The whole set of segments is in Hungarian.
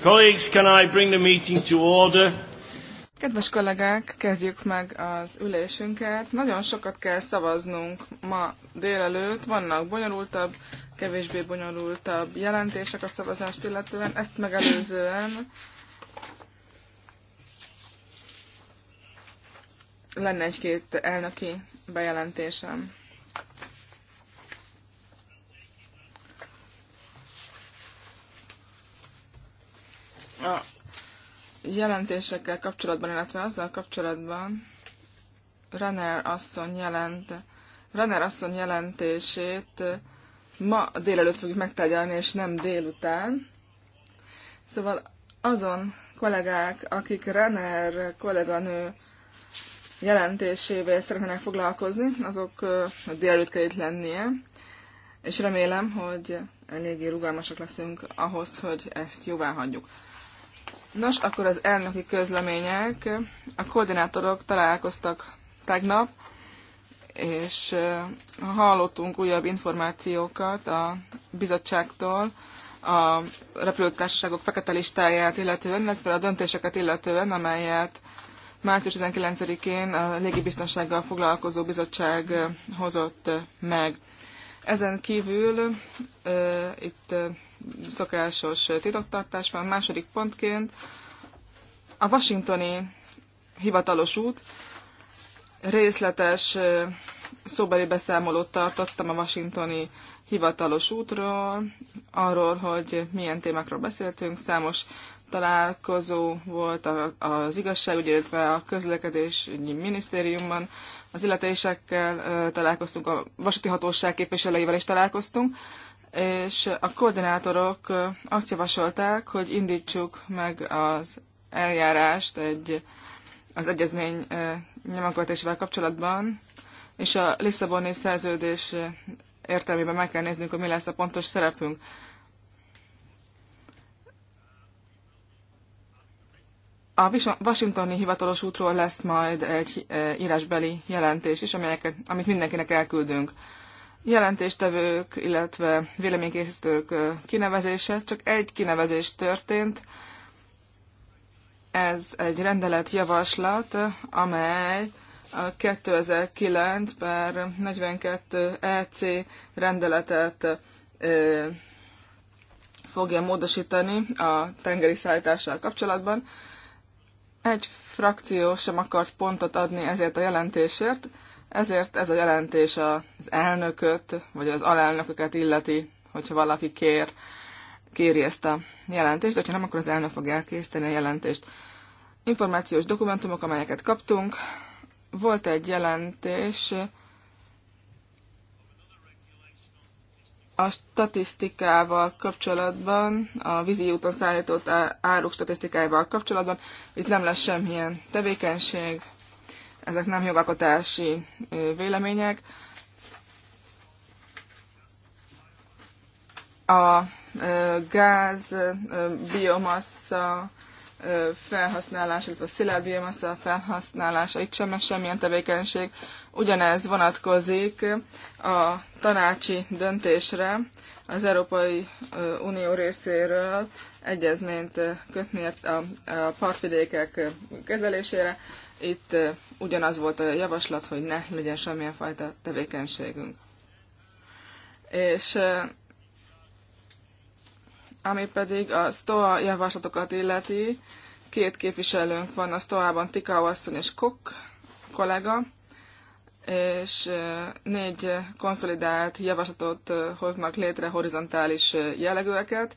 Colleagues, can I bring the meeting to order? Kedves kollégák, kezdjük meg az ülésünket. Nagyon sokat kell szavaznunk ma délelőtt. Vannak bonyolultabb, kevésbé bonyolultabb jelentések a szavazást illetően. Ezt megelőzően lenne egy-két elnöki bejelentésem. jelentésekkel kapcsolatban, illetve azzal kapcsolatban Renner asszony, jelent, Renner asszony jelentését ma délelőtt fogjuk megtárgyalni, és nem délután. Szóval azon kollégák, akik Renner kolléganő jelentésével szeretnének foglalkozni, azok délelőtt kell itt lennie, és remélem, hogy eléggé rugalmasak leszünk ahhoz, hogy ezt jóvá hagyjuk. Nos, akkor az elnöki közlemények. A koordinátorok találkoztak tegnap, és hallottunk újabb információkat a bizottságtól a repülőtársaságok fekete listáját illetően, illetve a döntéseket illetően, amelyet március 19-én a légibiztonsággal foglalkozó bizottság hozott meg. Ezen kívül uh, itt uh, szokásos titoktartás van. Második pontként a washingtoni hivatalos út részletes szóbeli beszámolót tartottam a washingtoni hivatalos útról, arról, hogy milyen témákról beszéltünk, számos találkozó volt az igazságügy, illetve a közlekedési minisztériumban, az illetésekkel találkoztunk, a vasúti hatóság képviselőivel is találkoztunk, és a koordinátorok azt javasolták, hogy indítsuk meg az eljárást egy, az egyezmény nyomakövetésével kapcsolatban, és a Lisszaboni szerződés értelmében meg kell néznünk, hogy mi lesz a pontos szerepünk. A Washingtoni hivatalos útról lesz majd egy írásbeli jelentés is, amelyeket, amit mindenkinek elküldünk jelentéstevők, illetve véleménykészítők kinevezése. Csak egy kinevezés történt. Ez egy rendelet javaslat, amely a 2009 per 42 EC rendeletet ö, fogja módosítani a tengeri szállítással kapcsolatban. Egy frakció sem akart pontot adni ezért a jelentésért, ezért ez a jelentés az elnököt, vagy az alelnököket illeti, hogyha valaki kér, kéri ezt a jelentést, de ha nem, akkor az elnök fog elkészíteni a jelentést. Információs dokumentumok, amelyeket kaptunk. Volt egy jelentés a statisztikával kapcsolatban, a vízi úton szállított áruk statisztikával kapcsolatban. Itt nem lesz semmilyen tevékenység, ezek nem jogalkotási vélemények. A gáz, biomassa felhasználása, illetve a szilárd biomassa felhasználása, itt sem semmilyen tevékenység. Ugyanez vonatkozik a tanácsi döntésre az Európai Unió részéről egyezményt kötni a partvidékek kezelésére. Itt ugyanaz volt a javaslat, hogy ne legyen semmilyen fajta tevékenységünk. És ami pedig a STOA javaslatokat illeti, két képviselőnk van a STOA-ban, Tika Asszony és Kok kollega, és négy konszolidált javaslatot hoznak létre horizontális jellegűeket,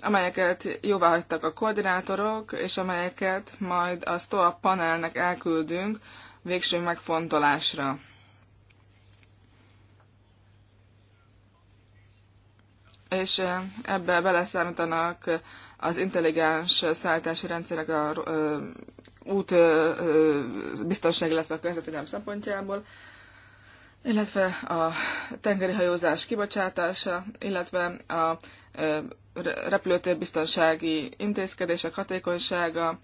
amelyeket jóvá hagytak a koordinátorok, és amelyeket majd a STOA panelnek elküldünk végső megfontolásra. És eh, ebbe beleszámítanak az intelligens szállítási rendszerek a eh, út eh, biztonság, illetve a közvetlen szempontjából, illetve a tengeri hajózás kibocsátása, illetve a repülőtérbiztonsági intézkedések hatékonysága,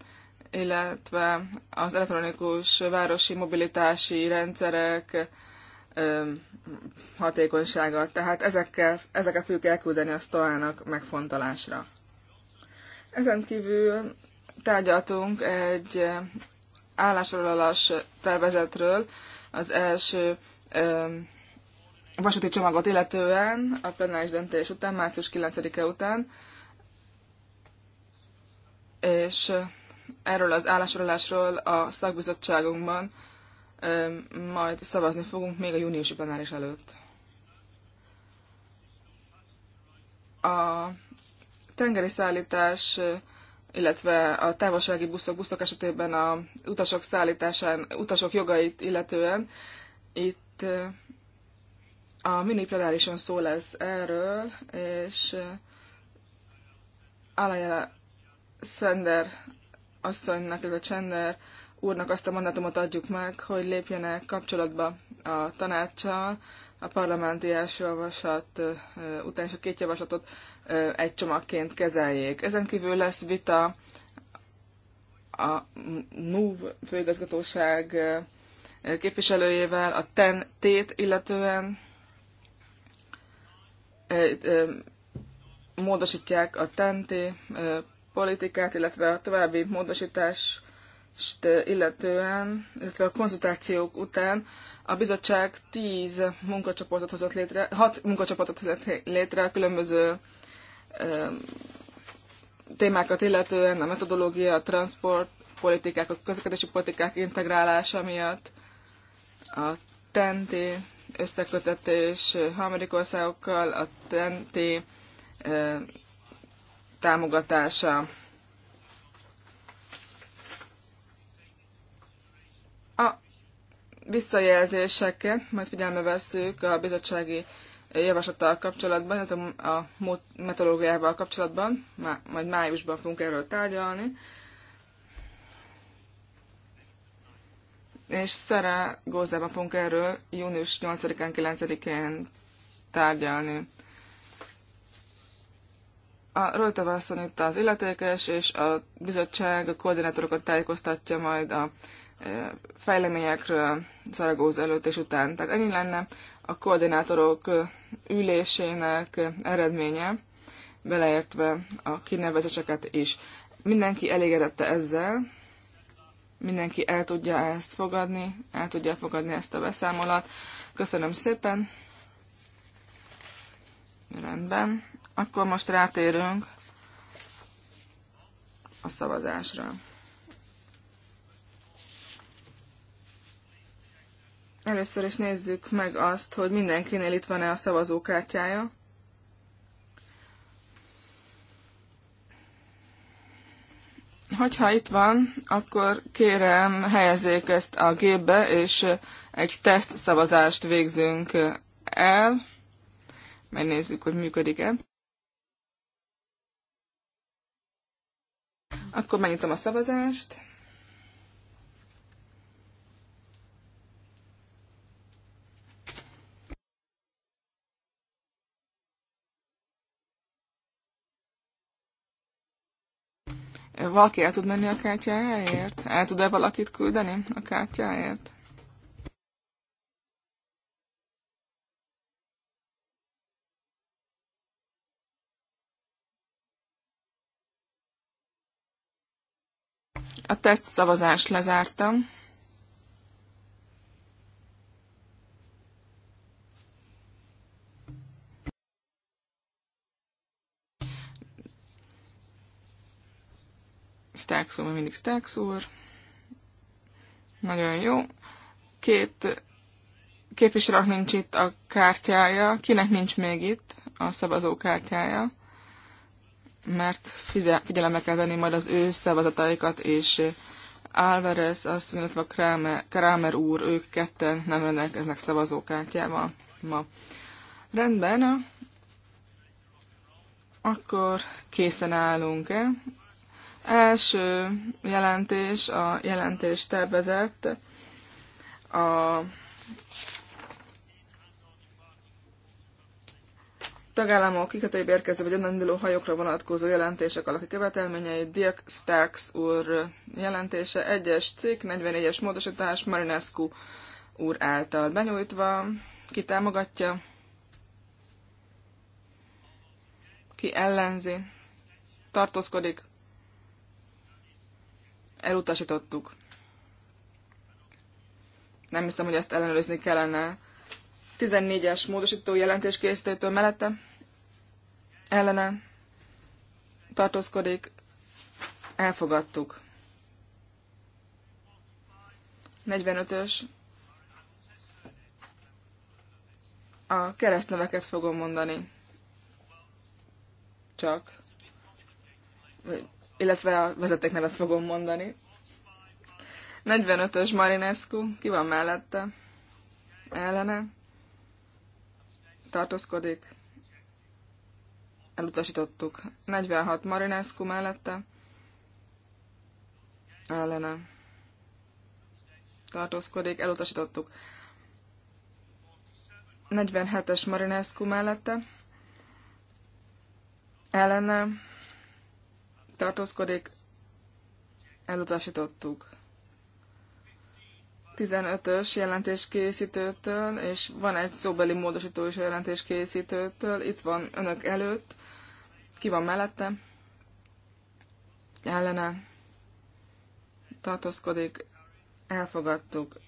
illetve az elektronikus városi mobilitási rendszerek hatékonysága. Tehát ezekkel, ezeket fogjuk elküldeni a STOA-nak megfontolásra. Ezen kívül tárgyaltunk egy állásolalas tervezetről az első vasúti csomagot illetően a plenáris döntés után, március 9-e után, és erről az állásorolásról a szakbizottságunkban majd szavazni fogunk még a júniusi plenáris előtt. A tengeri szállítás, illetve a távolsági buszok, buszok esetében a utasok szállításán, utasok jogait illetően itt a mini plenárison szó lesz erről, és eh, Alajala Szender asszonynak, illetve Csender úrnak azt a mandátumot adjuk meg, hogy lépjenek kapcsolatba a tanácssal, a parlamenti első javaslat eh, után is a két javaslatot eh, egy csomagként kezeljék. Ezen kívül lesz vita a NUV főigazgatóság képviselőjével a TEN-tét illetően, módosítják a tenti politikát, illetve a további módosítást illetően, illetve a konzultációk után a bizottság 10 munkacsoportot hozott létre, 6 munkacsoportot hozott létre a különböző témákat illetően, a metodológia, a transport, politikák, a közlekedési politikák integrálása miatt, a tenti összekötetés harmadik országokkal, a TNT támogatása. A visszajelzéseket majd figyelme veszük a bizottsági javaslattal kapcsolatban, a metodológiával kapcsolatban, majd májusban fogunk erről tárgyalni, és Szeregózában fogunk erről június 8-án, 9-én tárgyalni. A Rojtova itt az illetékes, és a bizottság a koordinátorokat tájékoztatja majd a e, fejleményekről Szaragóz előtt és után. Tehát ennyi lenne a koordinátorok ülésének eredménye, beleértve a kinevezéseket is. Mindenki elégedette ezzel, mindenki el tudja ezt fogadni, el tudja fogadni ezt a beszámolat. Köszönöm szépen. Rendben. Akkor most rátérünk a szavazásra. Először is nézzük meg azt, hogy mindenkinél itt van-e a szavazókártyája. Hogyha itt van, akkor kérem, helyezzék ezt a gépbe, és egy teszt szavazást végzünk el. Megnézzük, hogy működik-e. Akkor megnyitom a szavazást. Valaki el tud menni a kártyájáért? El tud-e valakit küldeni a kártyáért? A teszt szavazást lezártam. Stax mert mindig Stax Nagyon jó. Két képviselőnek nincs itt a kártyája. Kinek nincs még itt a szavazókártyája? Mert figyelembe kell venni majd az ő szavazataikat, és Álvarez, azt illetve Kramer, Kramer úr, ők ketten nem rendelkeznek szavazókártyával ma. Rendben, akkor készen állunk-e első jelentés, a jelentés tervezett a tagállamok kikötői érkező vagy onnan induló hajókra vonatkozó jelentések alaki követelményei, Dirk Starks úr jelentése, egyes cikk, 44-es módosítás, Marinescu úr által benyújtva. Ki támogatja? Ki ellenzi? Tartózkodik? elutasítottuk. Nem hiszem, hogy ezt ellenőrizni kellene. 14-es módosító jelentés készítőtől mellette ellene tartózkodik, elfogadtuk. 45-ös. A keresztneveket fogom mondani. Csak illetve a vezetéknevet fogom mondani. 45-ös Marinescu, ki van mellette? Ellene? Tartózkodik? Elutasítottuk. 46 Marinescu mellette? Ellene? Tartózkodik? Elutasítottuk. 47-es Marinescu mellette? Ellene? tartózkodik, elutasítottuk. 15-ös jelentéskészítőtől, és van egy szóbeli módosító is a jelentéskészítőtől, itt van önök előtt, ki van mellette, ellene tartózkodik, elfogadtuk.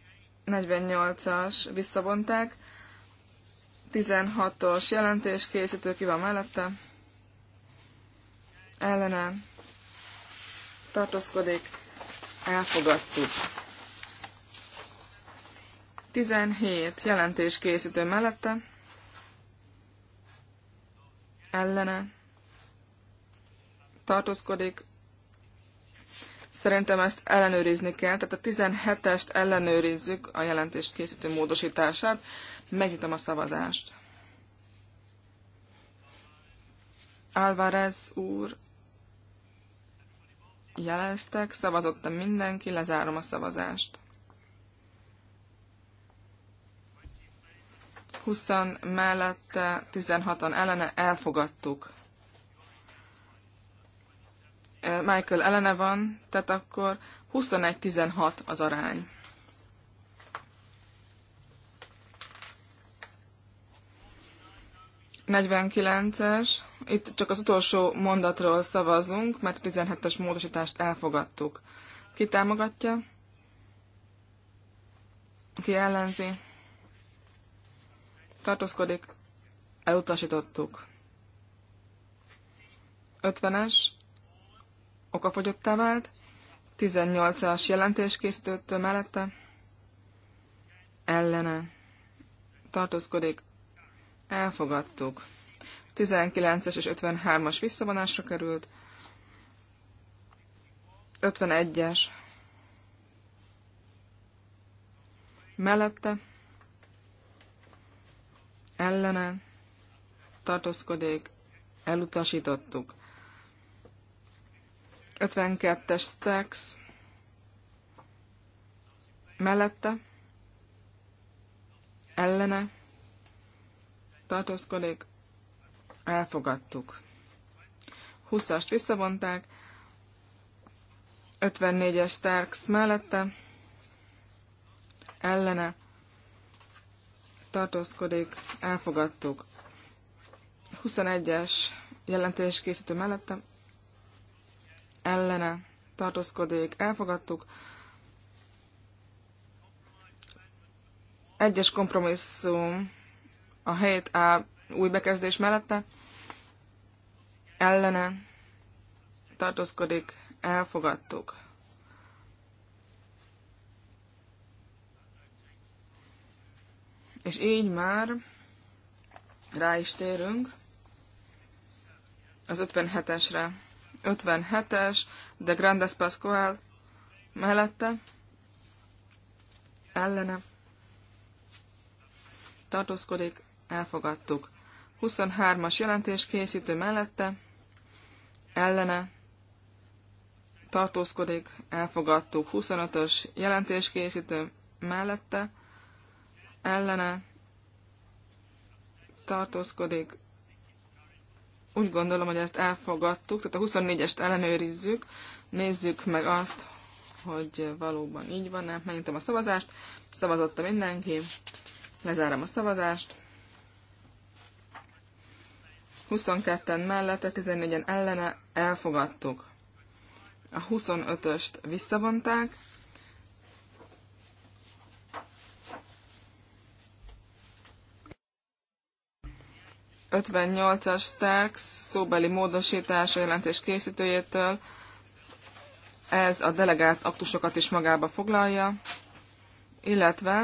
48-as visszavonták, 16-os jelentéskészítő ki van mellette, ellene tartózkodik, elfogadtuk. 17 jelentés készítő mellette, ellene tartózkodik. Szerintem ezt ellenőrizni kell, tehát a 17-est ellenőrizzük a jelentést készítő módosítását. Megnyitom a szavazást. Álvarez úr jeleztek, szavazott -e mindenki, lezárom a szavazást. 20 mellette, 16-an ellene elfogadtuk. Michael ellene van, tehát akkor 21-16 az arány. 49-es. Itt csak az utolsó mondatról szavazunk, mert a 17-es módosítást elfogadtuk. Ki támogatja? Ki ellenzi? Tartózkodik? Elutasítottuk. 50-es okafogyottá vált, 18-as jelentéskészítőtől mellette ellene tartózkodik, Elfogadtuk. 19-es és 53-as visszavonásra került. 51-es. Mellette. Ellene. tartózkodék, Elutasítottuk. 52-es Stax. Mellette. Ellene tartózkodik, elfogadtuk. 20-ast visszavonták, 54-es Starks mellette, ellene tartózkodik, elfogadtuk. 21-es jelentés készítő mellette, ellene tartózkodik, elfogadtuk. Egyes kompromisszum a helyét a új bekezdés mellette ellene tartózkodik, elfogadtuk. És így már rá is térünk az 57-esre. 57-es, de Grandes Pascual mellette, ellene tartózkodik, elfogadtuk. 23-as jelentés készítő mellette, ellene, tartózkodik, elfogadtuk. 25-ös jelentés készítő mellette, ellene, tartózkodik. Úgy gondolom, hogy ezt elfogadtuk, tehát a 24-est ellenőrizzük, nézzük meg azt, hogy valóban így van-e. Megnyitom a szavazást, szavazotta mindenki, lezárom a szavazást, 22-en mellette, 14-en ellene elfogadtuk. A 25-öst visszavonták. as Starks szóbeli módosítása jelentés készítőjétől. Ez a delegált aktusokat is magába foglalja, illetve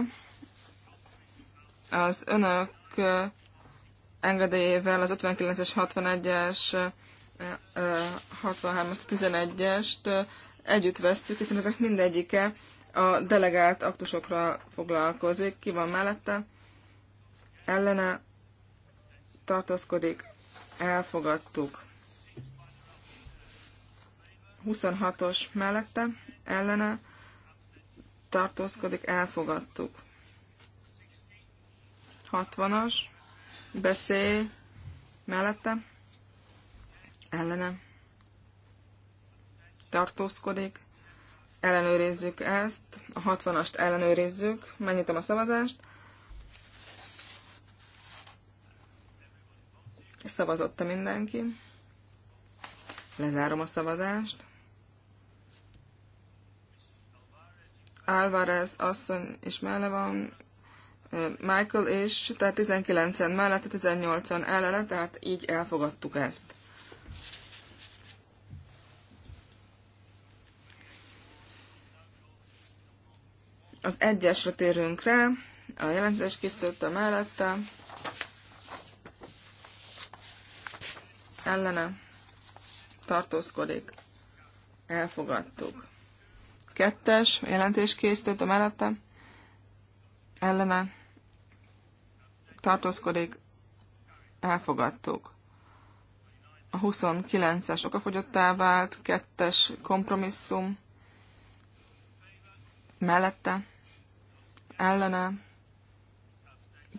az önök engedélyével az 59-es, 61-es, 63-as, 11-est együtt vesszük, hiszen ezek mindegyike a delegált aktusokra foglalkozik. Ki van mellette? Ellene tartózkodik. Elfogadtuk. 26-os mellette, ellene tartózkodik, elfogadtuk. 60-as beszél mellette, ellene tartózkodik. Ellenőrizzük ezt, a 60-ast ellenőrizzük, megnyitom a szavazást. Szavazott -e mindenki? Lezárom a szavazást. Álvarez asszony is mellé van, Michael és tehát 19-en mellett, 18-an ellene, tehát így elfogadtuk ezt. Az egyesre térünk rá, a jelentés készítőtte mellette, ellene tartózkodik, elfogadtuk. Kettes jelentés a mellette, ellene tartózkodik, elfogadtuk. A 29-es okafogyottá vált, kettes kompromisszum, mellette, ellene,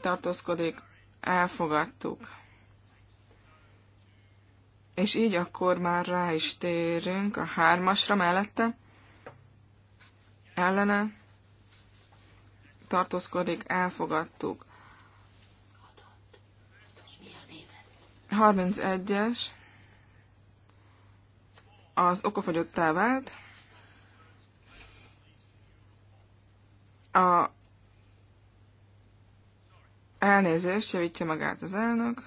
tartózkodik, elfogadtuk. És így akkor már rá is térünk a hármasra mellette, ellene, tartózkodik, elfogadtuk. 31-es az okafogyottá vált. A elnézést javítja magát az elnök.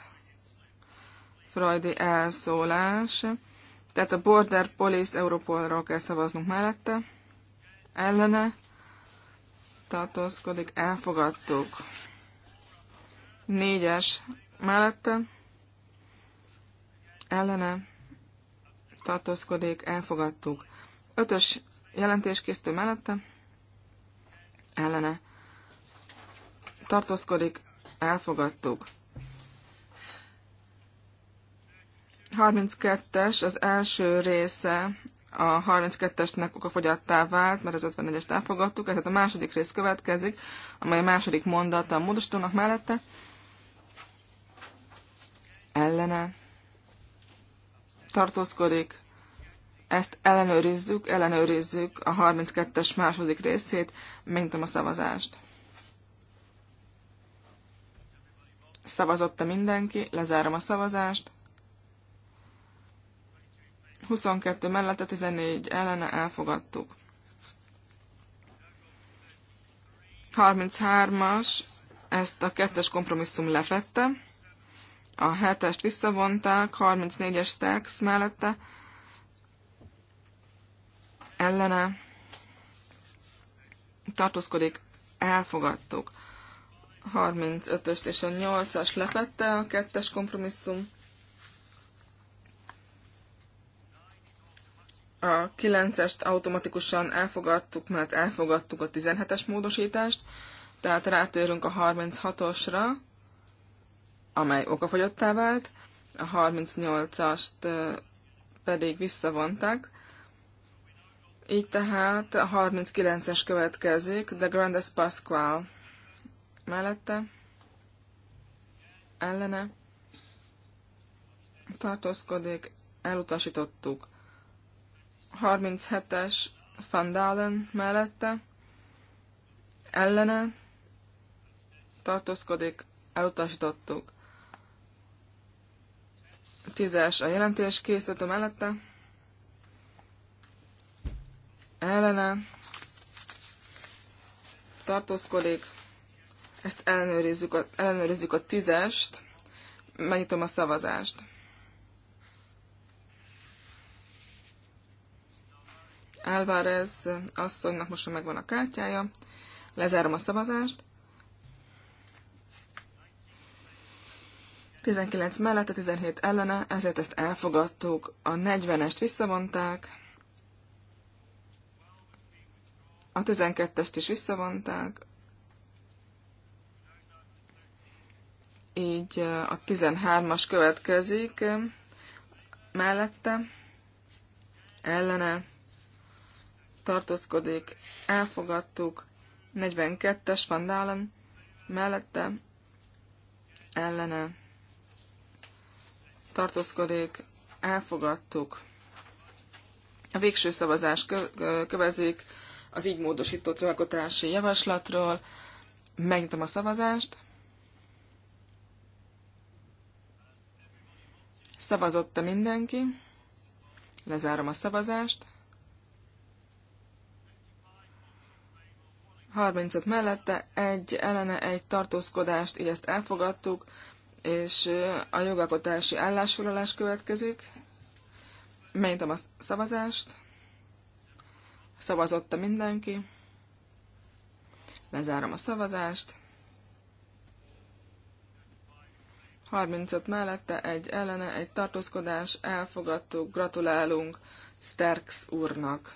Freudi elszólás. Tehát a Border Police Europolról kell szavaznunk mellette. Ellene tartózkodik, elfogadtuk. Négyes mellette ellene tartózkodik, elfogadtuk. Ötös jelentés készítő mellette ellene tartózkodik, elfogadtuk. 32-es, az első része a 32-esnek fogyattá vált, mert az 54-est elfogadtuk, tehát a második rész következik, amely a második mondata a módosítónak mellette. Ellene tartózkodik. Ezt ellenőrizzük, ellenőrizzük a 32-es második részét, megnyitom a szavazást. Szavazott-e mindenki? Lezárom a szavazást. 22 mellette, 14 ellene elfogadtuk. 33-as, ezt a kettes kompromisszum lefette a hetest visszavonták, 34-es Stax mellette ellene tartózkodik, elfogadtuk. 35-öst és a 8-as lefette a kettes kompromisszum. A 9-est automatikusan elfogadtuk, mert elfogadtuk a 17-es módosítást, tehát rátérünk a 36-osra amely okafogyottá vált, a 38-ast pedig visszavonták. Így tehát a 39-es következik, de Grandes Pasquale mellette, ellene tartózkodik, elutasítottuk. 37-es Van Dalen mellette, ellene tartózkodik, elutasítottuk. Tízes a jelentés készítettem mellette. Ellene. Tartózkodik. Ezt ellenőrizzük a, ellenőrizzük a tízest. Megnyitom a szavazást. Álvarez asszonynak most már megvan a kártyája. Lezárom a szavazást. 19 mellette, 17 ellene, ezért ezt elfogadtuk. A 40-est visszavonták. A 12-est is visszavonták. Így a 13-as következik mellette, ellene, tartózkodik, elfogadtuk, 42-es van mellette, ellene, tartózkodik, elfogadtuk. A végső szavazás kövezik az így módosított alkotási javaslatról. Megnyitom a szavazást. Szavazotta mindenki? Lezárom a szavazást. 35 mellette, egy ellene, egy tartózkodást, így ezt elfogadtuk és a jogalkotási állásfoglalás következik. Megnyitom a szavazást. Szavazott -e mindenki. Lezárom a szavazást. 35 mellette, egy ellene, egy tartózkodás, elfogadtuk, gratulálunk Sterks úrnak.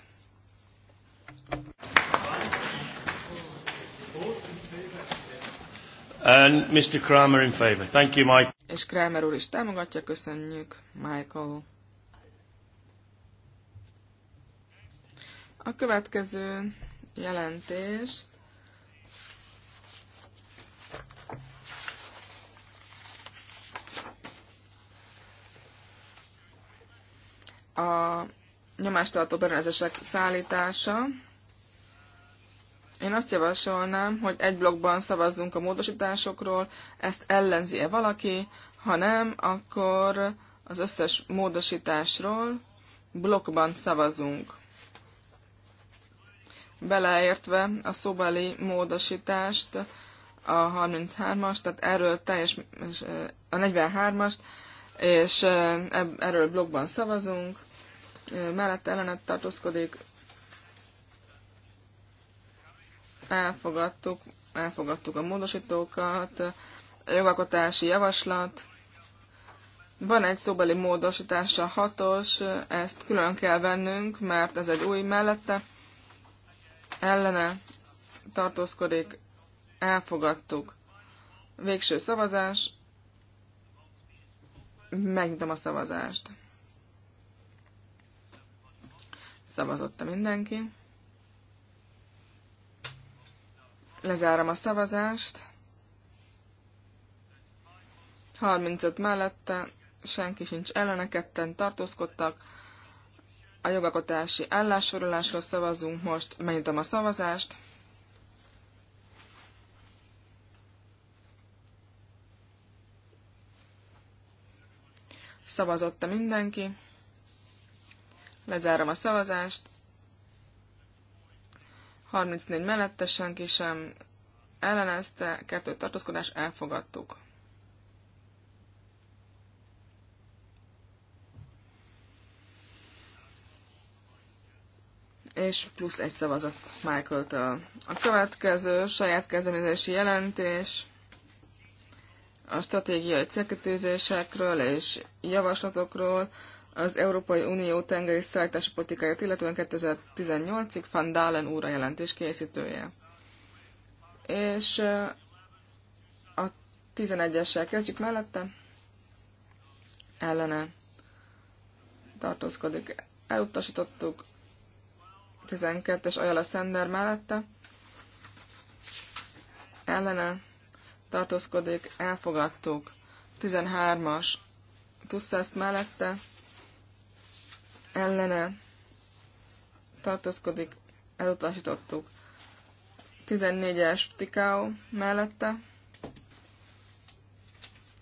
And Mr. Kramer in favor. Thank you, Mike. És Kramer úr is támogatja, köszönjük, Michael. A következő jelentés a nyomástartó berendezések szállítása. Én azt javasolnám, hogy egy blogban szavazzunk a módosításokról, ezt ellenzi-e valaki, ha nem, akkor az összes módosításról blokkban szavazunk. Beleértve a szóbeli módosítást, a 33-as, tehát erről teljes, a 43-ast, és erről blogban szavazunk, mellett ellenet tartózkodik, elfogadtuk, elfogadtuk a módosítókat, a jogalkotási javaslat. Van egy szóbeli módosítása hatos, ezt külön kell vennünk, mert ez egy új mellette. Ellene tartózkodik, elfogadtuk. Végső szavazás. Megnyitom a szavazást. Szavazotta mindenki. Lezárom a szavazást. 35 mellette, senki sincs ellene, ketten tartózkodtak. A jogakotási állásforulásról szavazunk most. Megnyitom a szavazást. szavazott mindenki? Lezárom a szavazást. 34 mellette senki sem ellenezte, kettő tartózkodás, elfogadtuk. és plusz egy szavazat Michael-től. A következő saját kezdeményezési jelentés a stratégiai célkötőzésekről és javaslatokról az Európai Unió tengeri szállítási politikáját, illetően 2018-ig Van Dalen úr a jelentés készítője. És a 11-essel kezdjük mellette. Ellene tartózkodik. Elutasítottuk 12-es Ajala Sender mellette. Ellene tartózkodik. Elfogadtuk. 13-as Tusszász mellette ellene tartózkodik, elutasítottuk. 14-es Tikao mellette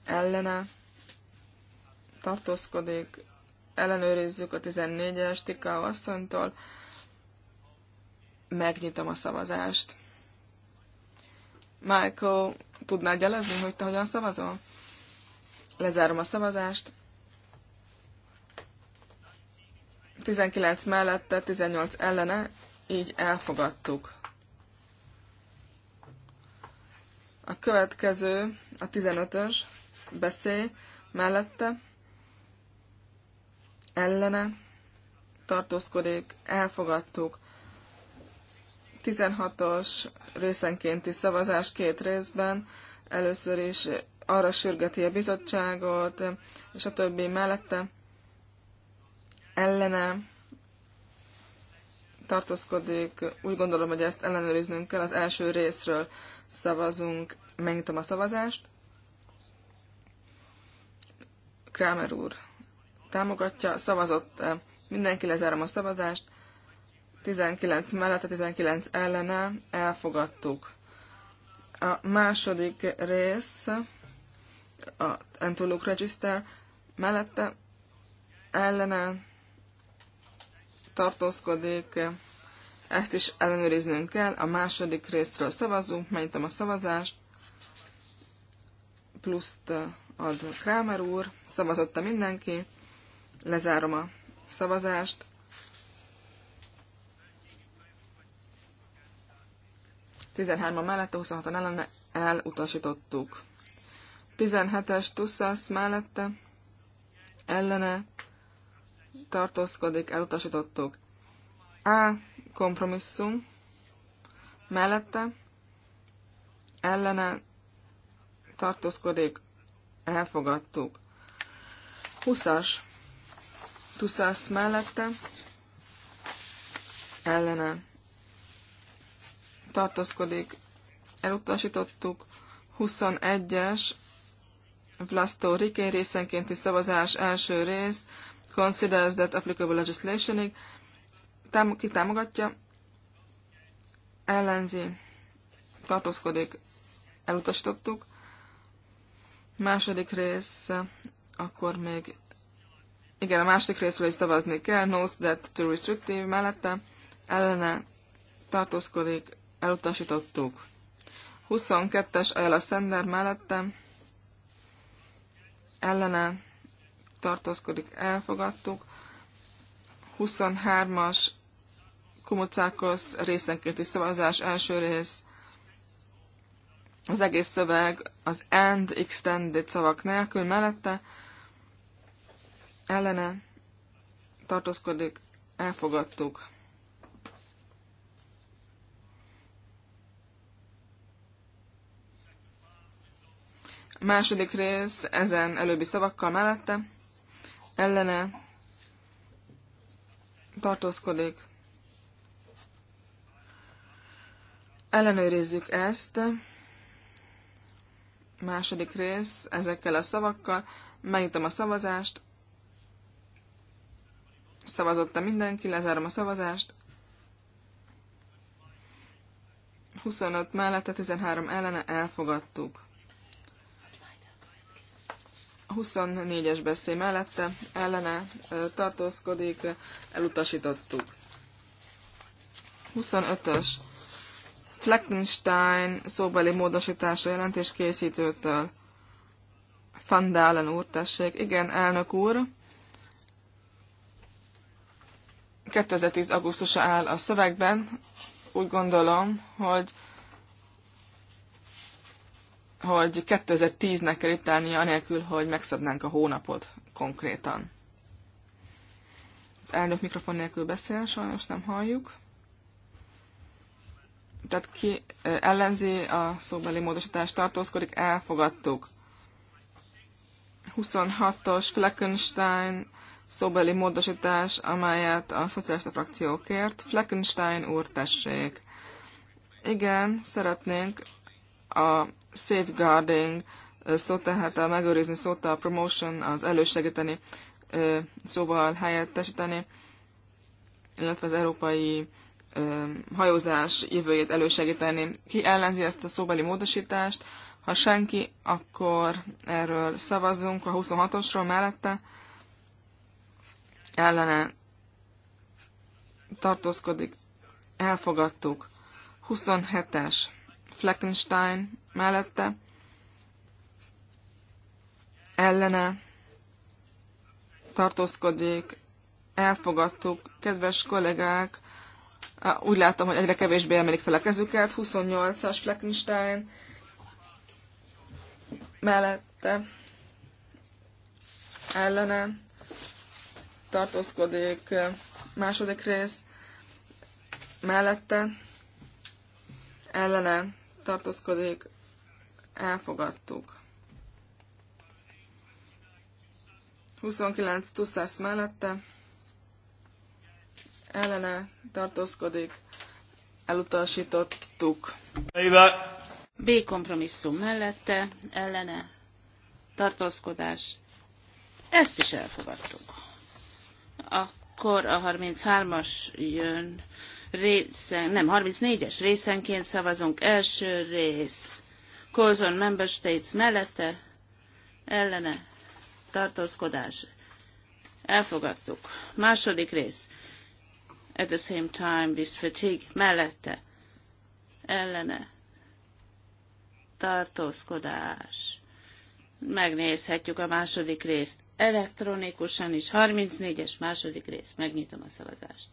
ellene tartózkodik, ellenőrizzük a 14-es Tikao asszonytól, megnyitom a szavazást. Michael, tudnád jelezni, hogy te hogyan szavazol? Lezárom a szavazást. 19 mellette, 18 ellene, így elfogadtuk. A következő, a 15-ös, beszél mellette, ellene, tartózkodik, elfogadtuk. 16-os részenkénti szavazás két részben, először is arra sürgeti a bizottságot, és a többi mellette ellene tartózkodik. Úgy gondolom, hogy ezt ellenőriznünk kell. Az első részről szavazunk. Megnyitom a szavazást. Kramer úr támogatja, szavazott mindenki, lezárom a szavazást. 19 mellette, 19 ellene elfogadtuk. A második rész, a Entuluk Register mellette ellene tartózkodik, ezt is ellenőriznünk kell. A második részről szavazunk, megnyitom a szavazást, pluszt ad Krámer úr, szavazotta mindenki, lezárom a szavazást. Tizenhárman mellette, 26-an ellene elutasítottuk. 17-es Tusszász mellette, ellene tartózkodik, elutasítottuk. A kompromisszum mellette ellene tartózkodik, elfogadtuk. 20-as Tuszász mellette ellene tartózkodik, elutasítottuk. 21-es Vlasztó Rikén részenkénti szavazás első rész considers that applicable legislationig, tám- ki támogatja, ellenzi, tartózkodik, elutasítottuk. Második rész, akkor még, igen, a második részről is szavazni kell, notes that too restrictive mellette, ellene tartózkodik, elutasítottuk. 22-es Ayala Sender mellette, ellene tartózkodik, elfogadtuk. 23-as kumucákos részenkénti szavazás első rész. Az egész szöveg az end extended szavak nélkül mellette ellene tartózkodik, elfogadtuk. A második rész ezen előbbi szavakkal mellette ellene tartózkodik. Ellenőrizzük ezt. Második rész ezekkel a szavakkal. Megnyitom a szavazást. Szavazotta mindenki, lezárom a szavazást. 25 mellette, 13 ellene elfogadtuk. 24-es beszél mellette, ellene tartózkodik, elutasítottuk. 25-ös Fleckenstein szóbeli módosítása jelentés készítőtől. Van Dalen úr, tessék. Igen, elnök úr. 2010. augusztusa áll a szövegben. Úgy gondolom, hogy hogy 2010-nek kell itt állnia, anélkül, hogy megszabnánk a hónapot konkrétan. Az elnök mikrofon nélkül beszél, sajnos nem halljuk. Tehát ki ellenzi a szóbeli módosítást, tartózkodik, elfogadtuk. 26-os Fleckenstein szóbeli módosítás, amelyet a szocialista frakció kért. Fleckenstein úr, tessék! Igen, szeretnénk a safeguarding szó, tehát a megőrizni szót a promotion, az elősegíteni szóval helyettesíteni, illetve az európai hajózás jövőjét elősegíteni. Ki ellenzi ezt a szóbeli módosítást? Ha senki, akkor erről szavazzunk a 26-osról mellette. Ellene tartózkodik. Elfogadtuk. 27-es Fleckenstein mellette, ellene tartózkodik, elfogadtuk, kedves kollégák, úgy látom, hogy egyre kevésbé emelik fel a kezüket, 28-as Fleckenstein mellette, ellene tartózkodik, második rész mellette, ellene tartózkodik, elfogadtuk. 29 Tuszász mellette ellene tartózkodik, elutasítottuk. B kompromisszum mellette ellene tartózkodás, ezt is elfogadtuk. Akkor a 33-as jön, része, nem, 34-es részenként szavazunk, első rész calls member states mellette, ellene, tartózkodás. Elfogadtuk. Második rész. At the same time, with fatigue, mellette, ellene, tartózkodás. Megnézhetjük a második részt elektronikusan is. 34-es második rész. Megnyitom a szavazást.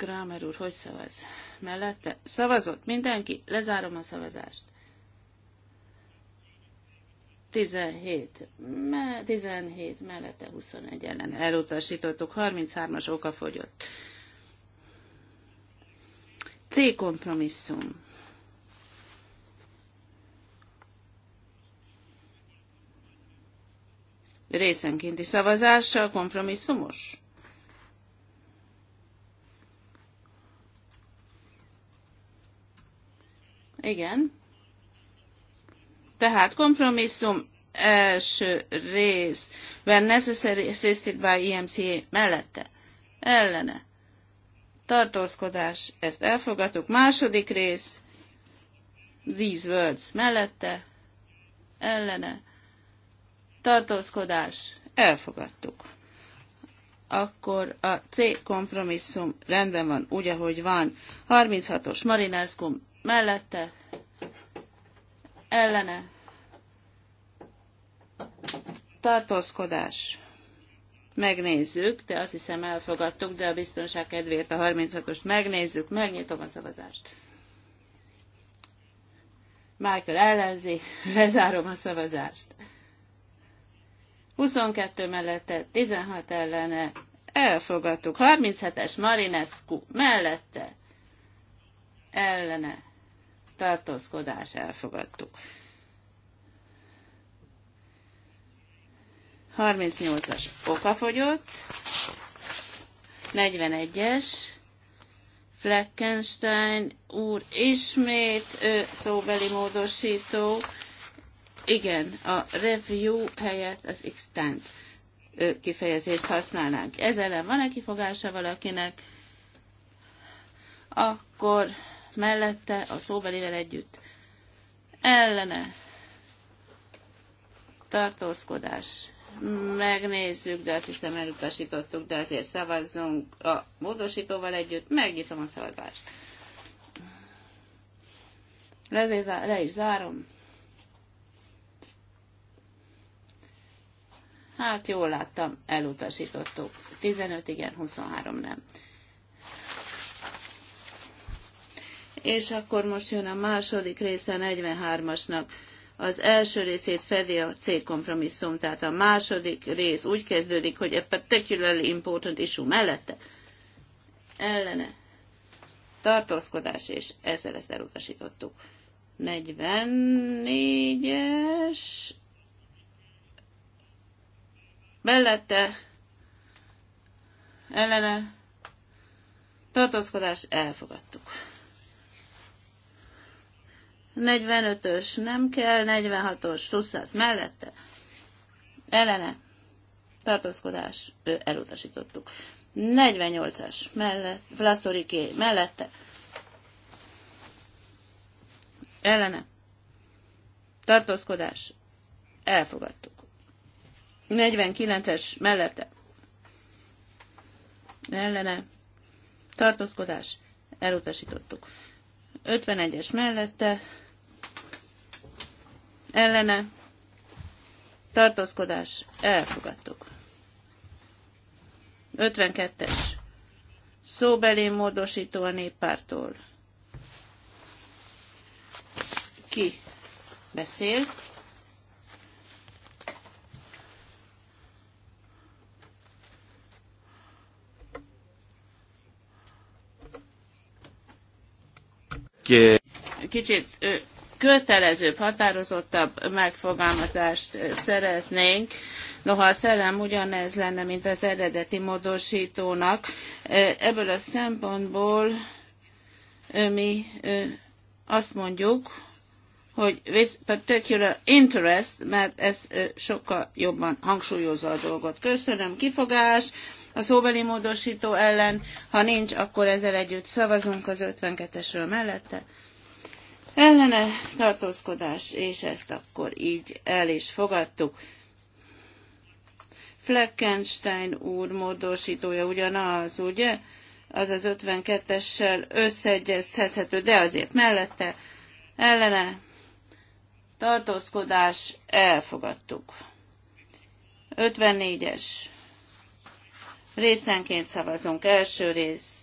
Krámer úr hogy szavaz? Mellette? Szavazott mindenki? Lezárom a szavazást. 17, me, 17 mellette 21 ellen elutasítottuk, 33-as oka fogyott. C kompromisszum. Részenkénti szavazással kompromisszumos? Igen. Tehát kompromisszum első rész, when necessary assisted by EMC mellette, ellene. Tartózkodás, ezt elfogadtuk. Második rész, these words mellette, ellene. Tartózkodás, elfogadtuk. Akkor a C kompromisszum rendben van, úgy, ahogy van. 36-os Marinescu mellette, ellene, tartózkodás. Megnézzük, de azt hiszem elfogadtuk, de a biztonság kedvéért a 36-ost megnézzük, megnyitom a szavazást. Michael ellenzi, lezárom a szavazást. 22 mellette, 16 ellene, elfogadtuk. 37-es Marinescu mellette, ellene, tartózkodás elfogadtuk. 38-as okafogyott, 41-es, Fleckenstein úr ismét ö, szóbeli módosító, igen, a review helyett az extent kifejezést használnánk. Ez ellen van-e kifogása valakinek? Akkor mellette a szóbelivel együtt. Ellene tartózkodás. Megnézzük, de azt hiszem elutasítottuk, de azért szavazzunk a módosítóval együtt. Megnyitom a szavazást. Le, le is zárom. Hát jól láttam, elutasítottuk. 15 igen, 23 nem. és akkor most jön a második része a 43-asnak. Az első részét fedi a C kompromisszum, tehát a második rész úgy kezdődik, hogy a particularly important issue mellette ellene tartózkodás, és ezzel ezt elutasítottuk. 44-es mellette ellene tartózkodás elfogadtuk. 45-ös nem kell, 46-os, 200 mellette. Ellene. Tartózkodás. elutasítottuk. 48-as mellett, Vlasztoriké mellette. Ellene. Tartózkodás. Elfogadtuk. 49-es mellette. Ellene. Tartózkodás. Elutasítottuk. 51-es mellette ellene tartózkodás elfogadtuk. 52-es szóbeli módosító a néppártól. Ki beszél? Kicsit kötelezőbb, határozottabb megfogalmazást eh, szeretnénk. Noha a szellem ugyanez lenne, mint az eredeti módosítónak, eh, ebből a szempontból eh, mi azt mondjuk, hogy with particular interest, mert ez sokkal jobban hangsúlyozza a dolgot. Köszönöm, kifogás! A szóbeli módosító ellen, ha nincs, akkor ezzel együtt szavazunk az 52-esről mellette ellene tartózkodás, és ezt akkor így el is fogadtuk. Fleckenstein úr módosítója ugyanaz, ugye? Az az 52-essel összeegyeztethető, de azért mellette ellene tartózkodás elfogadtuk. 54-es. Részenként szavazunk. Első rész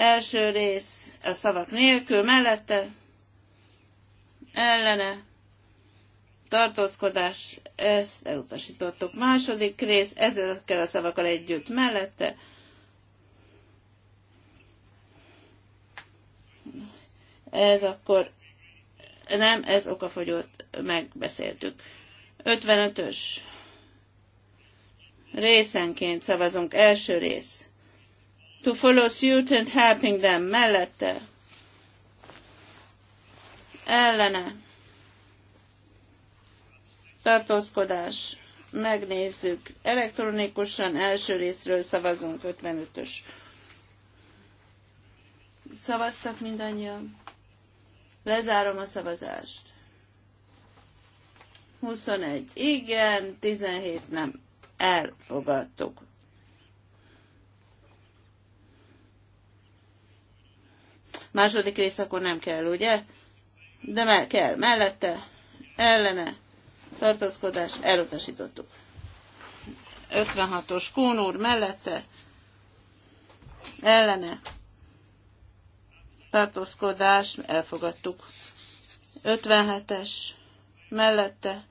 Első rész a szavak nélkül, mellette, ellene, tartózkodás, ezt elutasítottuk. Második rész, ezekkel a szavakkal együtt mellette, ez akkor nem, ez okafogyót megbeszéltük. 55-ös. Részenként szavazunk. Első rész to follow suit and helping them mellette. Ellene. Tartózkodás. Megnézzük. Elektronikusan első részről szavazunk 55-ös. Szavaztak mindannyian. Lezárom a szavazást. 21. Igen, 17 nem. Elfogadtuk. Második rész akkor nem kell, ugye? De már kell. Mellette, ellene, tartózkodás, elutasítottuk. 56-os Kónúr mellette, ellene, tartózkodás, elfogadtuk. 57-es mellette,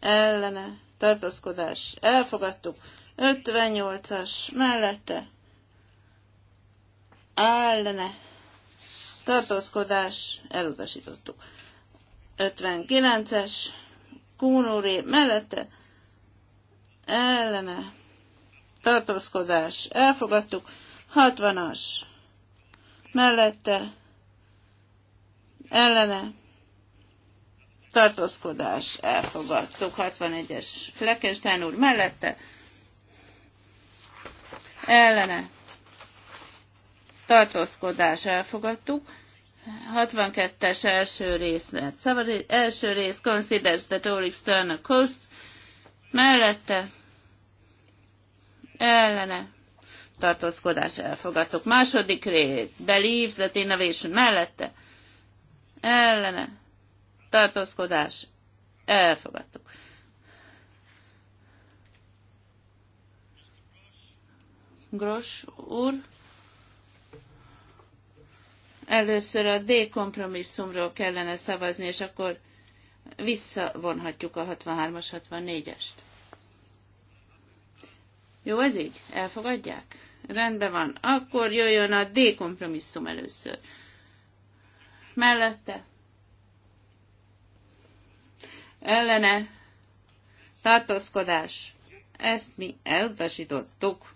ellene, tartózkodás, elfogadtuk. 58-as mellette, ellene tartózkodás elutasítottuk. 59-es kúnóré mellette ellene tartózkodás elfogadtuk. 60-as mellette ellene tartózkodás elfogadtuk. 61-es Fleckenstein úr mellette ellene tartózkodás elfogadtuk. 62-es első rész, mert első rész considers the all external costs, mellette ellene tartózkodás elfogadtuk. Második rész, believes that innovation mellette ellene tartózkodás elfogadtuk. Gross úr. Először a D kompromisszumról kellene szavazni, és akkor visszavonhatjuk a 63-as, 64-est. Jó, ez így? Elfogadják? Rendben van. Akkor jöjjön a D kompromisszum először. Mellette. Ellene. Tartózkodás. Ezt mi elutasítottuk.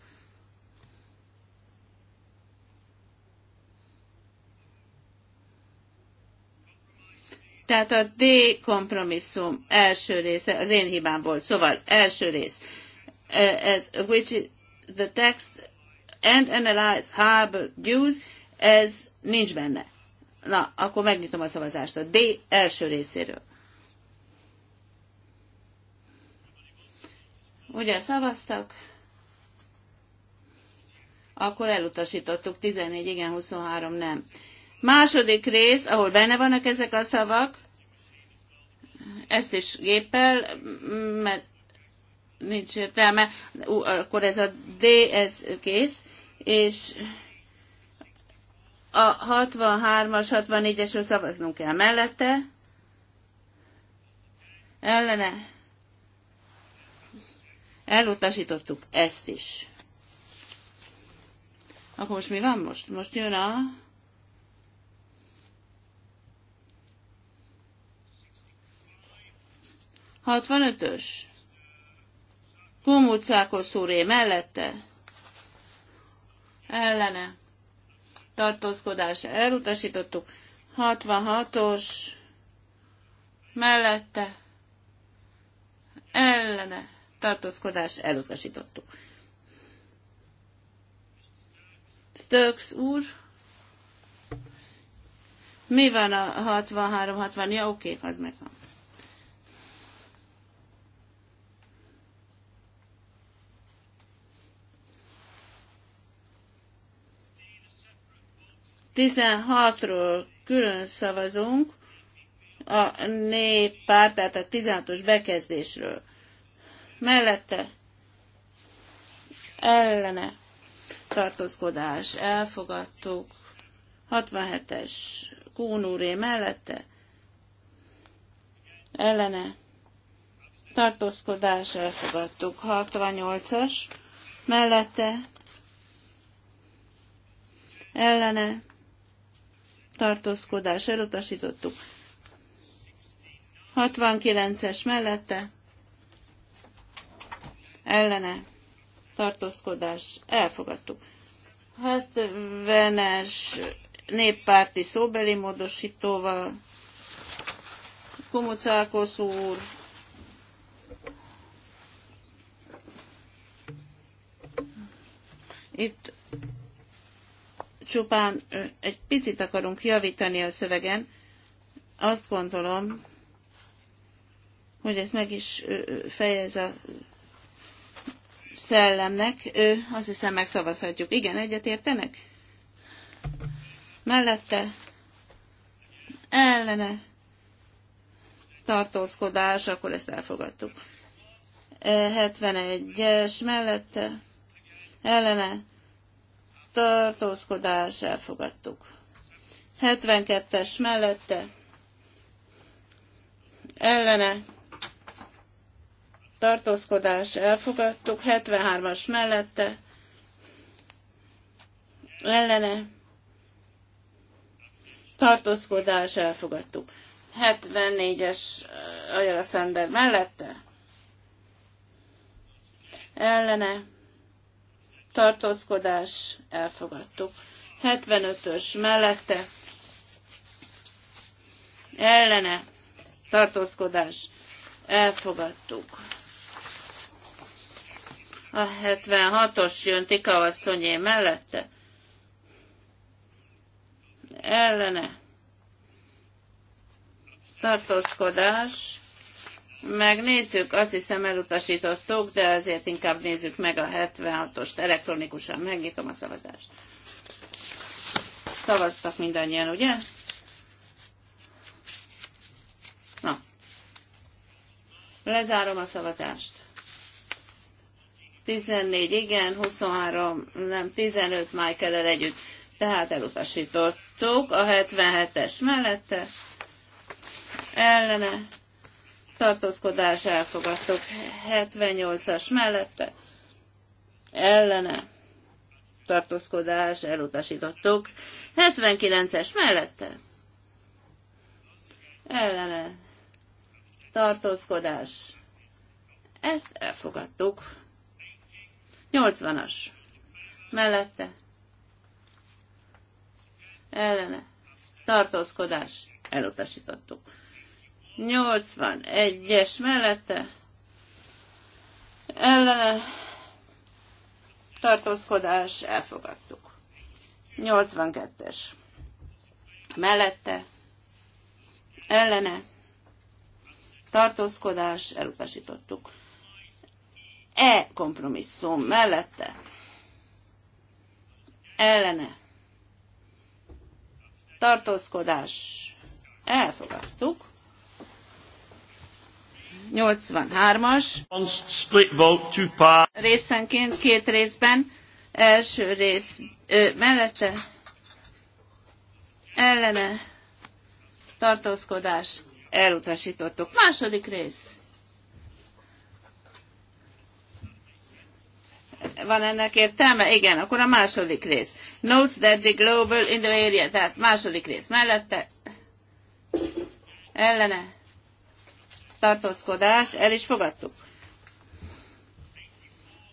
Tehát a D kompromisszum első része, az én hibám volt, szóval első rész, ez, which the text and analyze harbor use, ez nincs benne. Na, akkor megnyitom a szavazást a D első részéről. Ugye szavaztak? Akkor elutasítottuk 14 igen, 23 nem. Második rész, ahol benne vannak ezek a szavak, ezt is géppel, mert nincs értelme, akkor ez a D, ez kész, és a 63-as, 64-esről szavaznunk kell mellette, ellene, elutasítottuk ezt is. Akkor most mi van most? Most jön a 65-ös. Kumutszákos szúré mellette. Ellene. Tartózkodás elutasítottuk. 66-os. Mellette. Ellene. Tartózkodás elutasítottuk. Stöks úr. Mi van a 63-60? Ja, oké, okay, az megvan. 16-ról külön szavazunk a néppárt, tehát a 16-os bekezdésről. Mellette ellene tartózkodás, elfogadtuk. 67-es kónúré mellette ellene tartózkodás, elfogadtuk. 68-as mellette ellene tartózkodás elutasítottuk. 69-es mellette ellene tartózkodás elfogadtuk. 70-es néppárti szóbeli módosítóval Kumucákos úr itt csupán egy picit akarunk javítani a szövegen, azt gondolom, hogy ez meg is fejez a szellemnek, azt hiszem megszavazhatjuk. Igen, egyetértenek? Mellette ellene tartózkodás, akkor ezt elfogadtuk. 71-es mellette ellene tartózkodás, elfogadtuk. 72-es mellette, ellene, tartózkodás, elfogadtuk. 73-as mellette, ellene, tartózkodás, elfogadtuk. 74-es eh, Ajala Szender mellette, ellene, tartózkodás, elfogadtuk. 75-ös mellette, ellene, tartózkodás, elfogadtuk. A 76-os jön Tika asszonyé mellette, ellene, tartózkodás, Megnézzük, azt hiszem elutasítottuk, de azért inkább nézzük meg a 76-ost elektronikusan. Megnyitom a szavazást. Szavaztak mindannyian, ugye? Na. Lezárom a szavazást. 14 igen, 23, nem, 15 Michael-el együtt. Tehát elutasítottuk a 77-es mellette. Ellene tartózkodás elfogadtok 78-as mellette ellene tartózkodás elutasítottuk. 79-es mellette ellene tartózkodás. Ezt elfogadtuk. 80-as mellette ellene tartózkodás elutasítottuk. 81-es mellette ellene tartózkodás elfogadtuk. 82-es mellette ellene tartózkodás elutasítottuk. E kompromisszum mellette ellene tartózkodás elfogadtuk. 83-as. Split vote, two part. Részenként, két részben. Első rész ö, mellette ellene tartózkodás elutasítottuk. Második rész. Van ennek értelme? Igen, akkor a második rész. Notes that the global in the area, tehát második rész mellette ellene tartózkodás, el is fogadtuk.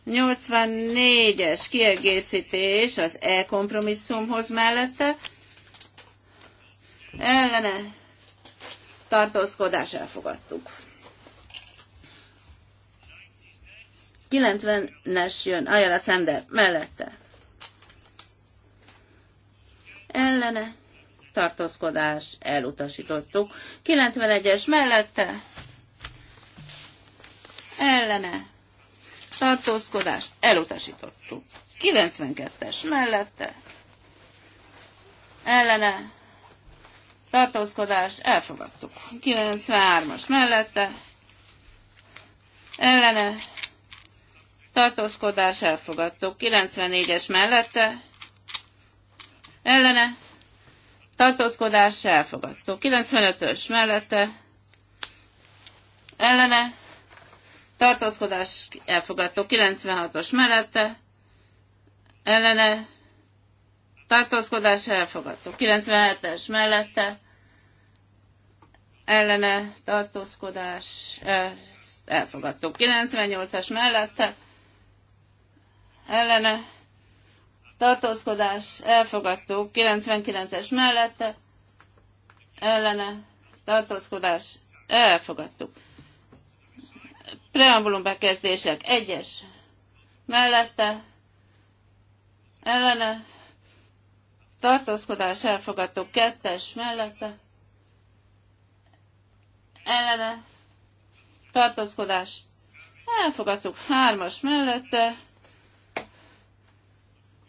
84-es kiegészítés az e-kompromisszumhoz mellette, ellene tartózkodás elfogadtuk. 90-es jön Ajala Szender mellette. Ellene tartózkodás elutasítottuk. 91-es mellette ellene tartózkodást elutasítottuk. 92-es mellette ellene tartózkodást elfogadtuk. 93-as mellette ellene tartózkodást elfogadtuk. 94-es mellette ellene tartózkodást elfogadtuk. 95-ös mellette ellene tartózkodás elfogadtuk 96-os mellette, ellene tartózkodás elfogadtuk 97-es e, mellette, ellene tartózkodás elfogadtuk 98-as mellette, ellene tartózkodás elfogadtuk 99-es mellette, ellene tartózkodás elfogadtuk. Preambulum bekezdések. Egyes. Mellette. Ellene. Tartózkodás elfogadó. Kettes. Mellette. Ellene. Tartózkodás. Elfogadtuk. Hármas mellette.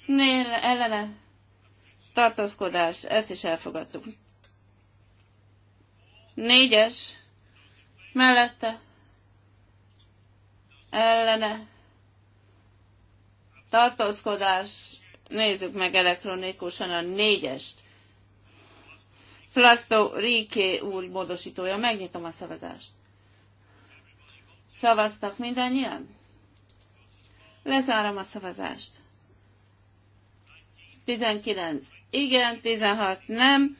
Nél ellene. Tartózkodás. Ezt is elfogadtuk. Négyes. Mellette ellene tartózkodás, nézzük meg elektronikusan a négyest. Flasztó Riké úr módosítója, megnyitom a szavazást. Szavaztak mindannyian? Lezárom a szavazást. 19 igen, 16 nem.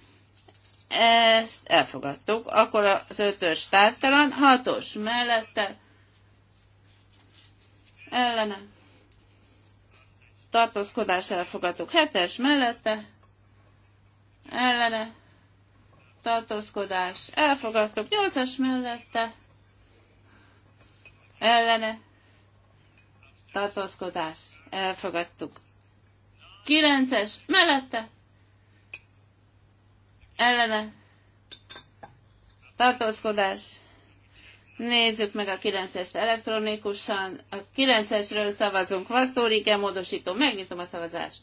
Ezt elfogadtuk. Akkor az ötös tártalan, hatos mellette ellene tartózkodás elfogadtuk. Hetes mellette ellene tartózkodás elfogadtuk. Nyolcas mellette ellene tartózkodás elfogadtuk. Kilences mellette ellene tartózkodás Nézzük meg a 9-est elektronikusan. A 9-esről szavazunk. Vasztórike módosító. Megnyitom a szavazást.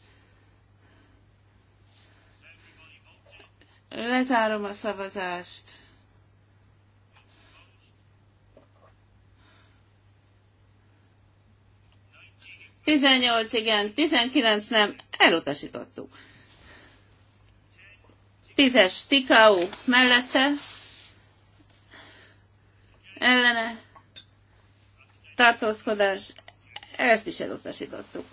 Lezárom a szavazást. Tizennyolc igen, tizenkilenc nem, elutasítottuk. Tízes Tikau mellette ellene tartózkodás, ezt is elutasítottuk.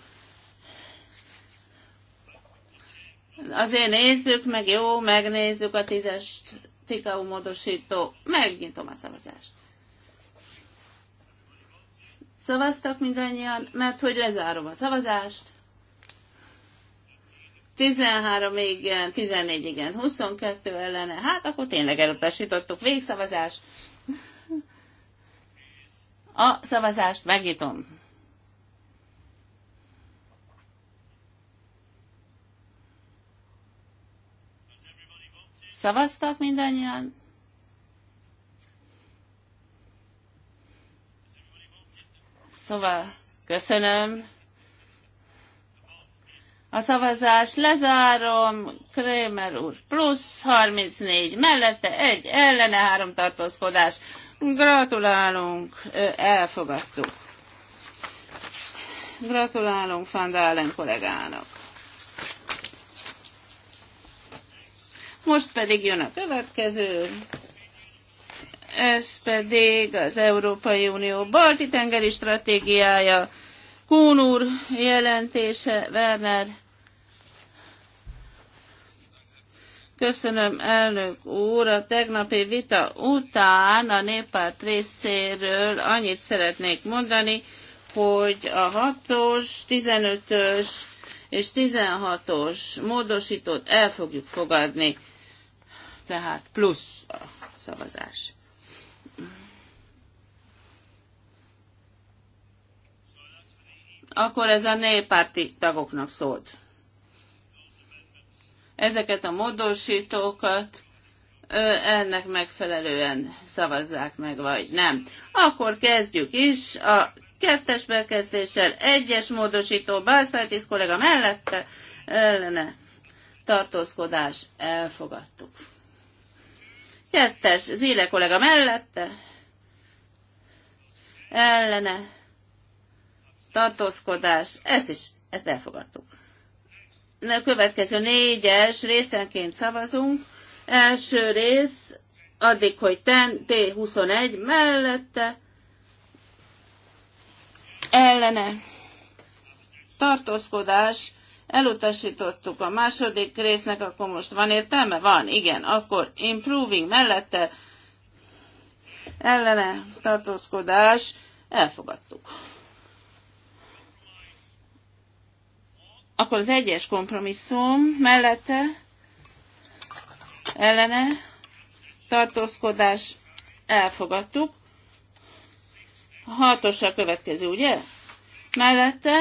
Azért nézzük, meg jó, megnézzük a tízes TKU módosító. Megnyitom a szavazást. Szavaztak mindannyian, mert hogy lezárom a szavazást. 13 igen, 14 igen, 22 ellene. Hát akkor tényleg elutasítottuk. végszavazást. A szavazást megnyitom. Szavaztak mindannyian? Szóval köszönöm. A szavazás lezárom, Krémer úr plusz 34, mellette egy ellene három tartózkodás. Gratulálunk, elfogadtuk. Gratulálunk Van kollégának. Most pedig jön a következő, ez pedig az Európai Unió balti tengeri stratégiája, Kún úr jelentése, Werner Köszönöm, elnök úr. A tegnapi vita után a néppárt részéről annyit szeretnék mondani, hogy a 6-os, 15-ös és 16-os módosítót el fogjuk fogadni. Tehát plusz a szavazás. Akkor ez a néppárti tagoknak szólt ezeket a módosítókat ennek megfelelően szavazzák meg, vagy nem. Akkor kezdjük is a kettes bekezdéssel, egyes módosító, Balszaitis kollega mellette, ellene tartózkodás, elfogadtuk. Kettes, Zile kollega mellette, ellene tartózkodás, ezt is, ezt elfogadtuk a következő négyes részenként szavazunk. Első rész, addig, hogy ten, T21 mellette, ellene tartózkodás, elutasítottuk a második résznek, akkor most van értelme? Van, igen, akkor improving mellette, ellene tartózkodás, elfogadtuk. Akkor az egyes kompromisszum mellette ellene tartózkodás elfogadtuk. A hatos a következő, ugye? Mellette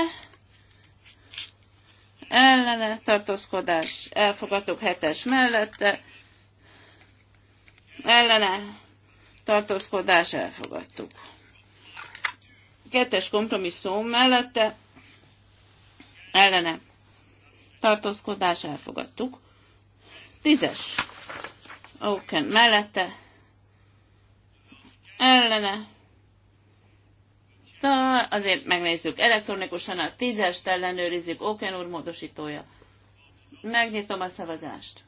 ellene tartózkodás elfogadtuk hetes mellette ellene tartózkodás elfogadtuk. Kettes kompromisszum mellette ellene tartózkodás elfogadtuk. Tízes. Oken mellette. Ellene. Na, azért megnézzük elektronikusan a tízest ellenőrizzük Oken úr módosítója. Megnyitom a szavazást.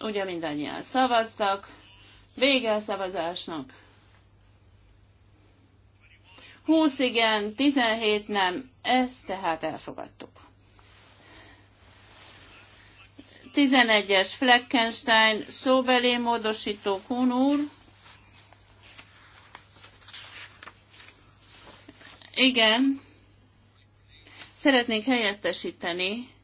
Ugye mindannyian szavaztak. Vége a szavazásnak. 20 igen, 17 nem. Ezt tehát elfogadtuk. 11-es Fleckenstein szóbeli módosító kunúr. Igen. Szeretnék helyettesíteni.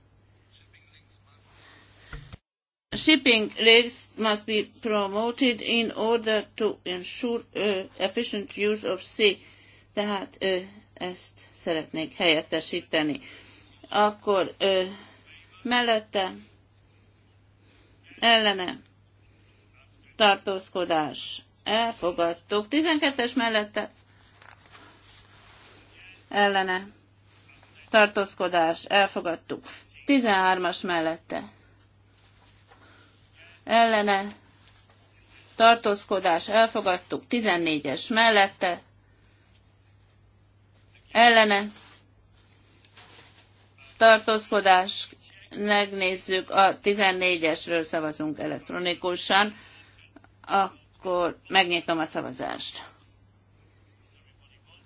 Shipping legs must be promoted in order to ensure uh, efficient use of sea tehát ő ezt szeretnék helyettesíteni. Akkor ő mellette ellene tartózkodás. Elfogadtuk. 12-es mellette ellene tartózkodás. Elfogadtuk. 13-as mellette ellene tartózkodás. Elfogadtuk. 14-es mellette ellene tartózkodás, megnézzük, a 14-esről szavazunk elektronikusan, akkor megnyitom a szavazást.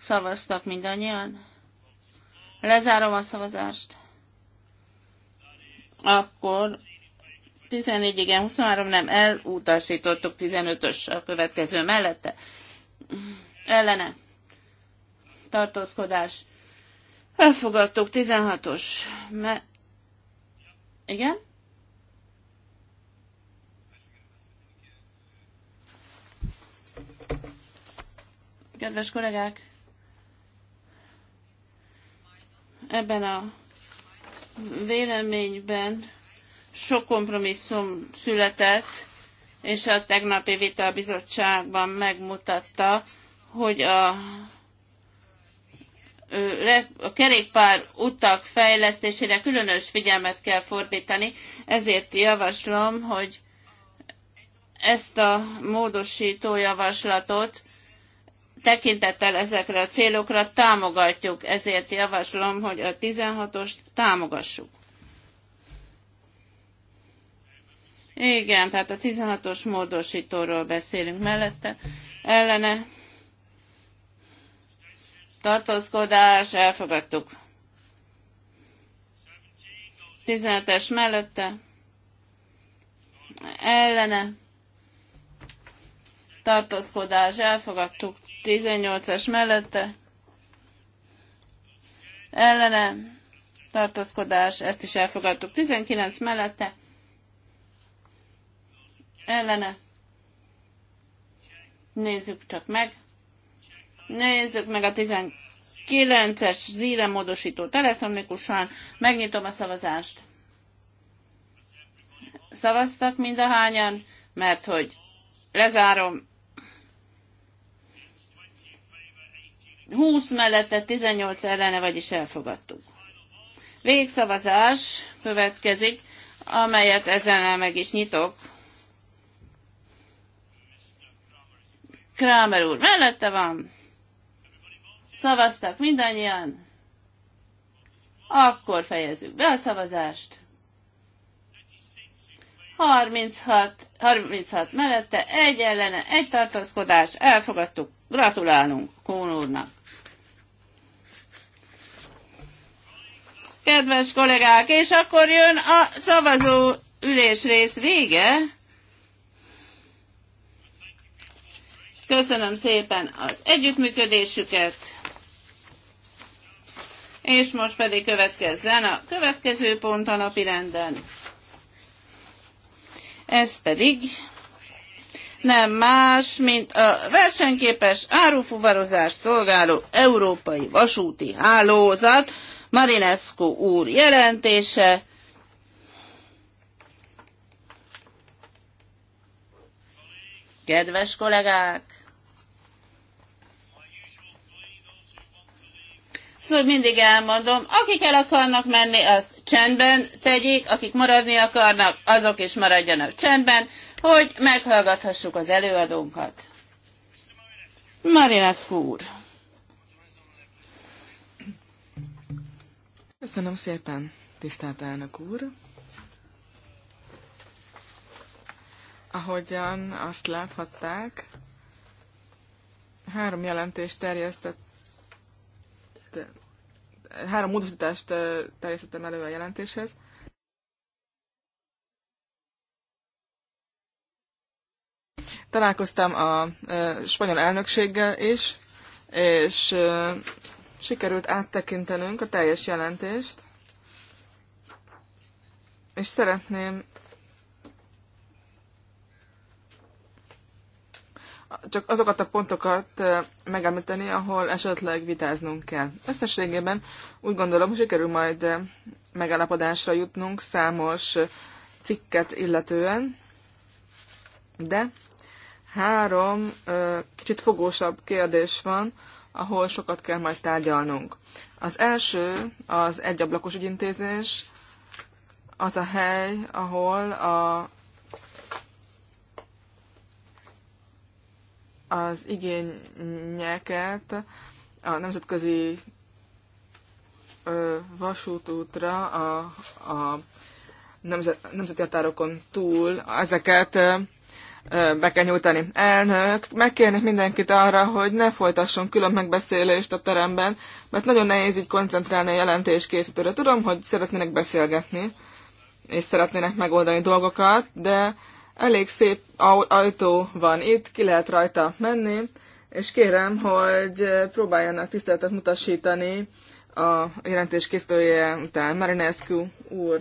Szavaztak mindannyian? Lezárom a szavazást. Akkor 14 igen, 23 nem, elutasítottuk 15-ös a következő mellette. Ellene tartózkodás. Elfogadtuk 16-os. Me... Igen? Kedves kollégák, ebben a véleményben sok kompromisszum született, és a tegnapi vita a bizottságban megmutatta, hogy a a kerékpár utak fejlesztésére különös figyelmet kell fordítani, ezért javaslom, hogy ezt a módosító javaslatot tekintettel ezekre a célokra támogatjuk, ezért javaslom, hogy a 16-ost támogassuk. Igen, tehát a 16-os módosítóról beszélünk mellette. Ellene tartózkodás, elfogadtuk. 17-es mellette, ellene, tartózkodás, elfogadtuk. 18-es mellette, ellene, tartózkodás, ezt is elfogadtuk. 19 mellette, ellene, nézzük csak meg. Nézzük meg a 19-es zíle módosító telefonikusan. Megnyitom a szavazást. Szavaztak mind a hányan, mert hogy lezárom. 20 mellette 18 ellene, vagyis elfogadtuk. Végszavazás következik, amelyet ezennel meg is nyitok. Kramer úr mellette van. Szavaztak mindannyian? Akkor fejezzük be a szavazást. 36, 36 mellette, egy ellene, egy tartózkodás, elfogadtuk. Gratulálunk Kón úrnak. Kedves kollégák, és akkor jön a szavazó ülés rész vége. Köszönöm szépen az együttműködésüket. És most pedig következzen a következő pont a napi renden. Ez pedig nem más, mint a versenyképes árufuvarozás szolgáló európai vasúti hálózat, Marinescu úr jelentése. Kedves kollégák! szóval mindig elmondom, akik el akarnak menni, azt csendben tegyék, akik maradni akarnak, azok is maradjanak csendben, hogy meghallgathassuk az előadónkat. Marinescu úr. Köszönöm szépen, tisztelt elnök úr. Ahogyan azt láthatták, három jelentést terjesztett három módosítást terjesztettem elő a jelentéshez. Találkoztam a spanyol elnökséggel is, és sikerült áttekintenünk a teljes jelentést, és szeretném csak azokat a pontokat megemlíteni, ahol esetleg vitáznunk kell. Összességében úgy gondolom, hogy sikerül majd megállapodásra jutnunk számos cikket illetően, de három kicsit fogósabb kérdés van, ahol sokat kell majd tárgyalnunk. Az első az egyablakos ügyintézés, az a hely, ahol a az igényeket a nemzetközi vasútútra a, a nemzet, nemzeti határokon túl ezeket be kell nyújtani. Elnök, megkérnék mindenkit arra, hogy ne folytasson külön megbeszélést a teremben, mert nagyon nehéz így koncentrálni a jelentés készítőre. Tudom, hogy szeretnének beszélgetni, és szeretnének megoldani dolgokat, de Elég szép ajtó van itt, ki lehet rajta menni, és kérem, hogy eh, próbáljanak tiszteletet mutasítani a jelentés készítője után, Marinescu úr.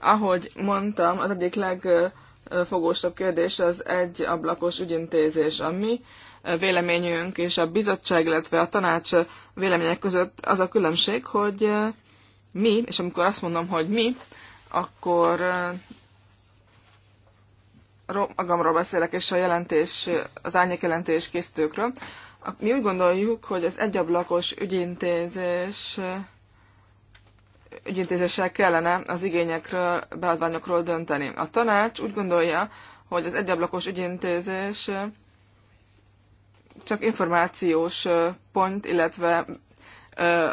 Ahogy mondtam, az egyik legfogósabb kérdés az egy ablakos ügyintézés, ami véleményünk és a bizottság, illetve a tanács vélemények között az a különbség, hogy eh, mi, és amikor azt mondom, hogy mi, akkor eh, magamról beszélek, és a jelentés, az árnyék jelentés készítőkről. Mi úgy gondoljuk, hogy az egyablakos ügyintézés ügyintézéssel kellene az igényekről, beadványokról dönteni. A tanács úgy gondolja, hogy az egyablakos ügyintézés csak információs pont, illetve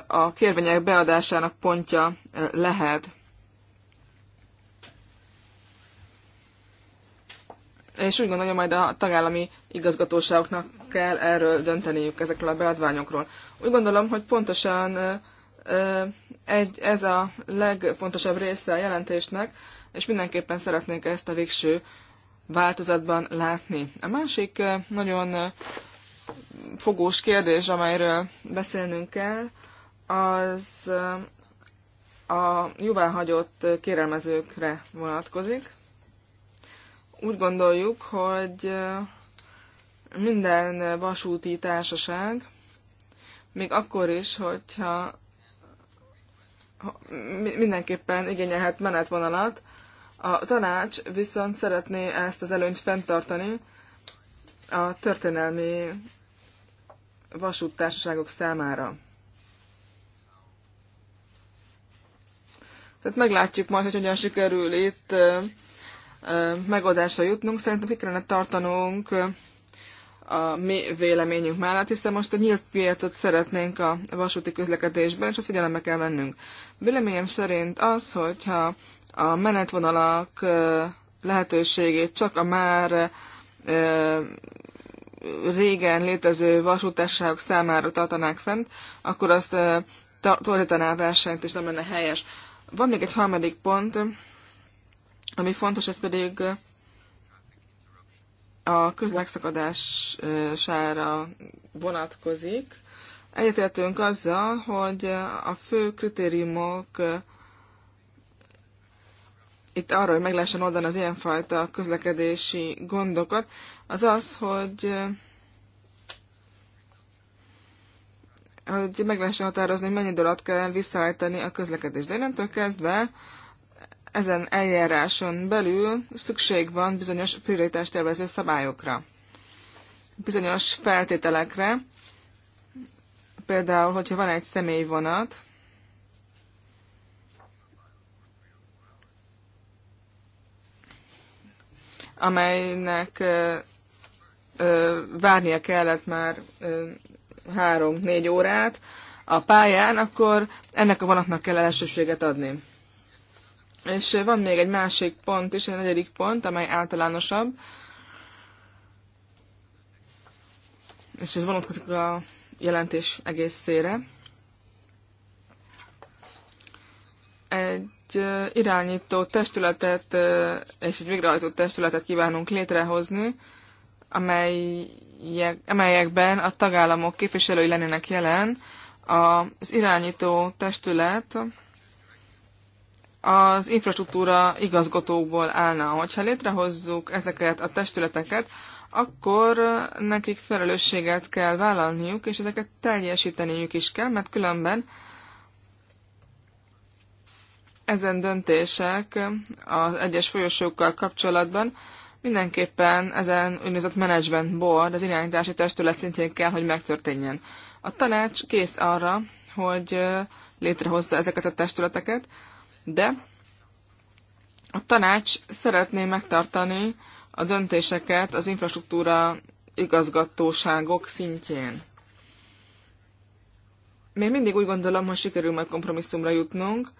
a kérvények beadásának pontja lehet. és úgy gondolja, majd a tagállami igazgatóságoknak kell erről dönteniük ezekről a beadványokról. Úgy gondolom, hogy pontosan egy, ez a legfontosabb része a jelentésnek, és mindenképpen szeretnék ezt a végső változatban látni. A másik nagyon fogós kérdés, amelyről beszélnünk kell, az a jóváhagyott kérelmezőkre vonatkozik úgy gondoljuk, hogy eh, minden vasúti társaság, még akkor is, hogyha mindenképpen igényelhet menetvonalat, a tanács viszont szeretné ezt az előnyt fenntartani a történelmi vasúttársaságok számára. Tehát meglátjuk majd, hogy hogyan sikerül itt eh, megoldásra jutnunk. Szerintem ki kellene tartanunk a mi véleményünk mellett, hiszen most a nyílt piacot szeretnénk a vasúti közlekedésben, és azt figyelembe kell vennünk. Véleményem szerint az, hogyha a menetvonalak lehetőségét csak a már régen létező vasútárságok számára tartanák fent, akkor azt torzítaná a versenyt, és nem lenne helyes. Van még egy harmadik pont, ami fontos, ez pedig a közlekszakadására vonatkozik. Egyetértünk azzal, hogy a fő kritériumok itt arra, hogy meg lehessen oldani az ilyenfajta közlekedési gondokat, az az, hogy hogy meg lehessen határozni, hogy mennyi dolat kell visszaállítani a közlekedést. De innentől kezdve ezen eljáráson belül szükség van bizonyos prioritást tervező szabályokra, bizonyos feltételekre, például, hogyha van egy személyvonat, amelynek ö, ö, várnia kellett már három-négy órát a pályán, akkor ennek a vonatnak kell elsőséget adni. És van még egy másik pont is, egy negyedik pont, amely általánosabb, és ez vonatkozik a jelentés egészére. Egy irányító testületet és egy végrehajtó testületet kívánunk létrehozni, amelyek, amelyekben a tagállamok képviselői lennének jelen. Az irányító testület az infrastruktúra igazgatókból állna. Hogyha létrehozzuk ezeket a testületeket, akkor nekik felelősséget kell vállalniuk, és ezeket teljesíteniük is kell, mert különben ezen döntések az egyes folyosókkal kapcsolatban mindenképpen ezen úgynevezett management board, az irányítási testület szintjén kell, hogy megtörténjen. A tanács kész arra, hogy létrehozza ezeket a testületeket, de a tanács szeretné megtartani a döntéseket az infrastruktúra igazgatóságok szintjén. Még mindig úgy gondolom, hogy sikerül majd kompromisszumra jutnunk.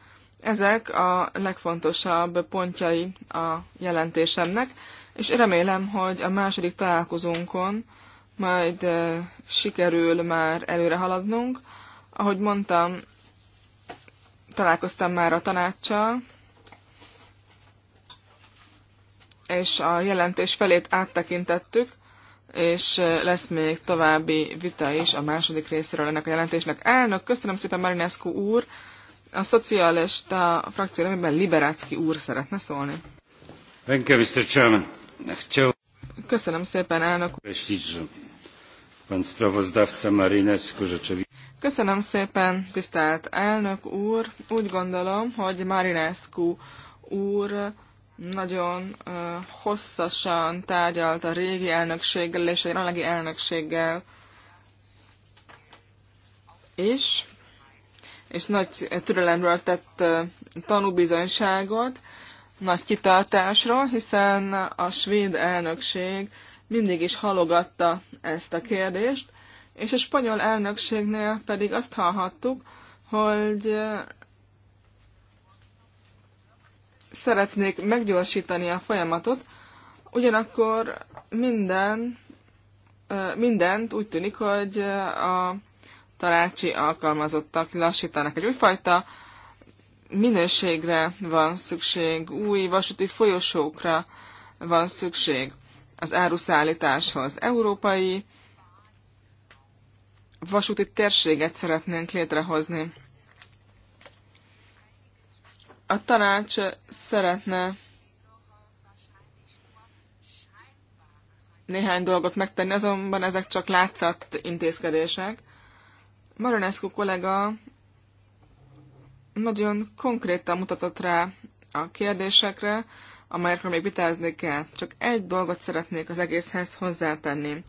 Ezek a legfontosabb pontjai a jelentésemnek, és remélem, hogy a második találkozónkon majd eh, sikerül már előre haladnunk. Ahogy mondtam, találkoztam már a tanácssal, és a jelentés felét áttekintettük, és lesz még további vita is a második részéről ennek a jelentésnek. Elnök, köszönöm szépen Marinescu úr, a szocialista frakció nevében Liberácki úr szeretne szólni. Thank you, Mr. Köszönöm szépen, elnök Pan sprawozdawca Marinescu rzeczywiście Köszönöm szépen, tisztelt elnök úr. Úgy gondolom, hogy Marinescu úr nagyon uh, hosszasan tárgyalt a régi elnökséggel és a jelenlegi elnökséggel is, és nagy türelemről tett uh, tanúbizonyságot, nagy kitartásról, hiszen a svéd elnökség mindig is halogatta ezt a kérdést, és a spanyol elnökségnél pedig azt hallhattuk, hogy szeretnék meggyorsítani a folyamatot, ugyanakkor minden, mindent úgy tűnik, hogy a tanácsi alkalmazottak lassítanak. Egy újfajta minőségre van szükség, új vasúti folyosókra van szükség az áruszállításhoz. Európai vasúti térséget szeretnénk létrehozni. A tanács szeretne néhány dolgot megtenni, azonban ezek csak látszat intézkedések. Maronescu kollega nagyon konkrétan mutatott rá a kérdésekre, amelyekről még vitázni kell. Csak egy dolgot szeretnék az egészhez hozzátenni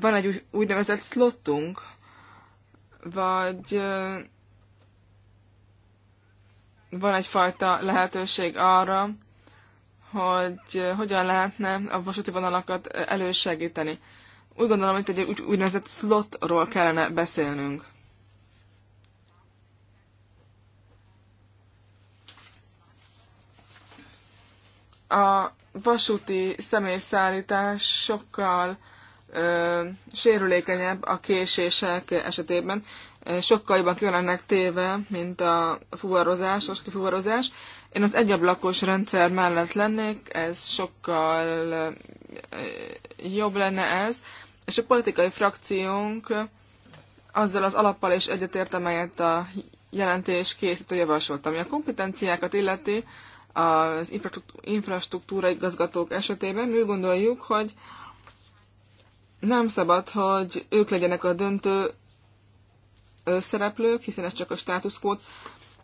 van egy úgynevezett slottunk, vagy van egyfajta lehetőség arra, hogy hogyan lehetne a vasúti vonalakat elősegíteni. Úgy gondolom, hogy egy úgy, úgynevezett slotról kellene beszélnünk. A vasúti személyszállítás sokkal ö, sérülékenyebb a késések esetében. Sokkal jobban kivannak téve, mint a fuvarozás, a fuvarozás. Én az egyablakos rendszer mellett lennék, ez sokkal ö, jobb lenne ez, és a politikai frakciónk azzal az alappal is egyetért, amelyet a jelentés készítő javasolt. Ami a kompetenciákat illeti az infrastruktúra igazgatók esetében, mi úgy gondoljuk, hogy nem szabad, hogy ők legyenek a döntő szereplők, hiszen ez csak a státuszkót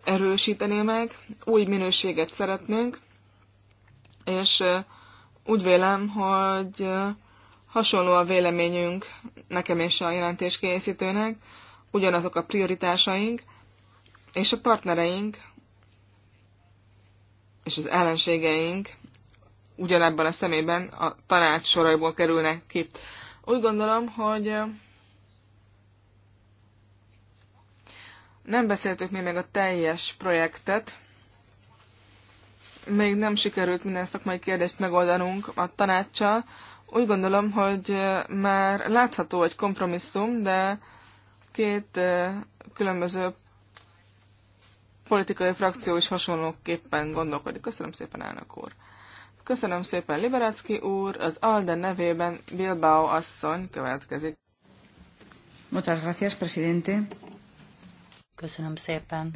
erősítené meg, új minőséget szeretnénk, és úgy vélem, hogy hasonló a véleményünk nekem és a jelentés készítőnek, ugyanazok a prioritásaink, és a partnereink, és az ellenségeink ugyanebben a szemében a tanács soraiból kerülnek ki. Úgy gondolom, hogy nem beszéltük még meg a teljes projektet, még nem sikerült minden szakmai kérdést megoldanunk a tanácssal. Úgy gondolom, hogy már látható egy kompromisszum, de két különböző politikai frakció is hasonlóképpen gondolkodik. Köszönöm szépen, elnök úr! Köszönöm szépen, Liberacki úr. Az ALDE nevében Bilbao asszony következik. Muchas gracias, presidente. Köszönöm szépen.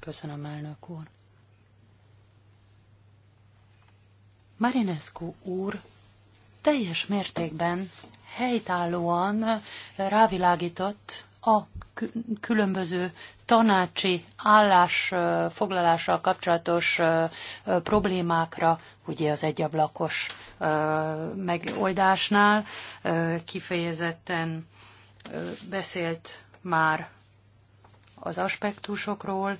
Köszönöm, elnök úr. Marinescu úr teljes mértékben helytállóan rávilágított a különböző tanácsi állásfoglalással kapcsolatos problémákra, ugye az egyablakos megoldásnál kifejezetten beszélt már az aspektusokról,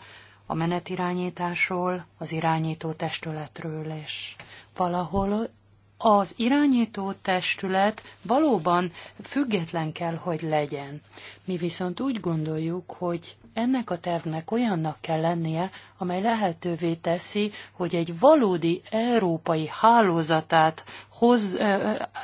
a menetirányításról, az irányító testületről, és valahol az irányító testület valóban független kell, hogy legyen. Mi viszont úgy gondoljuk, hogy ennek a tervnek olyannak kell lennie, amely lehetővé teszi, hogy egy valódi európai hálózatát hoz,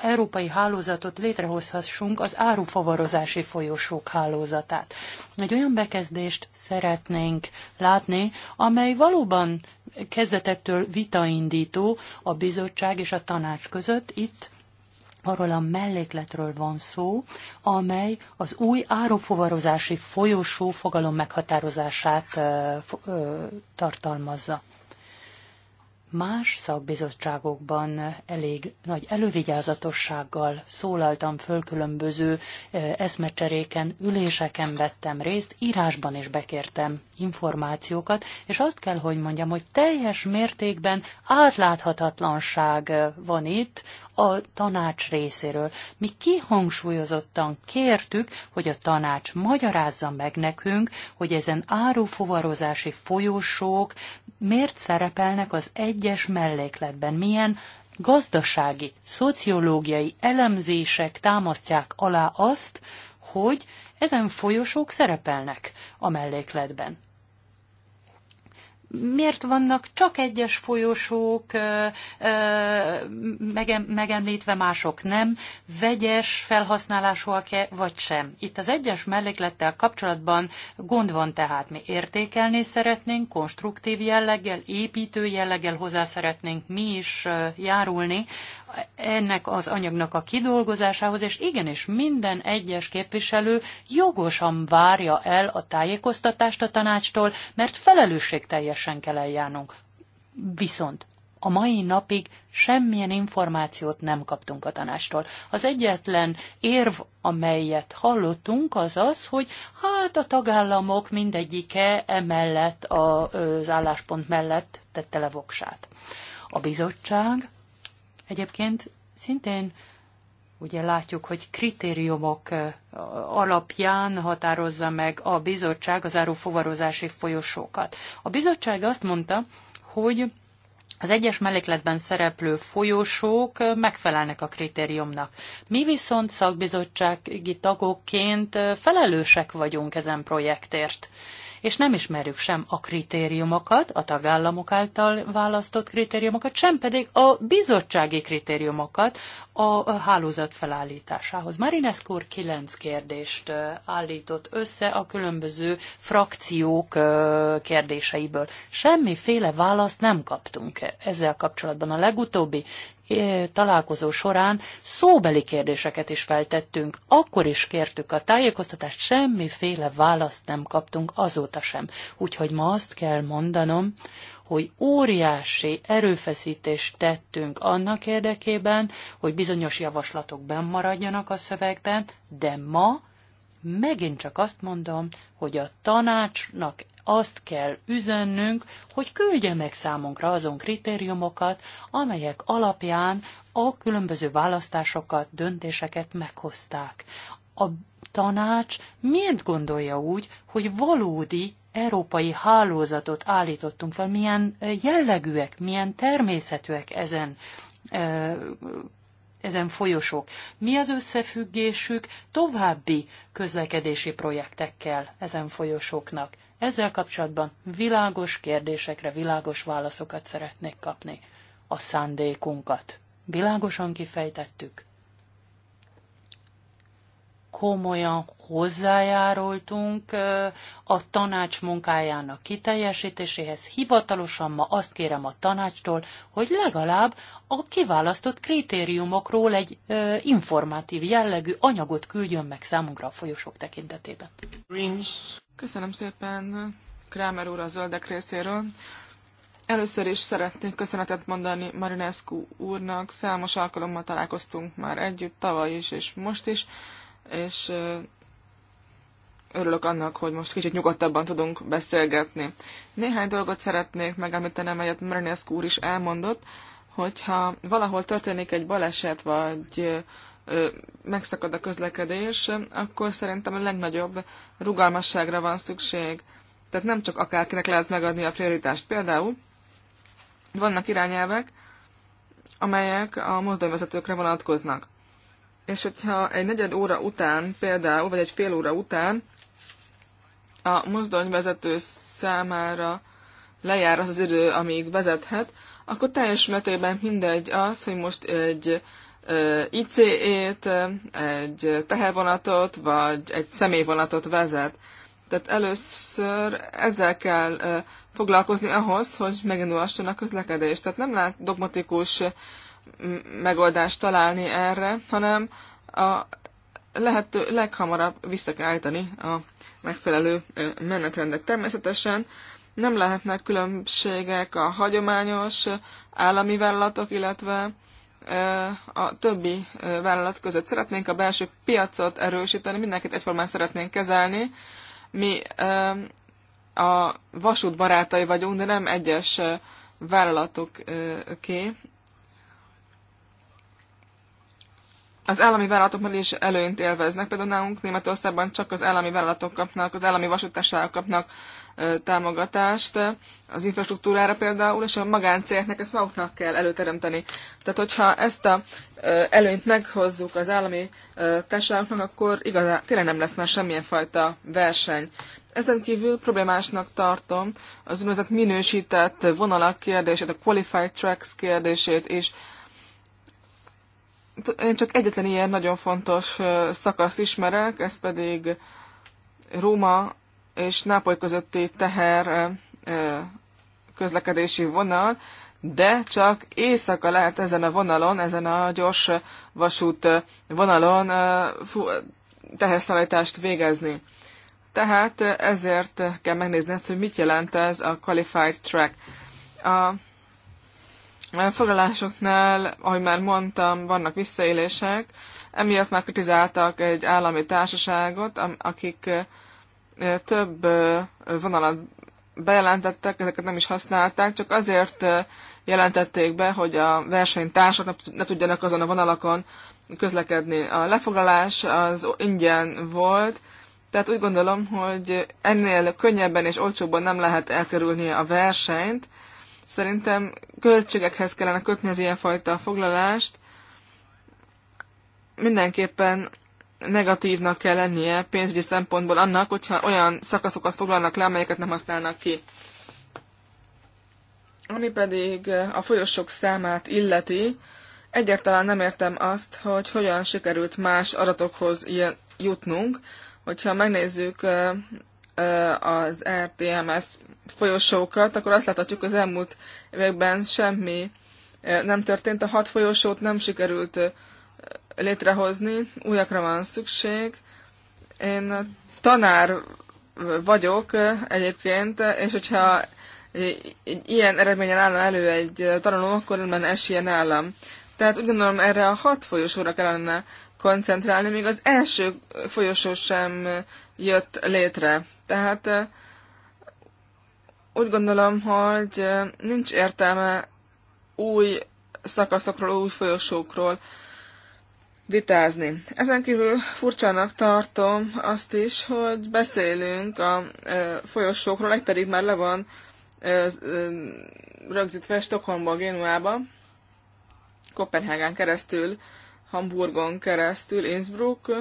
európai hálózatot létrehozhassunk az árufavarozási folyosók hálózatát. Egy olyan bekezdést szeretnénk látni, amely valóban kezdetektől vitaindító a bizottság és a tanács között itt arról a mellékletről van szó, amely az új árufuvarozási folyosó fogalom meghatározását tartalmazza. Más szakbizottságokban elég nagy elővigyázatossággal szólaltam föl különböző e, eszmecseréken, üléseken vettem részt, írásban is bekértem információkat, és azt kell, hogy mondjam, hogy teljes mértékben átláthatatlanság e, van itt a tanács részéről. Mi kihangsúlyozottan kértük, hogy a tanács magyarázza meg nekünk, hogy ezen árufuvarozási folyósók miért szerepelnek az egy egyes mellékletben milyen gazdasági, szociológiai elemzések támasztják alá azt, hogy ezen folyosók szerepelnek a mellékletben miért vannak csak egyes folyosók megemlítve, mások nem, vegyes felhasználásúak-e vagy sem. Itt az egyes melléklettel kapcsolatban gond van tehát, mi értékelni szeretnénk, konstruktív jelleggel, építő jelleggel hozzá szeretnénk mi is járulni ennek az anyagnak a kidolgozásához, és igenis minden egyes képviselő jogosan várja el a tájékoztatást a tanácstól, mert felelősségteljesen kell eljárnunk. Viszont a mai napig semmilyen információt nem kaptunk a tanástól. Az egyetlen érv, amelyet hallottunk, az az, hogy hát a tagállamok mindegyike emellett az álláspont mellett tette le voksát. A bizottság Egyébként szintén ugye látjuk, hogy kritériumok alapján határozza meg a bizottság az árufogarozási folyosókat. A bizottság azt mondta, hogy az egyes mellékletben szereplő folyosók megfelelnek a kritériumnak. Mi viszont szakbizottsági tagokként felelősek vagyunk ezen projektért és nem ismerjük sem a kritériumokat, a tagállamok által választott kritériumokat, sem pedig a bizottsági kritériumokat a hálózat felállításához. Marinescu úr kilenc kérdést állított össze a különböző frakciók kérdéseiből. Semmiféle választ nem kaptunk ezzel kapcsolatban. A legutóbbi találkozó során szóbeli kérdéseket is feltettünk. Akkor is kértük a tájékoztatást, semmiféle választ nem kaptunk azóta sem. Úgyhogy ma azt kell mondanom, hogy óriási erőfeszítést tettünk annak érdekében, hogy bizonyos javaslatok maradjanak a szövegben, de ma megint csak azt mondom, hogy a tanácsnak azt kell üzennünk, hogy küldje meg számunkra azon kritériumokat, amelyek alapján a különböző választásokat, döntéseket meghozták. A tanács miért gondolja úgy, hogy valódi európai hálózatot állítottunk fel, milyen eh, jellegűek, milyen természetűek ezen eh, ezen folyosók. Mi az összefüggésük további közlekedési projektekkel ezen folyosóknak? Ezzel kapcsolatban világos kérdésekre világos válaszokat szeretnék kapni. A szándékunkat világosan kifejtettük, komolyan hozzájárultunk a tanács munkájának kiteljesítéséhez. Hivatalosan ma azt kérem a tanácstól, hogy legalább a kiválasztott kritériumokról egy ö, informatív jellegű anyagot küldjön meg számunkra a folyosók tekintetében. Köszönöm szépen Krámer úr a zöldek részéről. Először is szeretnék köszönetet mondani Marinescu úrnak. Számos alkalommal találkoztunk már együtt, tavaly is és most is és örülök annak, hogy most kicsit nyugodtabban tudunk beszélgetni. Néhány dolgot szeretnék megemlíteni, amelyet Mörnyeszk úr is elmondott, hogyha valahol történik egy baleset, vagy megszakad a közlekedés, akkor szerintem a legnagyobb rugalmasságra van szükség. Tehát nem csak akárkinek lehet megadni a prioritást. Például vannak irányelvek, amelyek a mozdonyvezetőkre vonatkoznak és hogyha egy negyed óra után például, vagy egy fél óra után a mozdonyvezető számára lejár az az idő, amíg vezethet, akkor teljes mértékben mindegy az, hogy most egy ICE-t, egy tehervonatot, vagy egy személyvonatot vezet. Tehát először ezzel kell foglalkozni ahhoz, hogy megindulhasson a közlekedés. Tehát nem lehet dogmatikus megoldást találni erre, hanem a lehető leghamarabb vissza kell állítani a megfelelő menetrendet. Természetesen nem lehetnek különbségek a hagyományos állami vállalatok, illetve a többi vállalat között. Szeretnénk a belső piacot erősíteni, mindenkit egyformán szeretnénk kezelni. Mi a vasút barátai vagyunk, de nem egyes vállalatoké. az állami vállalatokban is előnyt élveznek. Például nálunk Németországban csak az állami vállalatok kapnak, az állami vasútársaságok kapnak támogatást az infrastruktúrára például, és a magáncégeknek ezt maguknak kell előteremteni. Tehát, hogyha ezt a előnyt meghozzuk az állami társaságoknak, akkor igazán tényleg nem lesz már semmilyen fajta verseny. Ezen kívül problémásnak tartom az úgynevezett minősített vonalak kérdését, a qualified tracks kérdését is, és én csak egyetlen ilyen nagyon fontos szakaszt ismerek, ez pedig Róma és Nápoly közötti teher közlekedési vonal, de csak éjszaka lehet ezen a vonalon, ezen a gyors vasút vonalon teherszállítást végezni. Tehát ezért kell megnézni ezt, hogy mit jelent ez a Qualified Track. A foglalásoknál, ahogy már mondtam, vannak visszaélések, emiatt már kritizáltak egy állami társaságot, akik több vonalat bejelentettek, ezeket nem is használták, csak azért jelentették be, hogy a versenytársak ne tudjanak azon a vonalakon közlekedni. A lefoglalás az ingyen volt, tehát úgy gondolom, hogy ennél könnyebben és olcsóbban nem lehet elkerülni a versenyt, Szerintem költségekhez kellene kötni az ilyenfajta foglalást. Mindenképpen negatívnak kell lennie pénzügyi szempontból annak, hogyha olyan szakaszokat foglalnak le, amelyeket nem használnak ki. Ami pedig a folyosók számát illeti, egyáltalán nem értem azt, hogy hogyan sikerült más adatokhoz jutnunk. Hogyha megnézzük az RTMS folyosókat, akkor azt láthatjuk, az elmúlt években semmi nem történt. A hat folyosót nem sikerült létrehozni, újakra van szükség. Én tanár vagyok egyébként, és hogyha ilyen eredményen állna elő egy tanuló, akkor nem lenne esélye nálam. Tehát úgy gondolom erre a hat folyosóra kellene koncentrálni, még az első folyosó sem jött létre. Tehát úgy gondolom, hogy nincs értelme új szakaszokról, új folyosókról vitázni. Ezen kívül furcsának tartom azt is, hogy beszélünk a folyosókról, egy pedig már le van rögzítve Stockholmból Génuába, Kopenhágán keresztül Hamburgon keresztül, Innsbruck,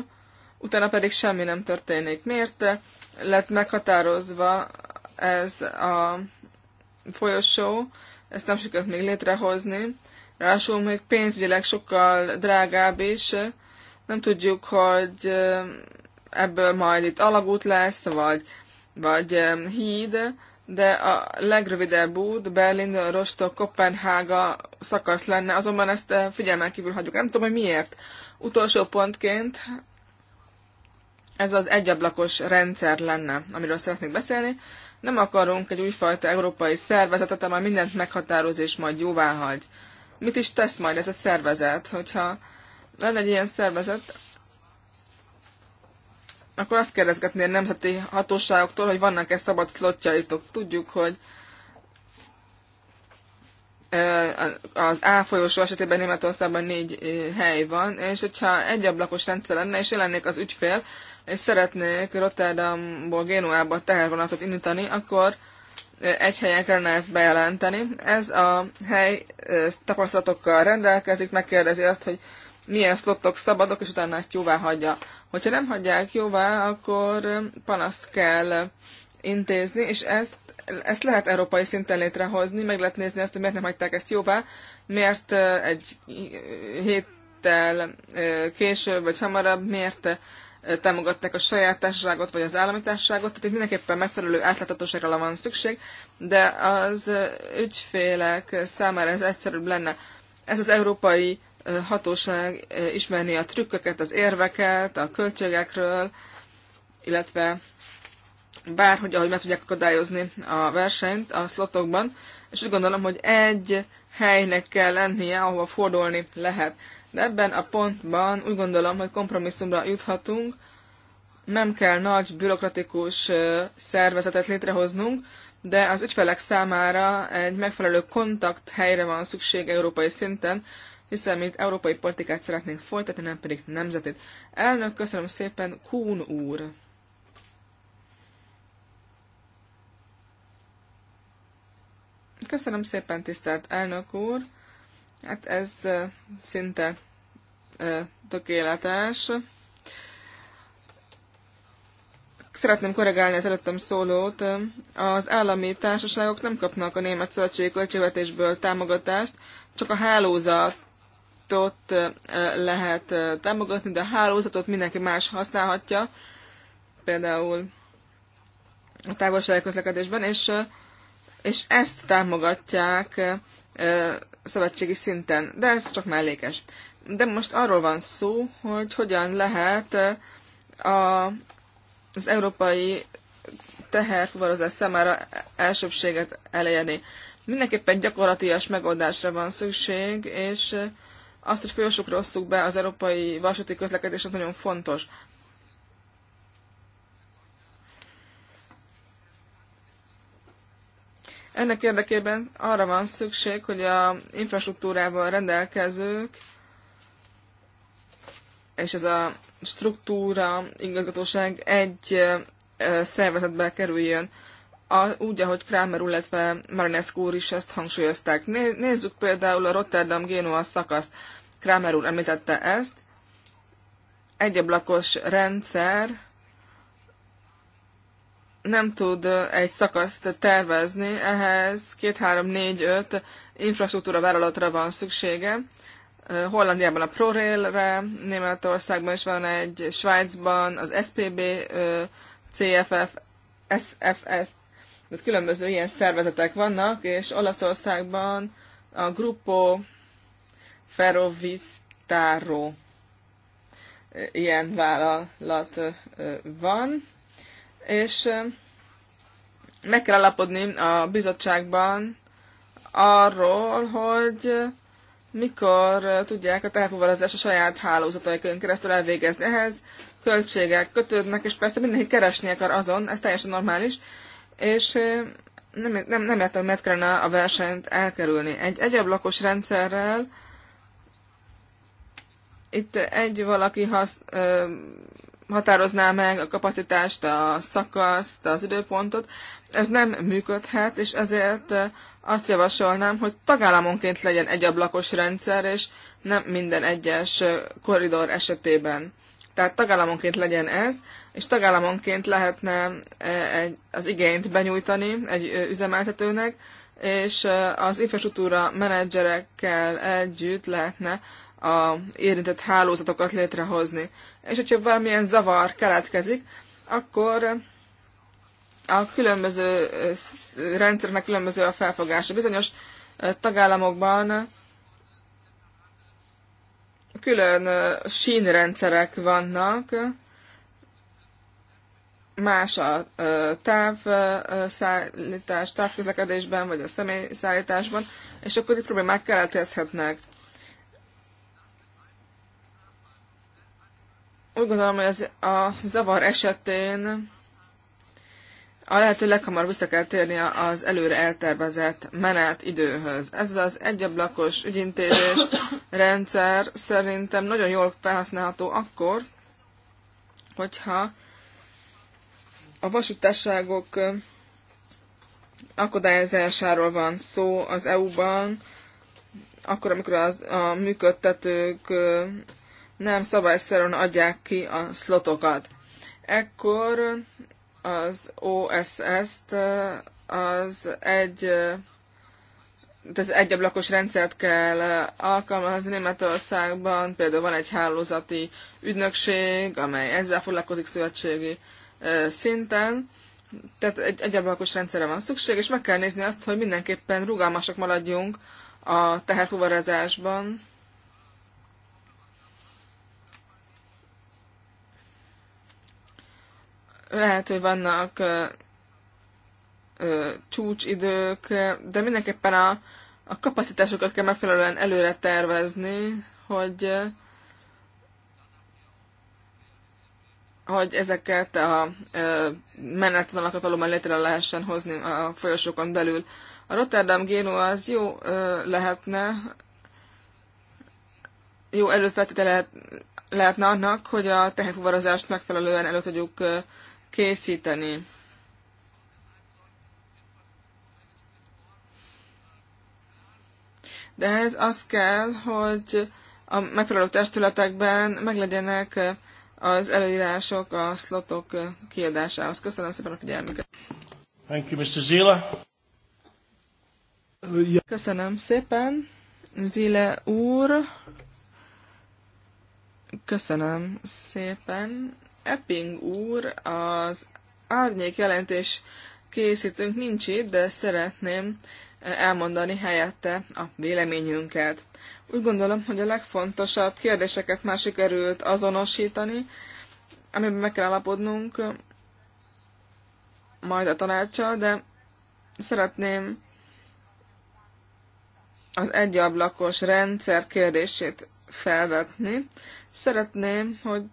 utána pedig semmi nem történik. Miért lett meghatározva ez a folyosó? Ezt nem sikerült még létrehozni. Ráadásul még pénzügyileg sokkal drágább is. Nem tudjuk, hogy ebből majd itt alagút lesz, vagy, vagy híd, de a legrövidebb út Berlin, rostock Kopenhága szakasz lenne, azonban ezt eh, figyelmen kívül hagyjuk. Nem tudom, hogy miért. Utolsó pontként ez az egyablakos rendszer lenne, amiről szeretnék beszélni. Nem akarunk egy újfajta európai szervezetet, amely mindent meghatároz és majd jóvá hagy. Mit is tesz majd ez a szervezet, hogyha lenne egy ilyen szervezet, akkor azt kérdezgetné a nemzeti hatóságoktól, hogy vannak-e szabad szlotjaitok. Tudjuk, hogy az A folyosó esetében Németországban négy hely van, és hogyha egy ablakos rendszer lenne, és jelennék az ügyfél, és szeretnék Rotterdamból Génuába tehervonatot indítani, akkor egy helyen kellene ezt bejelenteni. Ez a hely tapasztalatokkal rendelkezik, megkérdezi azt, hogy milyen szlottok szabadok, és utána ezt jóvá hagyja. Hogyha nem hagyják jóvá, akkor panaszt kell intézni, és ezt, ezt lehet európai szinten létrehozni, meg lehet nézni azt, hogy miért nem hagyták ezt jóvá, miért egy héttel később vagy hamarabb, miért támogatták a saját társaságot vagy az állami társaságot, tehát itt mindenképpen megfelelő átláthatóságra van szükség, de az ügyfélek számára ez egyszerűbb lenne. Ez az európai hatóság ismerni a trükköket, az érveket, a költségekről, illetve bárhogy, ahogy meg tudják akadályozni a versenyt a szlotokban, és úgy gondolom, hogy egy helynek kell lennie, ahova fordulni lehet. De ebben a pontban úgy gondolom, hogy kompromisszumra juthatunk, nem kell nagy bürokratikus szervezetet létrehoznunk, de az ügyfelek számára egy megfelelő kontakt helyre van szükség európai szinten, hiszen mint európai politikát szeretnénk folytatni, nem pedig nemzetét. Elnök, köszönöm szépen, Kún úr! Köszönöm szépen, tisztelt elnök úr! Hát ez szinte tökéletes. Szeretném korrigálni az előttem szólót. Az állami társaságok nem kapnak a német szövetségi költségvetésből támogatást, csak a hálózat projektot lehet támogatni, de a hálózatot mindenki más használhatja, például a közlekedésben, és, és ezt támogatják szövetségi szinten, de ez csak mellékes. De most arról van szó, hogy hogyan lehet a, az európai teherfuvarozás számára elsőbséget elérni. Mindenképpen gyakorlatias megoldásra van szükség, és azt, hogy folyosókra osztuk be az európai vasúti közlekedésnek nagyon fontos. Ennek érdekében arra van szükség, hogy a infrastruktúrával rendelkezők, és ez a struktúra, igazgatóság egy szervezetbe kerüljön a, úgy, ahogy Kramer, illetve Marinescu úr is ezt hangsúlyozták. Nézzük például a rotterdam Genoa szakaszt. Kramer úr említette ezt. Egyablakos rendszer nem tud egy szakaszt tervezni, ehhez 2-3-4-5 infrastruktúra vállalatra van szüksége. Hollandiában a ProRail-re, Németországban is van egy, Svájcban az SPB, CFF, SFS tehát különböző ilyen szervezetek vannak, és Olaszországban a Gruppo Ferrovistaro ilyen vállalat van, és meg kell alapodni a bizottságban arról, hogy mikor tudják a távfúvarozást a saját hálózataikon keresztül elvégezni. Ehhez költségek kötődnek, és persze mindenki keresni akar azon, ez teljesen normális, és nem, nem, nem értem, hogy miért kellene a versenyt elkerülni. Egy egyablakos rendszerrel itt egy valaki hasz, ö, határozná meg a kapacitást, a szakaszt, az időpontot, ez nem működhet, és ezért azt javasolnám, hogy tagállamonként legyen egy ablakos rendszer, és nem minden egyes koridor esetében. Tehát tagállamonként legyen ez, és tagállamonként lehetne e, az igényt benyújtani egy üzemeltetőnek, és az infrastruktúra menedzserekkel együtt lehetne a érintett hálózatokat létrehozni. És hogyha valamilyen zavar keletkezik, akkor a különböző rendszernek különböző a felfogása. Bizonyos tagállamokban külön sínrendszerek vannak, más a távszállítás, távközlekedésben, vagy a személyszállításban, és akkor itt problémák keletkezhetnek. Úgy gondolom, hogy ez a zavar esetén a lehető leghamar vissza kell térni az előre eltervezett menet időhöz Ez az egyablakos ügyintézés rendszer szerintem nagyon jól felhasználható akkor, hogyha a vasútárságok akadályozásáról van szó az EU-ban, akkor, amikor az, a működtetők nem szabályszerűen adják ki a szlotokat. Ekkor az OSS-t az egy az egyablakos rendszert kell alkalmazni Németországban, például van egy hálózati ügynökség, amely ezzel foglalkozik szövetségi szinten, tehát egy egyablakos rendszerre van szükség, és meg kell nézni azt, hogy mindenképpen rugalmasak maradjunk a teherfuvarozásban. Lehet, hogy vannak ö, ö, csúcsidők, de mindenképpen a, a kapacitásokat kell megfelelően előre tervezni, hogy hogy ezeket a menetvonalakat valóban létre lehessen hozni a folyosókon belül. A Rotterdam Génó az jó lehetne, jó előfeltétele lehet, lehetne annak, hogy a teherfuvarozást megfelelően elő tudjuk készíteni. De ehhez az kell, hogy a megfelelő testületekben meglegyenek az előírások a szlotok kiadásához. Köszönöm szépen a figyelmüket. Thank you, Mr. Zila. Uh, Köszönöm szépen, Zile úr. Köszönöm szépen. Epping úr, az árnyék jelentés készítünk nincs itt, de szeretném elmondani helyette a véleményünket. Úgy gondolom, hogy a legfontosabb kérdéseket már sikerült azonosítani, amiben meg kell alapodnunk majd a tanácssal, de szeretném az egyablakos rendszer kérdését felvetni. Szeretném, hogy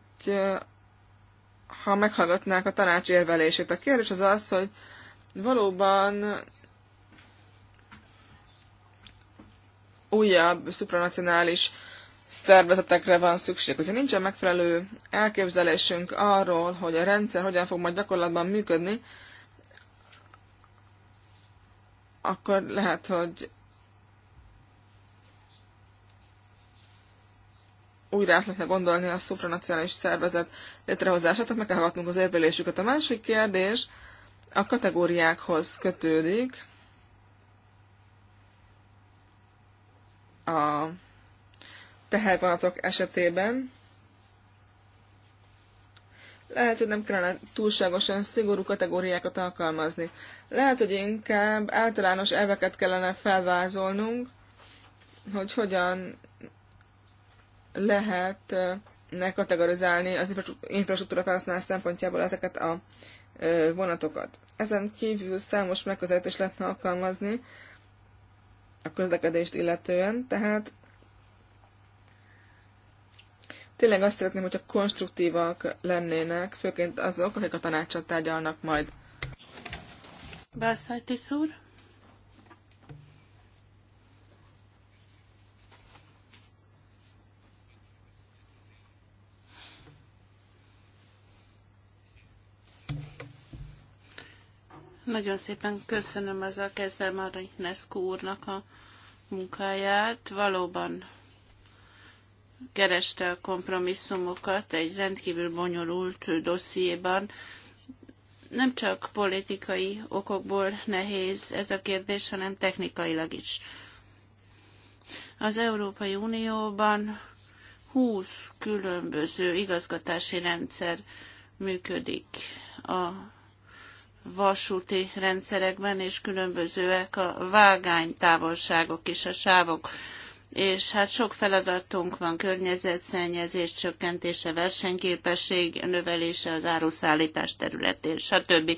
ha meghallgatnák a tanács érvelését. A kérdés az az, hogy valóban újabb szupranacionális szervezetekre van szükség. Hogyha nincsen megfelelő elképzelésünk arról, hogy a rendszer hogyan fog majd gyakorlatban működni, akkor lehet, hogy újra át lehetne gondolni a szupranacionális szervezet létrehozását, tehát meg kell hallgatnunk az érvelésüket. A másik kérdés a kategóriákhoz kötődik. a tehervonatok esetében. Lehet, hogy nem kellene túlságosan szigorú kategóriákat alkalmazni. Lehet, hogy inkább általános elveket kellene felvázolnunk, hogy hogyan lehet ne kategorizálni az infrastruktúra felhasználás szempontjából ezeket a vonatokat. Ezen kívül számos megközelítést lehetne alkalmazni, a közlekedést illetően, tehát tényleg azt szeretném, hogyha konstruktívak lennének, főként azok, akik a tanácsot tárgyalnak majd. Bászájtis úr? Nagyon szépen köszönöm az a kezdem Nesku úrnak a munkáját. Valóban kereste a kompromisszumokat egy rendkívül bonyolult dossziéban. Nem csak politikai okokból nehéz ez a kérdés, hanem technikailag is. Az Európai Unióban 20 különböző igazgatási rendszer működik a vasúti rendszerekben, és különbözőek a vágánytávolságok és a sávok. És hát sok feladatunk van, környezetszennyezés csökkentése, versenyképesség növelése az áruszállítás területén, stb.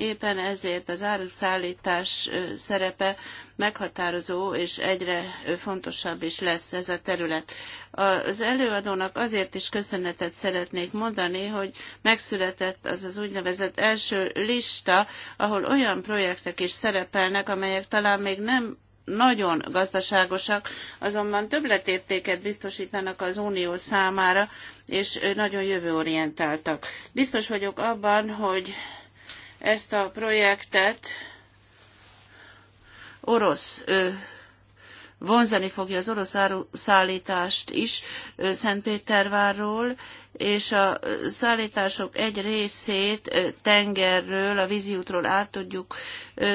Éppen ezért az áruszállítás szerepe meghatározó, és egyre fontosabb is lesz ez a terület. Az előadónak azért is köszönetet szeretnék mondani, hogy megszületett az az úgynevezett első lista, ahol olyan projektek is szerepelnek, amelyek talán még nem nagyon gazdaságosak, azonban többletértéket biztosítanak az unió számára, és nagyon jövőorientáltak. Biztos vagyok abban, hogy ezt a projektet orosz vonzani fogja az orosz szállítást is Szentpétervárról, és a szállítások egy részét tengerről, a víziútról át tudjuk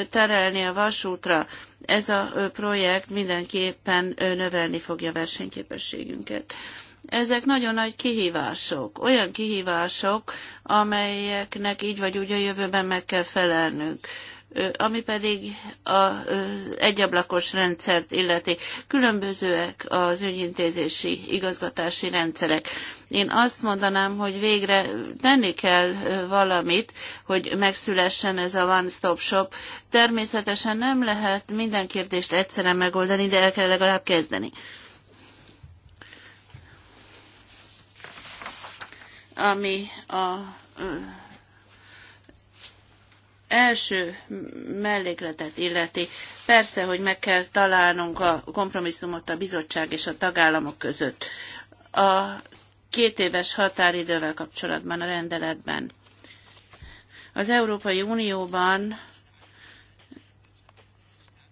terelni a vasútra. Ez a projekt mindenképpen növelni fogja versenyképességünket ezek nagyon nagy kihívások, olyan kihívások, amelyeknek így vagy úgy a jövőben meg kell felelnünk ami pedig az egyablakos rendszert illeti. Különbözőek az ügyintézési, igazgatási rendszerek. Én azt mondanám, hogy végre tenni kell valamit, hogy megszülessen ez a one-stop shop. Természetesen nem lehet minden kérdést egyszerre megoldani, de el kell legalább kezdeni. ami a első mellékletet illeti. Persze, hogy meg kell találnunk a kompromisszumot a bizottság és a tagállamok között. A két éves határidővel kapcsolatban a rendeletben. Az Európai Unióban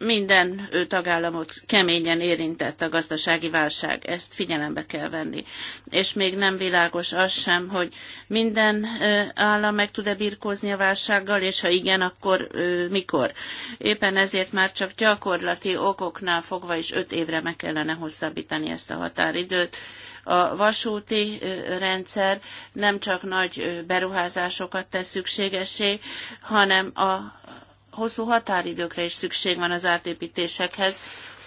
minden tagállamot keményen érintett a gazdasági válság, ezt figyelembe kell venni. És még nem világos az sem, hogy minden állam meg tud-e birkózni a válsággal, és ha igen, akkor mikor. Éppen ezért már csak gyakorlati okoknál fogva is öt évre meg kellene hosszabbítani ezt a határidőt a vasúti rendszer nem csak nagy beruházásokat tesz szükségesé, hanem a hosszú határidőkre is szükség van az átépítésekhez.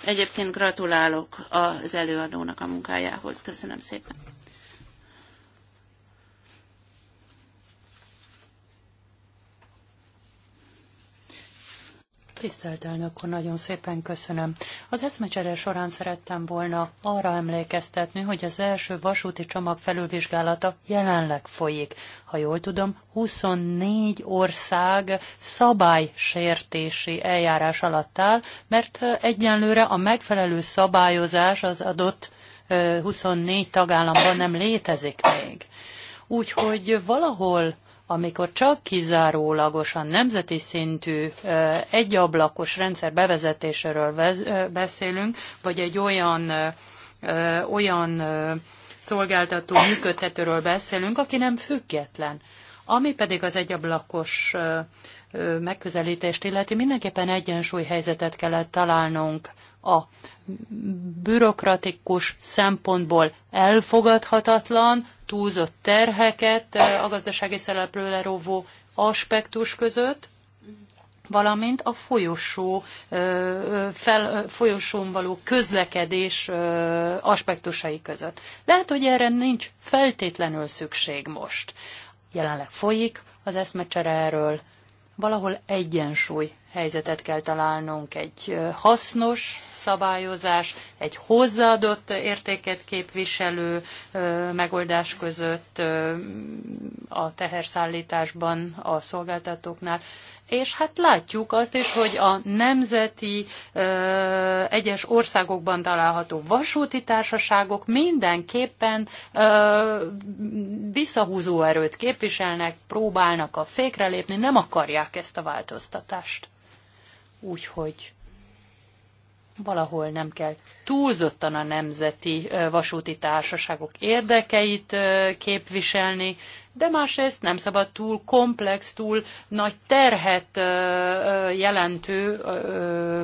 Egyébként gratulálok az előadónak a munkájához. Köszönöm szépen. Tisztelt elnök úr, nagyon szépen köszönöm. Az eszmecsere során szerettem volna arra emlékeztetni, hogy az első vasúti csomag felülvizsgálata jelenleg folyik. Ha jól tudom, 24 ország szabálysértési eljárás alatt áll, mert egyenlőre a megfelelő szabályozás az adott 24 tagállamban nem létezik még. Úgyhogy valahol amikor csak kizárólagosan nemzeti szintű egyablakos rendszer bevezetéséről beszélünk, vagy egy olyan, olyan szolgáltató működtetőről beszélünk, aki nem független. Ami pedig az egyablakos megközelítést illeti, mindenképpen egyensúly helyzetet kellett találnunk a bürokratikus szempontból elfogadhatatlan, túlzott terheket eh, a gazdasági szereplő rovó aspektus között, valamint a folyosó, eh, fel, eh, folyosón való közlekedés aspektusai között. Lehet, hogy erre nincs feltétlenül szükség most. Jelenleg folyik az eszmecsere erről, valahol egyensúly helyzetet kell találnunk, egy hasznos szabályozás, egy hozzáadott értéket képviselő megoldás között a teherszállításban a szolgáltatóknál. És hát látjuk azt is, hogy a nemzeti ö, egyes országokban található vasúti társaságok mindenképpen ö, visszahúzó erőt képviselnek, próbálnak a fékre lépni, nem akarják ezt a változtatást úgyhogy valahol nem kell túlzottan a nemzeti vasúti társaságok érdekeit képviselni, de másrészt nem szabad túl komplex, túl nagy terhet jelentő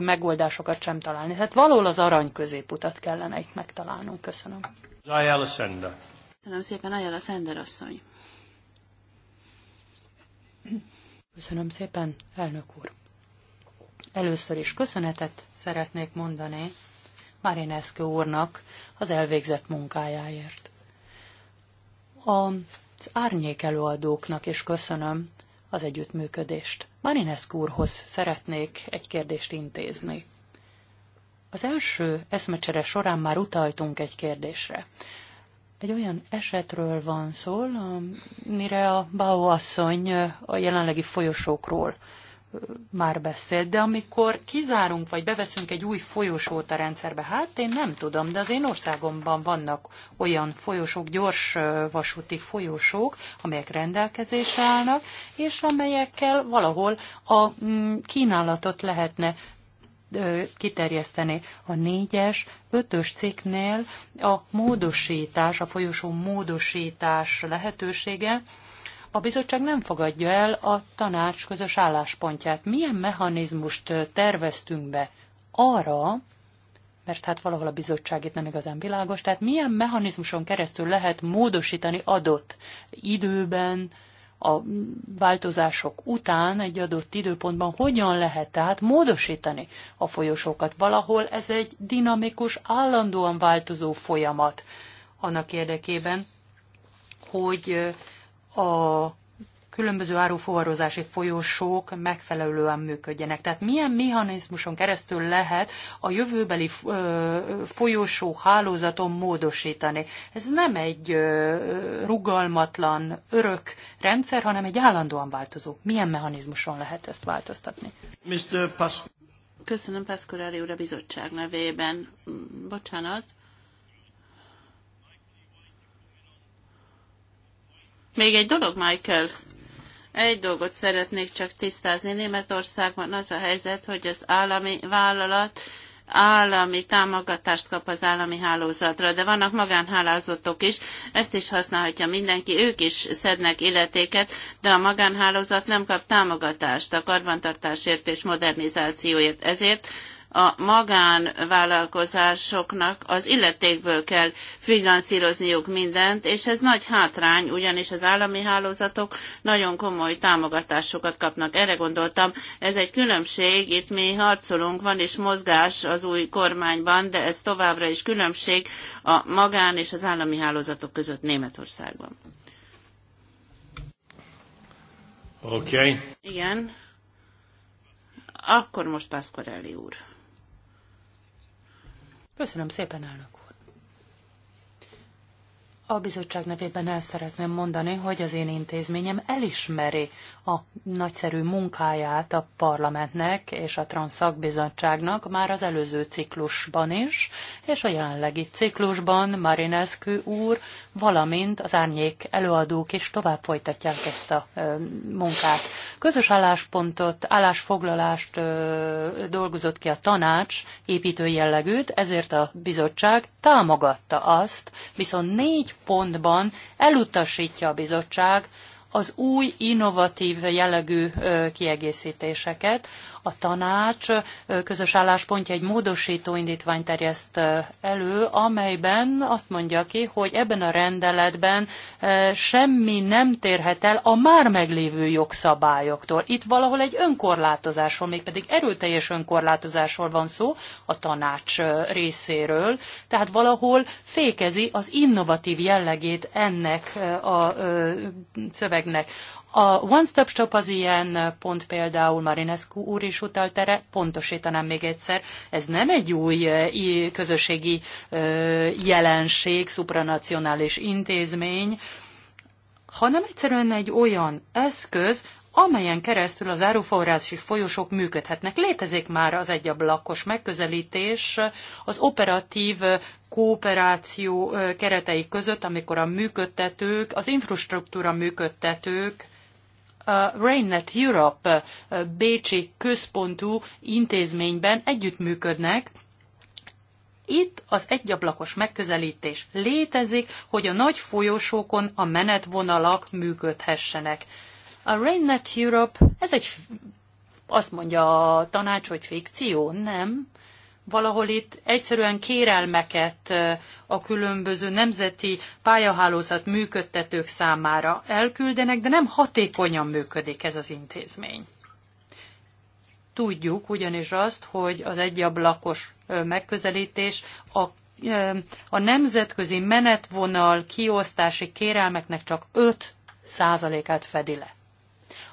megoldásokat sem találni. Tehát valahol az arany középutat kellene itt megtalálnunk. Köszönöm. Ayala Sender. Köszönöm szépen, Ayala Sender asszony. Köszönöm szépen, elnök úr. Először is köszönetet szeretnék mondani Marinescu úrnak az elvégzett munkájáért. Az árnyék előadóknak is köszönöm az együttműködést. Marinescu úrhoz szeretnék egy kérdést intézni. Az első eszmecsere során már utaltunk egy kérdésre. Egy olyan esetről van szó, amire a Bau asszony a jelenlegi folyosókról már beszélt, de amikor kizárunk vagy beveszünk egy új folyosót a rendszerbe, hát én nem tudom, de az én országomban vannak olyan folyosók, gyors vasúti folyosók, amelyek rendelkezésre állnak, és amelyekkel valahol a mm, kínálatot lehetne kiterjeszteni. A négyes, ötös cikknél a módosítás, a folyosó módosítás lehetősége a bizottság nem fogadja el a tanács közös álláspontját. Milyen mechanizmust terveztünk be arra, mert hát valahol a bizottság itt nem igazán világos, tehát milyen mechanizmuson keresztül lehet módosítani adott időben, a változások után egy adott időpontban hogyan lehet tehát módosítani a folyosókat. Valahol ez egy dinamikus, állandóan változó folyamat annak érdekében, hogy a különböző árufóvarozási folyosók megfelelően működjenek. Tehát milyen mechanizmuson keresztül lehet a jövőbeli folyosó hálózaton módosítani. Ez nem egy rugalmatlan, örök rendszer, hanem egy állandóan változó. Milyen mechanizmuson lehet ezt változtatni? Mr. Pas- Köszönöm Pászkorári úr a bizottság nevében. Bocsánat. Még egy dolog, Michael. Egy dolgot szeretnék csak tisztázni. Németországban az a helyzet, hogy az állami vállalat állami támogatást kap az állami hálózatra, de vannak magánhálózatok is, ezt is használhatja mindenki, ők is szednek illetéket, de a magánhálózat nem kap támogatást a karbantartásért és modernizációért. Ezért a magánvállalkozásoknak az illetékből kell finanszírozniuk mindent, és ez nagy hátrány, ugyanis az állami hálózatok nagyon komoly támogatásokat kapnak. Erre gondoltam, ez egy különbség, itt mi harcolunk, van is mozgás az új kormányban, de ez továbbra is különbség a magán és az állami hálózatok között Németországban. Oké. Okay. Igen. Akkor most Pászkorelli úr. Köszönöm szépen, elnök úr. A bizottság nevében el szeretném mondani, hogy az én intézményem elismeri a nagyszerű munkáját a parlamentnek és a Transzakbizottságnak már az előző ciklusban is, és a jelenlegi ciklusban Marinescu úr, valamint az árnyék előadók is tovább folytatják ezt a munkát. Közös álláspontot, állásfoglalást dolgozott ki a tanács építő jellegűt, ezért a bizottság támogatta azt, viszont négy pontban elutasítja a bizottság, az új innovatív jellegű kiegészítéseket, a tanács közös álláspontja egy módosító indítvány terjeszt elő, amelyben azt mondja ki, hogy ebben a rendeletben semmi nem térhet el a már meglévő jogszabályoktól. Itt valahol egy önkorlátozásról, mégpedig erőteljes önkorlátozásról van szó a tanács részéről, tehát valahol fékezi az innovatív jellegét ennek a szövegnek. A One Stop Shop az ilyen pont például Marinescu úr is utalt erre, pontosítanám még egyszer, ez nem egy új közösségi jelenség, supranacionális intézmény, hanem egyszerűen egy olyan eszköz, amelyen keresztül az áruforrási folyosók működhetnek. Létezik már az egyablakos megközelítés az operatív kooperáció keretei között, amikor a működtetők, az infrastruktúra működtetők a Rainnet Europe Bécsi központú intézményben együttműködnek, itt az egyablakos megközelítés létezik, hogy a nagy folyosókon a menetvonalak működhessenek. A Rainnet Europe, ez egy, azt mondja a tanács, hogy fikció, nem valahol itt egyszerűen kérelmeket a különböző nemzeti pályahálózat működtetők számára elküldenek, de nem hatékonyan működik ez az intézmény. Tudjuk ugyanis azt, hogy az egyablakos megközelítés a a nemzetközi menetvonal kiosztási kérelmeknek csak 5 százalékát fedi le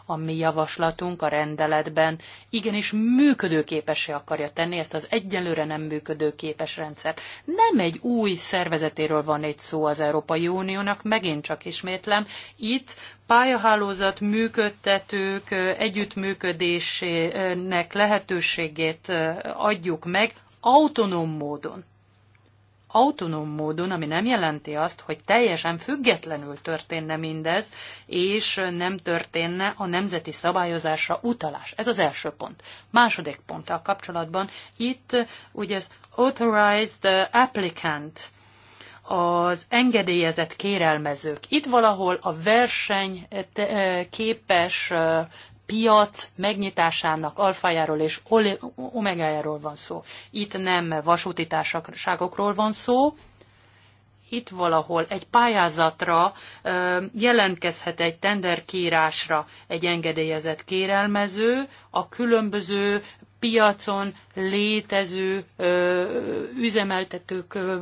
a mi javaslatunk a rendeletben igenis működőképessé akarja tenni ezt az egyelőre nem működőképes rendszert. Nem egy új szervezetéről van egy szó az Európai Uniónak, megint csak ismétlem, itt pályahálózat működtetők együttműködésének lehetőségét adjuk meg autonóm módon autonóm módon, ami nem jelenti azt, hogy teljesen függetlenül történne mindez, és nem történne a nemzeti szabályozásra utalás. Ez az első pont. Második ponttal kapcsolatban itt ugye az authorized applicant, az engedélyezett kérelmezők. Itt valahol a verseny képes piac megnyitásának alfájáról és omegájáról van szó. Itt nem vasúti társaságokról van szó, itt valahol egy pályázatra jelentkezhet egy tenderkírásra egy engedélyezett kérelmező a különböző piacon létező ö, üzemeltetők, ö,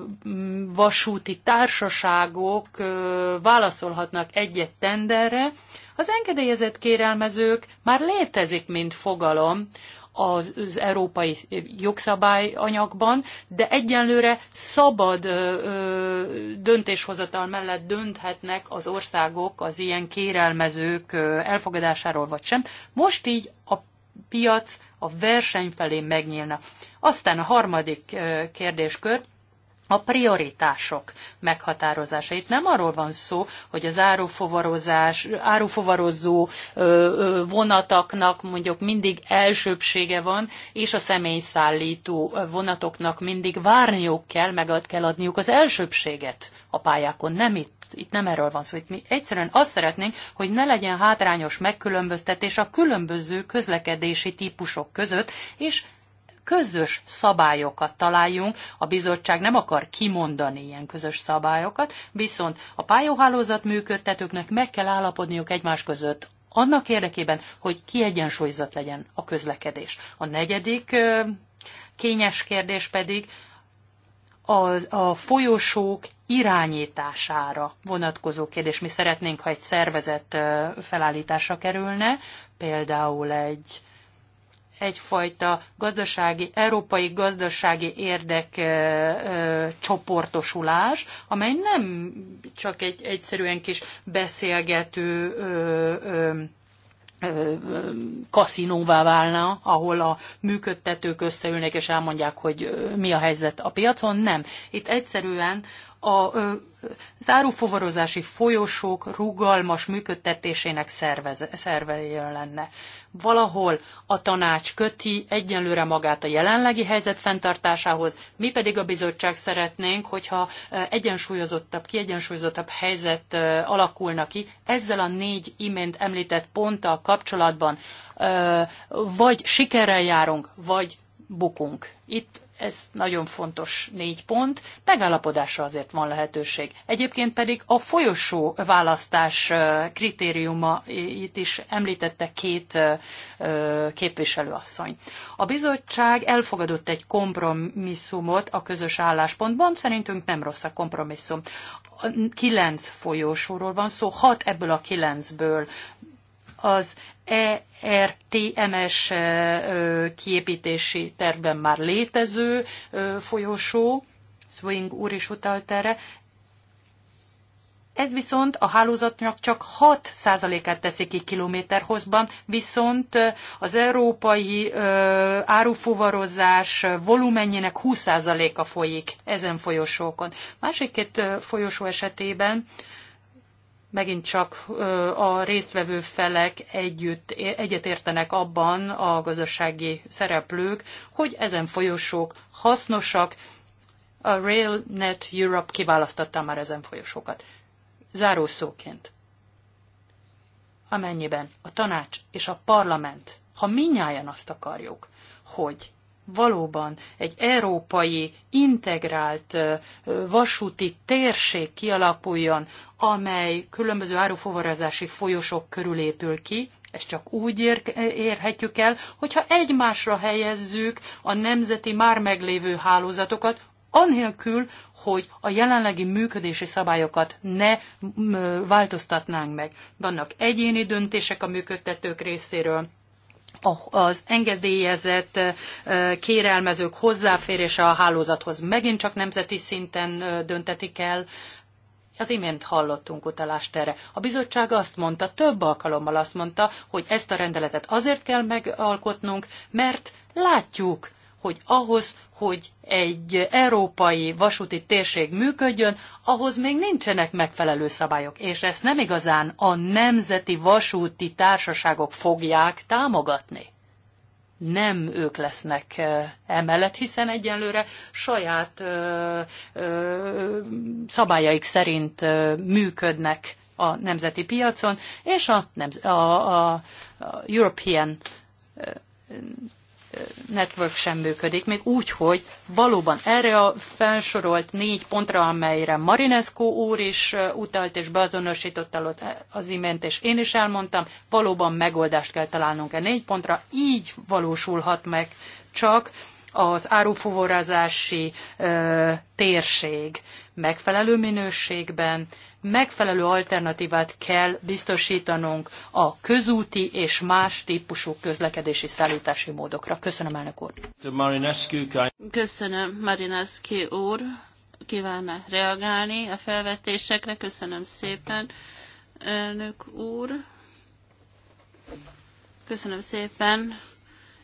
vasúti társaságok ö, válaszolhatnak egyet tenderre, az engedélyezett kérelmezők már létezik, mint fogalom az európai jogszabályanyagban, de egyenlőre szabad döntéshozatal mellett dönthetnek az országok az ilyen kérelmezők elfogadásáról vagy sem. Most így a piac a verseny felé megnyílna. Aztán a harmadik kérdéskör, a prioritások meghatározása. Itt nem arról van szó, hogy az árufovarozás, árufovarozó vonataknak mondjuk mindig elsőbsége van, és a személyszállító vonatoknak mindig várniuk kell, meg kell adniuk az elsőbséget a pályákon. Nem itt, itt nem erről van szó. Itt mi egyszerűen azt szeretnénk, hogy ne legyen hátrányos megkülönböztetés a különböző közlekedési típusok között, és közös szabályokat találjunk. A bizottság nem akar kimondani ilyen közös szabályokat, viszont a pályahálózat működtetőknek meg kell állapodniuk egymás között annak érdekében, hogy kiegyensúlyozott legyen a közlekedés. A negyedik kényes kérdés pedig a, a folyosók irányítására vonatkozó kérdés. Mi szeretnénk, ha egy szervezet felállításra kerülne, például egy egyfajta gazdasági, európai gazdasági érdek csoportosulás, amely nem csak egy egyszerűen kis beszélgető ö, ö, kaszinóvá válna, ahol a működtetők összeülnek és elmondják, hogy mi a helyzet a piacon. Nem. Itt egyszerűen a zárufovarozási folyosók rugalmas működtetésének szervezője szerveje lenne. Valahol a tanács köti egyenlőre magát a jelenlegi helyzet fenntartásához, mi pedig a bizottság szeretnénk, hogyha egyensúlyozottabb, kiegyensúlyozottabb helyzet alakulna ki ezzel a négy imént említett ponttal kapcsolatban, vagy sikerrel járunk, vagy bukunk. Itt ez nagyon fontos négy pont, megállapodásra azért van lehetőség. Egyébként pedig a folyosó választás kritériuma, itt is említette két képviselőasszony. A bizottság elfogadott egy kompromisszumot a közös álláspontban, szerintünk nem rossz a kompromisszum. Kilenc folyosóról van szó, hat ebből a kilencből az ERTMS kiépítési tervben már létező folyosó, Swing úr is utalt erre, ez viszont a hálózatnak csak 6%-át teszi ki kilométerhozban, viszont az európai ö, árufuvarozás volumenjének 20%-a folyik ezen folyosókon. Másik két folyosó esetében ö, megint csak a résztvevő felek együtt egyetértenek abban a gazdasági szereplők, hogy ezen folyosók hasznosak. A RailNet Europe kiválasztotta már ezen folyosókat. Zárószóként. Amennyiben a tanács és a parlament, ha minnyáján azt akarjuk, hogy valóban egy európai integrált vasúti térség kialakuljon, amely különböző árufogarázási folyosok körül épül ki, ezt csak úgy ér, érhetjük el, hogyha egymásra helyezzük a nemzeti már meglévő hálózatokat, anélkül, hogy a jelenlegi működési szabályokat ne változtatnánk meg. Vannak egyéni döntések a működtetők részéről, az engedélyezett kérelmezők hozzáférése a hálózathoz megint csak nemzeti szinten döntetik el. Az imént hallottunk utalást erre. A bizottság azt mondta, több alkalommal azt mondta, hogy ezt a rendeletet azért kell megalkotnunk, mert látjuk, hogy ahhoz, hogy egy európai vasúti térség működjön, ahhoz még nincsenek megfelelő szabályok, és ezt nem igazán a nemzeti vasúti társaságok fogják támogatni. Nem ők lesznek emellett, hiszen egyenlőre saját ö, ö, szabályaik szerint működnek a nemzeti piacon, és a, a, a, a European network sem működik, még úgy, hogy valóban erre a felsorolt négy pontra, amelyre Marinescu úr is utalt és beazonosította az imént, és én is elmondtam, valóban megoldást kell találnunk e négy pontra, így valósulhat meg csak az árufuvarozási térség megfelelő minőségben, megfelelő alternatívát kell biztosítanunk a közúti és más típusú közlekedési szállítási módokra. Köszönöm, elnök úr. Köszönöm, Marinescu úr. Kívánna reagálni a felvetésekre. Köszönöm szépen, elnök úr. Köszönöm szépen.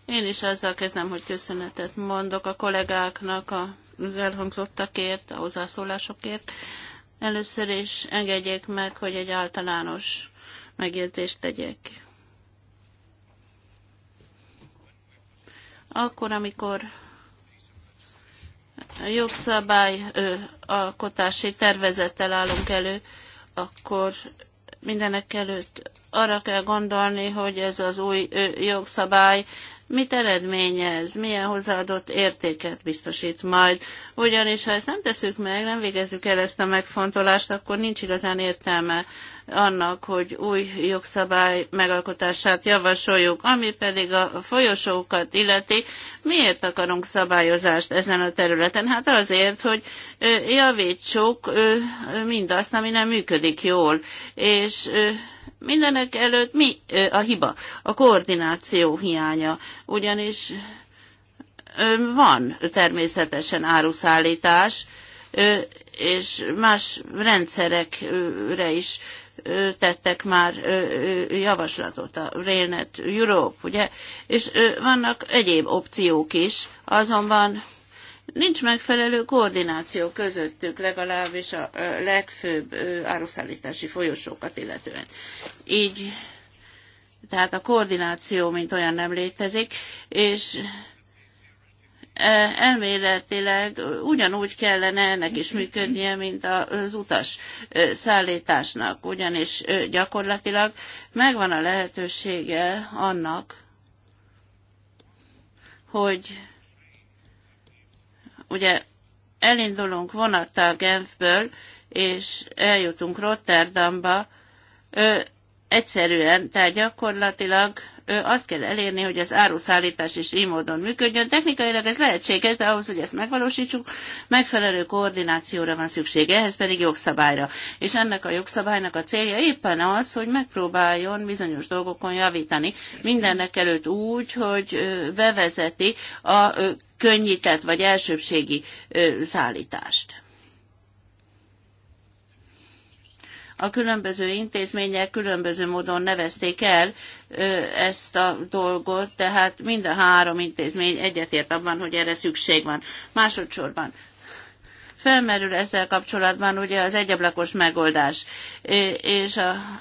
Én is azzal kezdem, hogy köszönetet mondok a kollégáknak a az elhangzottakért, a hozzászólásokért. Először is engedjék meg, hogy egy általános megjegyzést tegyek. Akkor, amikor a jogszabály alkotási tervezettel állunk elő, akkor mindenek előtt arra kell gondolni, hogy ez az új jogszabály mit eredményez, milyen hozzáadott értéket biztosít majd. Ugyanis, ha ezt nem teszük meg, nem végezzük el ezt a megfontolást, akkor nincs igazán értelme annak, hogy új jogszabály megalkotását javasoljuk, ami pedig a folyosókat illeti. Miért akarunk szabályozást ezen a területen? Hát azért, hogy javítsuk mindazt, ami nem működik jól, és Mindenek előtt mi a hiba? A koordináció hiánya. Ugyanis van természetesen áruszállítás, és más rendszerekre is tettek már javaslatot, a Railnet Europe, ugye, és vannak egyéb opciók is, azonban Nincs megfelelő koordináció közöttük, legalábbis a legfőbb áruszállítási folyosókat illetően. Így, tehát a koordináció, mint olyan nem létezik, és elméletileg ugyanúgy kellene ennek is működnie, mint az utas szállításnak, ugyanis gyakorlatilag megvan a lehetősége annak, hogy ugye elindulunk vonattal Genfből, és eljutunk Rotterdamba, ö, egyszerűen, tehát gyakorlatilag azt kell elérni, hogy az áruszállítás is így módon működjön. Technikailag ez lehetséges, de ahhoz, hogy ezt megvalósítsuk, megfelelő koordinációra van szükség, ehhez pedig jogszabályra. És ennek a jogszabálynak a célja éppen az, hogy megpróbáljon bizonyos dolgokon javítani. Mindennek előtt úgy, hogy bevezeti a könnyített vagy elsőbségi szállítást. a különböző intézmények különböző módon nevezték el ezt a dolgot, tehát mind a három intézmény egyetért abban, hogy erre szükség van. Másodszorban Felmerül ezzel kapcsolatban ugye az egyablakos megoldás, és a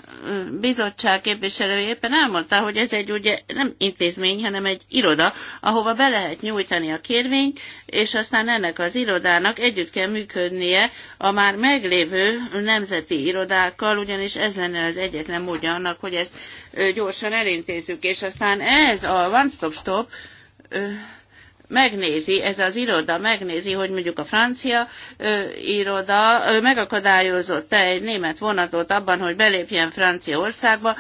bizottság képviselője éppen elmondta, hogy ez egy ugye nem intézmény, hanem egy iroda, ahova be lehet nyújtani a kérvényt, és aztán ennek az irodának együtt kell működnie a már meglévő nemzeti irodákkal, ugyanis ez lenne az egyetlen módja annak, hogy ezt gyorsan elintézzük, és aztán ez a one-stop-stop stop, -stop megnézi, ez az iroda megnézi, hogy mondjuk a francia ö, iroda ö, megakadályozott egy német vonatot abban, hogy belépjen Franciaországba,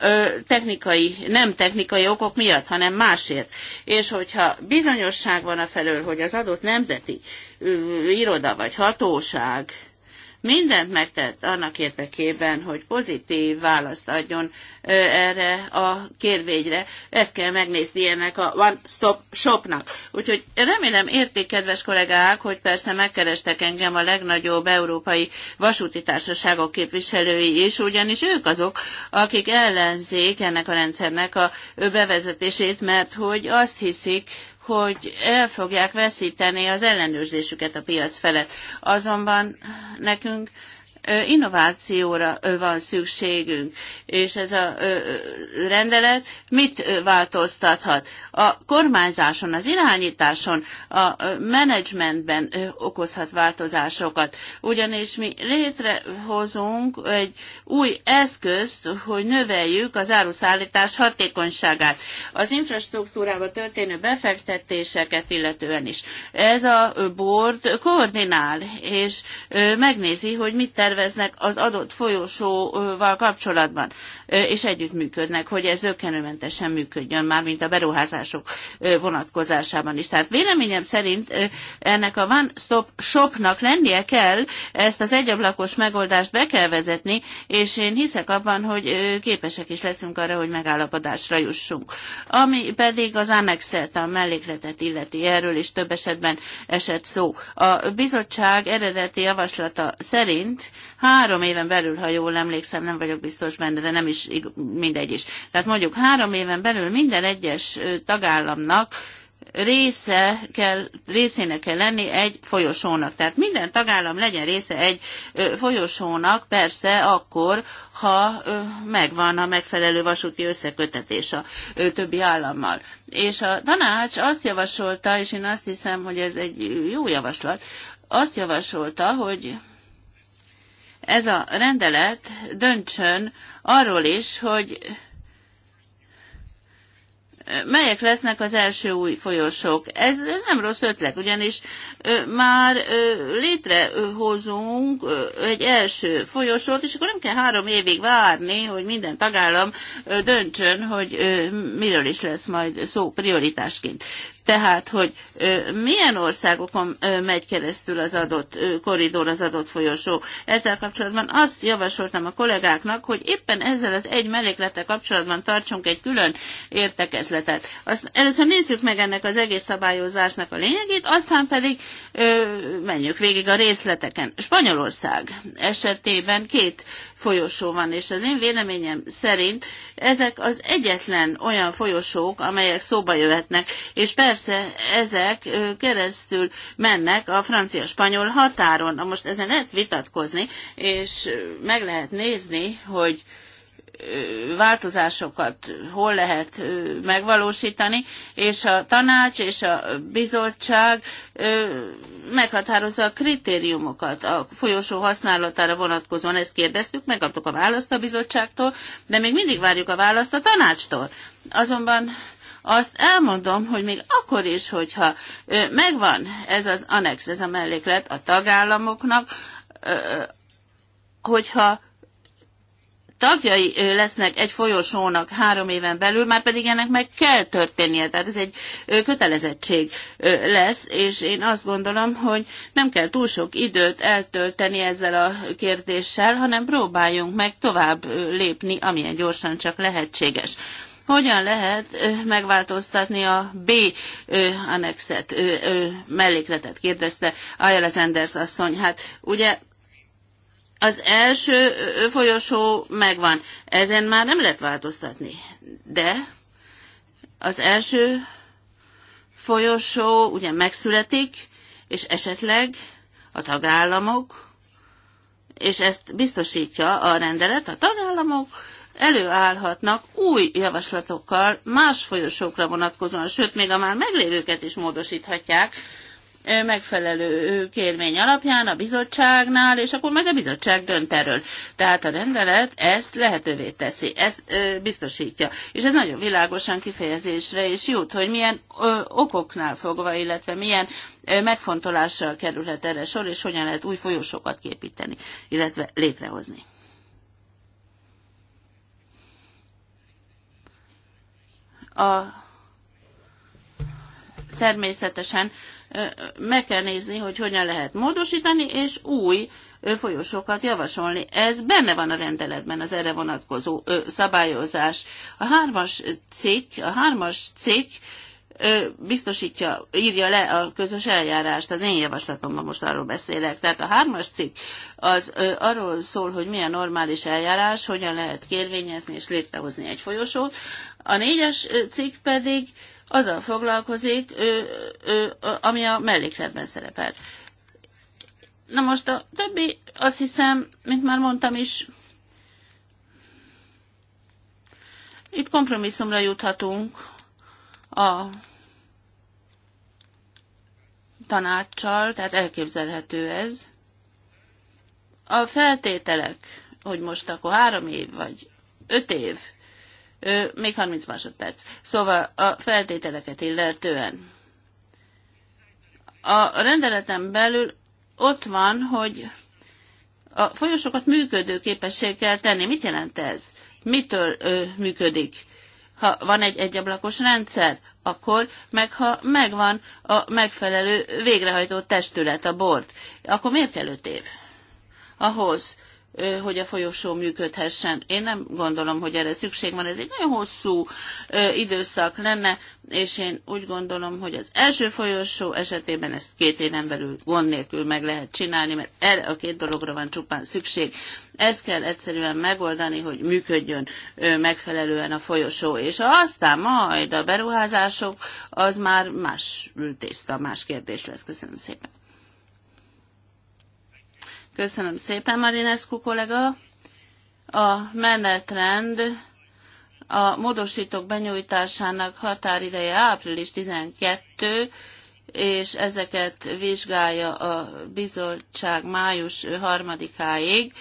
ö, technikai, nem technikai okok miatt, hanem másért. És hogyha bizonyosság van a felől, hogy az adott nemzeti ö, iroda vagy hatóság mindent megtett annak érdekében, hogy pozitív választ adjon erre a kérvényre. Ezt kell megnézni ennek a One Stop Shopnak. Úgyhogy remélem érték, kedves kollégák, hogy persze megkerestek engem a legnagyobb európai vasúti társaságok képviselői is, ugyanis ők azok, akik ellenzik ennek a rendszernek a bevezetését, mert hogy azt hiszik, hogy el fogják veszíteni az ellenőrzésüket a piac felett. Azonban nekünk innovációra van szükségünk, és ez a rendelet mit változtathat? A kormányzáson, az irányításon, a menedzsmentben okozhat változásokat, ugyanis mi létrehozunk egy új eszközt, hogy növeljük az áruszállítás hatékonyságát. Az infrastruktúrába történő befektetéseket illetően is. Ez a board koordinál, és megnézi, hogy mit tervezünk szerveznek az adott folyosóval kapcsolatban, és együttműködnek, hogy ez zöggenőmentesen működjön, már mint a beruházások vonatkozásában is. Tehát véleményem szerint ennek a One Stop Shopnak lennie kell, ezt az egyablakos megoldást be kell vezetni, és én hiszek abban, hogy képesek is leszünk arra, hogy megállapodásra jussunk. Ami pedig az annexet, a mellékletet illeti, erről is több esetben esett szó. A bizottság eredeti javaslata szerint Három éven belül, ha jól emlékszem, nem vagyok biztos benne, de nem is mindegy is. Tehát mondjuk három éven belül minden egyes tagállamnak része kell, részének kell lenni egy folyosónak. Tehát minden tagállam legyen része egy folyosónak, persze akkor, ha megvan a megfelelő vasúti összekötetés a többi állammal. És a tanács azt javasolta, és én azt hiszem, hogy ez egy jó javaslat, azt javasolta, hogy ez a rendelet döntsön arról is, hogy melyek lesznek az első új folyosók. Ez nem rossz ötlet, ugyanis már létrehozunk egy első folyosót, és akkor nem kell három évig várni, hogy minden tagállam döntsön, hogy miről is lesz majd szó prioritásként. Tehát, hogy milyen országokon megy keresztül az adott koridor, az adott folyosó. Ezzel kapcsolatban azt javasoltam a kollégáknak, hogy éppen ezzel az egy melléklete kapcsolatban tartsunk egy külön értekezletet. Azt, először nézzük meg ennek az egész szabályozásnak a lényegét, aztán pedig ö, menjük végig a részleteken. Spanyolország esetében két folyosó van, és az én véleményem szerint ezek az egyetlen olyan folyosók, amelyek szóba jöhetnek, és persze persze ezek keresztül mennek a francia-spanyol határon. Na most ezen lehet vitatkozni, és meg lehet nézni, hogy változásokat hol lehet megvalósítani, és a tanács és a bizottság meghatározza a kritériumokat a folyosó használatára vonatkozóan. Ezt kérdeztük, megkaptuk a választ a bizottságtól, de még mindig várjuk a választ a tanácstól. Azonban azt elmondom, hogy még akkor is, hogyha megvan ez az annex, ez a melléklet a tagállamoknak, hogyha tagjai lesznek egy folyosónak három éven belül, már pedig ennek meg kell történnie, tehát ez egy kötelezettség lesz, és én azt gondolom, hogy nem kell túl sok időt eltölteni ezzel a kérdéssel, hanem próbáljunk meg tovább lépni, amilyen gyorsan csak lehetséges hogyan lehet megváltoztatni a B annexet, mellékletet, kérdezte Ayala Sanders asszony. Hát ugye az első folyosó megvan, ezen már nem lehet változtatni, de az első folyosó ugye megszületik, és esetleg a tagállamok, és ezt biztosítja a rendelet, a tagállamok előállhatnak új javaslatokkal más folyosókra vonatkozóan, sőt, még a már meglévőket is módosíthatják megfelelő kérmény alapján a bizottságnál, és akkor meg a bizottság dönt erről. Tehát a rendelet ezt lehetővé teszi, ezt ö, biztosítja. És ez nagyon világosan kifejezésre is jut, hogy milyen ö, okoknál fogva, illetve milyen ö, megfontolással kerülhet erre sor, és hogyan lehet új folyosókat képíteni, illetve létrehozni. a természetesen meg kell nézni, hogy hogyan lehet módosítani, és új folyosókat javasolni. Ez benne van a rendeletben, az erre vonatkozó szabályozás. A hármas cikk, a hármas cikk biztosítja, írja le a közös eljárást. Az én javaslatomban most arról beszélek. Tehát a hármas cikk az ö, arról szól, hogy milyen normális eljárás, hogyan lehet kérvényezni és létrehozni egy folyosót. A négyes cikk pedig azzal foglalkozik, ö, ö, ami a mellékletben szerepel. Na most a többi, azt hiszem, mint már mondtam is, itt kompromisszumra juthatunk a tanácssal, tehát elképzelhető ez. A feltételek, hogy most akkor három év vagy öt év, még 30 másodperc. Szóval a feltételeket illetően. A rendeleten belül ott van, hogy a folyosókat képesség kell tenni. Mit jelent ez? Mitől ö, működik? Ha van egy egyablakos rendszer, akkor, meg ha megvan a megfelelő végrehajtó testület, a bort, akkor miért kell öt év? Ahhoz, hogy a folyosó működhessen. Én nem gondolom, hogy erre szükség van. Ez egy nagyon hosszú időszak lenne, és én úgy gondolom, hogy az első folyosó esetében ezt két éven belül gond nélkül meg lehet csinálni, mert erre a két dologra van csupán szükség. Ezt kell egyszerűen megoldani, hogy működjön megfelelően a folyosó, és aztán majd a beruházások, az már más tészta, más kérdés lesz. Köszönöm szépen. Köszönöm szépen, Marinescu kollega. A menetrend a módosítók benyújtásának határideje április 12, és ezeket vizsgálja a bizottság május 3-áig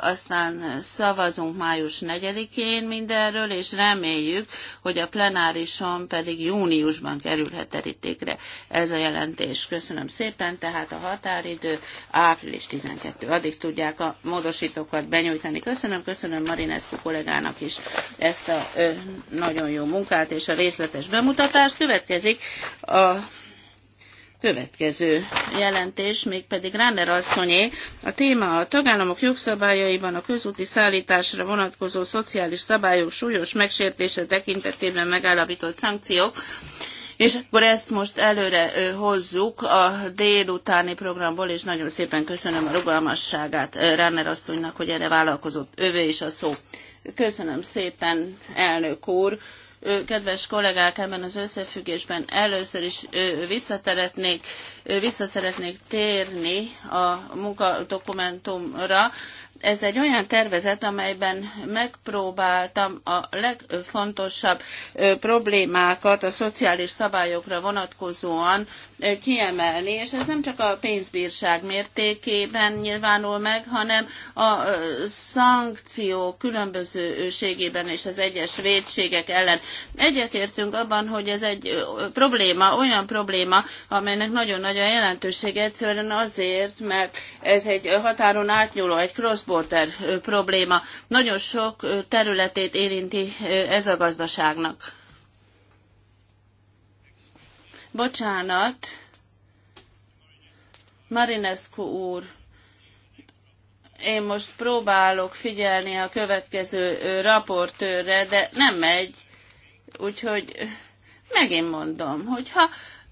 aztán szavazunk május 4-én mindenről, és reméljük, hogy a plenárison pedig júniusban kerülhet terítékre ez a jelentés. Köszönöm szépen, tehát a határidő április 12. Addig tudják a módosítókat benyújtani. Köszönöm, köszönöm Marinescu kollégának is ezt a nagyon jó munkát és a részletes bemutatást. Következik a következő jelentés, mégpedig Ráner asszonyé. A téma a tagállamok jogszabályaiban a közúti szállításra vonatkozó szociális szabályok súlyos megsértése tekintetében megállapított szankciók. És akkor ezt most előre hozzuk a délutáni programból, és nagyon szépen köszönöm a rugalmasságát Ráner asszonynak, hogy erre vállalkozott. Övé is a szó. Köszönöm szépen, elnök úr kedves kollégák, ebben az összefüggésben először is visszateretnék, szeretnék térni a munkadokumentumra. Ez egy olyan tervezet, amelyben megpróbáltam a legfontosabb problémákat a szociális szabályokra vonatkozóan kiemelni, és ez nem csak a pénzbírság mértékében nyilvánul meg, hanem a szankció különbözőségében és az egyes védségek ellen. Egyetértünk abban, hogy ez egy probléma, olyan probléma, amelynek nagyon nagy a jelentőség egyszerűen azért, mert ez egy határon átnyúló, egy cross-border probléma. Nagyon sok területét érinti ez a gazdaságnak. Bocsánat, Marinescu úr, én most próbálok figyelni a következő raportőrre, de nem megy, úgyhogy megint mondom, hogyha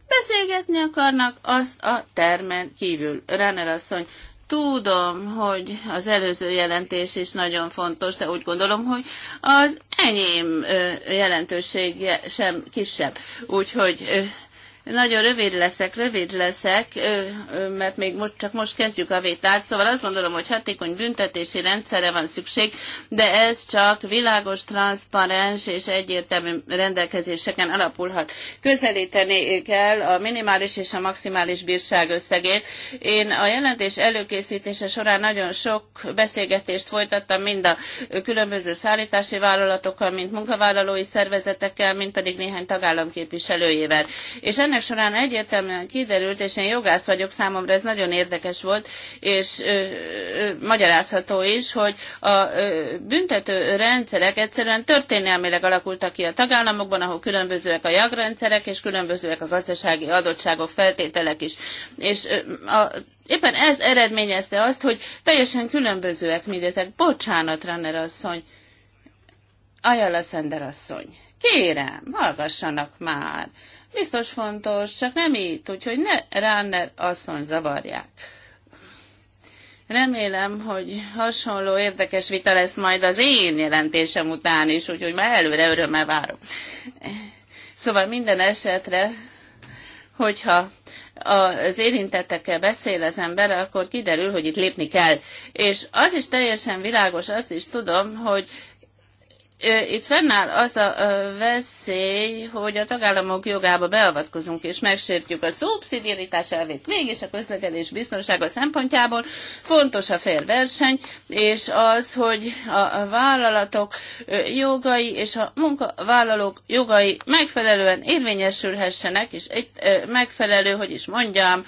beszélgetni akarnak, azt a termen kívül. Renner asszony, tudom, hogy az előző jelentés is nagyon fontos, de úgy gondolom, hogy az enyém jelentősége sem kisebb. Úgyhogy nagyon rövid leszek, rövid leszek, mert még most, csak most kezdjük a vétát, szóval azt gondolom, hogy hatékony büntetési rendszerre van szükség, de ez csak világos, transzparens és egyértelmű rendelkezéseken alapulhat. Közelíteni kell a minimális és a maximális bírság összegét. Én a jelentés előkészítése során nagyon sok beszélgetést folytattam mind a különböző szállítási vállalatokkal, mint munkavállalói szervezetekkel, mint pedig néhány tagállam képviselőjével. És ennek ennek során egyértelműen kiderült, és én jogász vagyok, számomra ez nagyon érdekes volt, és ö, ö, magyarázható is, hogy a ö, büntető rendszerek egyszerűen történelmileg alakultak ki a tagállamokban, ahol különbözőek a jagrendszerek, és különbözőek a gazdasági adottságok, feltételek is. És ö, a Éppen ez eredményezte azt, hogy teljesen különbözőek mindezek. Bocsánat, Ranner asszony. Ajala Szender asszony. Kérem, hallgassanak már. Biztos fontos, csak nem itt, úgyhogy ne Ránner asszony zavarják. Remélem, hogy hasonló érdekes vita lesz majd az én jelentésem után is, úgyhogy már előre örömmel várom. Szóval minden esetre, hogyha az érintettekkel beszél az ember, akkor kiderül, hogy itt lépni kell. És az is teljesen világos, azt is tudom, hogy itt fennáll az a veszély, hogy a tagállamok jogába beavatkozunk és megsértjük a szubszidiaritás elvét. Mégis a közlekedés biztonsága szempontjából fontos a fair verseny, és az, hogy a vállalatok jogai és a munkavállalók jogai megfelelően érvényesülhessenek, és egy megfelelő, hogy is mondjam,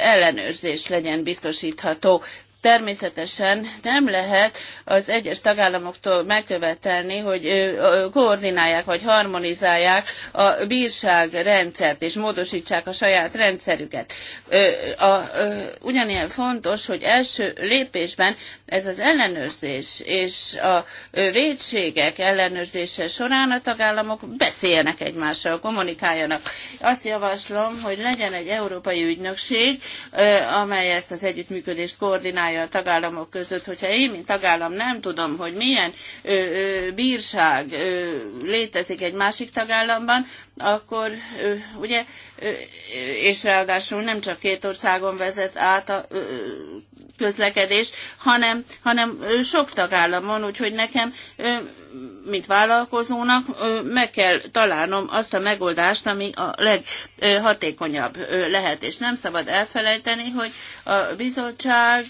ellenőrzés legyen biztosítható. Természetesen nem lehet az egyes tagállamoktól megkövetelni, hogy koordinálják vagy harmonizálják a bírságrendszert és módosítsák a saját rendszerüket. Ugyanilyen fontos, hogy első lépésben ez az ellenőrzés és a védségek ellenőrzése során a tagállamok beszéljenek egymással, kommunikáljanak. Azt javaslom, hogy legyen egy európai ügynökség, amely ezt az együttműködést koordinálja diszkriminája a tagállamok között, hogyha én, mint tagállam nem tudom, hogy milyen ö, ö, bírság ö, létezik egy másik tagállamban, akkor ö, ugye, ö, és ráadásul nem csak két országon vezet át a ö, közlekedés, hanem, hanem sok tagállamon, úgyhogy nekem ö, mint vállalkozónak meg kell találnom azt a megoldást, ami a leghatékonyabb lehet. És nem szabad elfelejteni, hogy a bizottság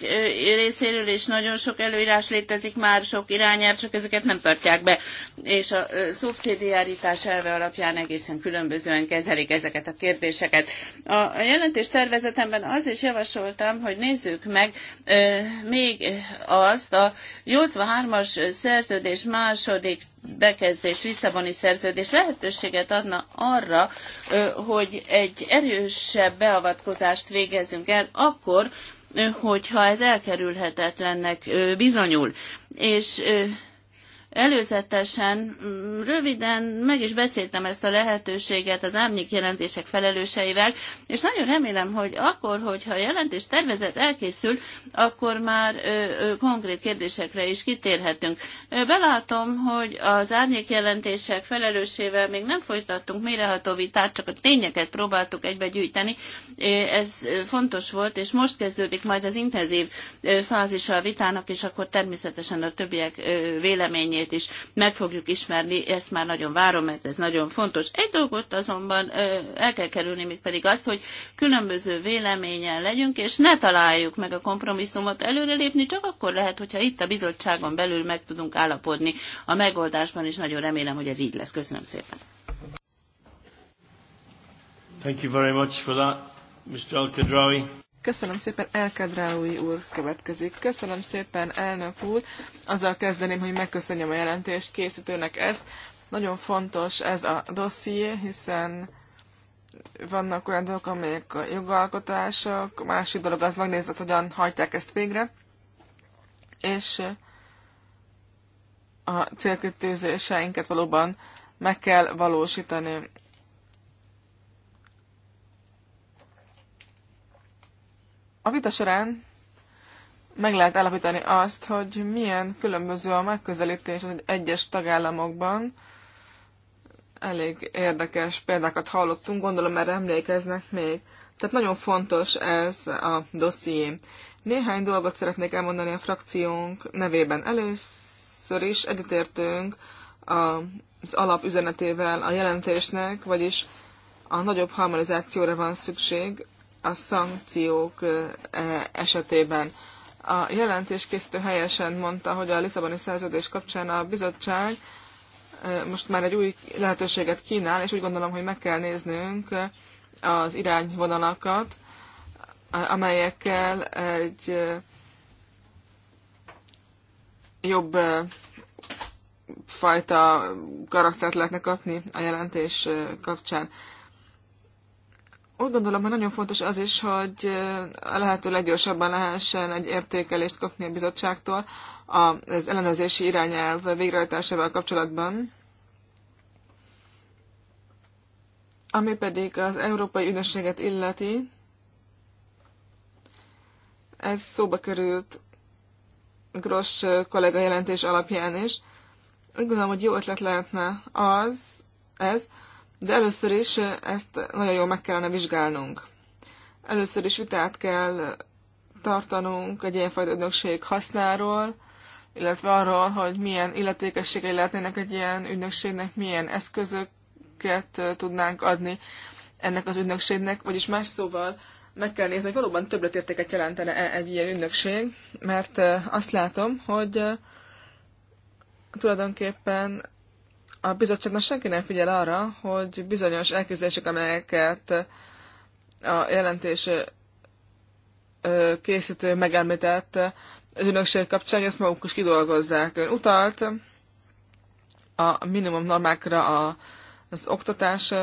részéről is nagyon sok előírás létezik már, sok irányelv, csak ezeket nem tartják be. És a szubszidiáritás elve alapján egészen különbözően kezelik ezeket a kérdéseket. A jelentés tervezetemben az is javasoltam, hogy nézzük meg még azt a 83-as szerződés második bekezdés visszavoni szerződés lehetőséget adna arra, hogy egy erősebb beavatkozást végezzünk, el akkor, hogyha ez elkerülhetetlennek bizonyul. És Előzetesen, mm, röviden meg is beszéltem ezt a lehetőséget az árnyék jelentések felelőseivel, és nagyon remélem, hogy akkor, hogyha a jelentés tervezet elkészül, akkor már ö, ö, konkrét kérdésekre is kitérhetünk. belátom, hogy az árnyék jelentések felelősével még nem folytattunk méreható vitát, csak a tényeket próbáltuk egybegyűjteni. Ez fontos volt, és most kezdődik majd az intenzív fázisa a vitának, és akkor természetesen a többiek véleményét eredményét is meg fogjuk ismerni, ezt már nagyon várom, mert ez nagyon fontos. Egy dolgot azonban el kell kerülni, még pedig azt, hogy különböző véleményen legyünk, és ne találjuk meg a kompromisszumot előrelépni, csak akkor lehet, hogyha itt a bizottságon belül meg tudunk állapodni a megoldásban, és nagyon remélem, hogy ez így lesz. Köszönöm szépen. Thank you very much for that, Mr. Al-Kadrawi. Köszönöm szépen, Elkadráui úr következik. Köszönöm szépen, elnök úr. Azzal kezdeném, hogy megköszönjem a jelentést készítőnek ezt. Nagyon fontos ez a dosszié, hiszen vannak olyan dolgok, amelyek a jogalkotások, a másik dolog az megnézni, hogy hogyan hagyták ezt végre. És a célkötőzéseinket valóban meg kell valósítani. A vita során meg lehet állapítani azt, hogy milyen különböző a megközelítés az egyes tagállamokban. Elég érdekes példákat hallottunk, gondolom erre emlékeznek még. Tehát nagyon fontos ez a dosszié. Néhány dolgot szeretnék elmondani a frakciónk nevében. Először is egyetértünk az alapüzenetével a jelentésnek, vagyis a nagyobb harmonizációra van szükség a szankciók e, esetében. A jelentéskészítő helyesen mondta, hogy a Lisszaboni szerződés kapcsán a bizottság most már egy új lehetőséget kínál, és úgy gondolom, hogy meg kell néznünk az irányvonalakat, amelyekkel egy jobb fajta karaktert lehetne kapni a jelentés kapcsán. Úgy gondolom, hogy nagyon fontos az is, hogy a lehető leggyorsabban lehessen egy értékelést kapni a bizottságtól az ellenőrzési irányelv végrehajtásával kapcsolatban. Ami pedig az Európai Ügynökséget illeti, ez szóba került Gross kollega jelentés alapján is. Úgy gondolom, hogy jó ötlet lehetne az, ez, de először is eh, ezt nagyon jól meg kellene vizsgálnunk. Először is vitát kell tartanunk egy ilyenfajta ügynökség hasznáról, illetve arról, hogy milyen illetékességei lehetnének egy ilyen ügynökségnek, milyen eszközöket eh, tudnánk adni ennek az ügynökségnek, vagyis más szóval meg kell nézni, hogy valóban többletértéket jelentene -e egy ilyen ügynökség, mert eh, azt látom, hogy tulajdonképpen a bizottságnak senki nem figyel arra, hogy bizonyos elképzelések, amelyeket a jelentés készítő megelmített az kapcsán, hogy ezt maguk is kidolgozzák. Ön utalt a minimum normákra a, az oktatás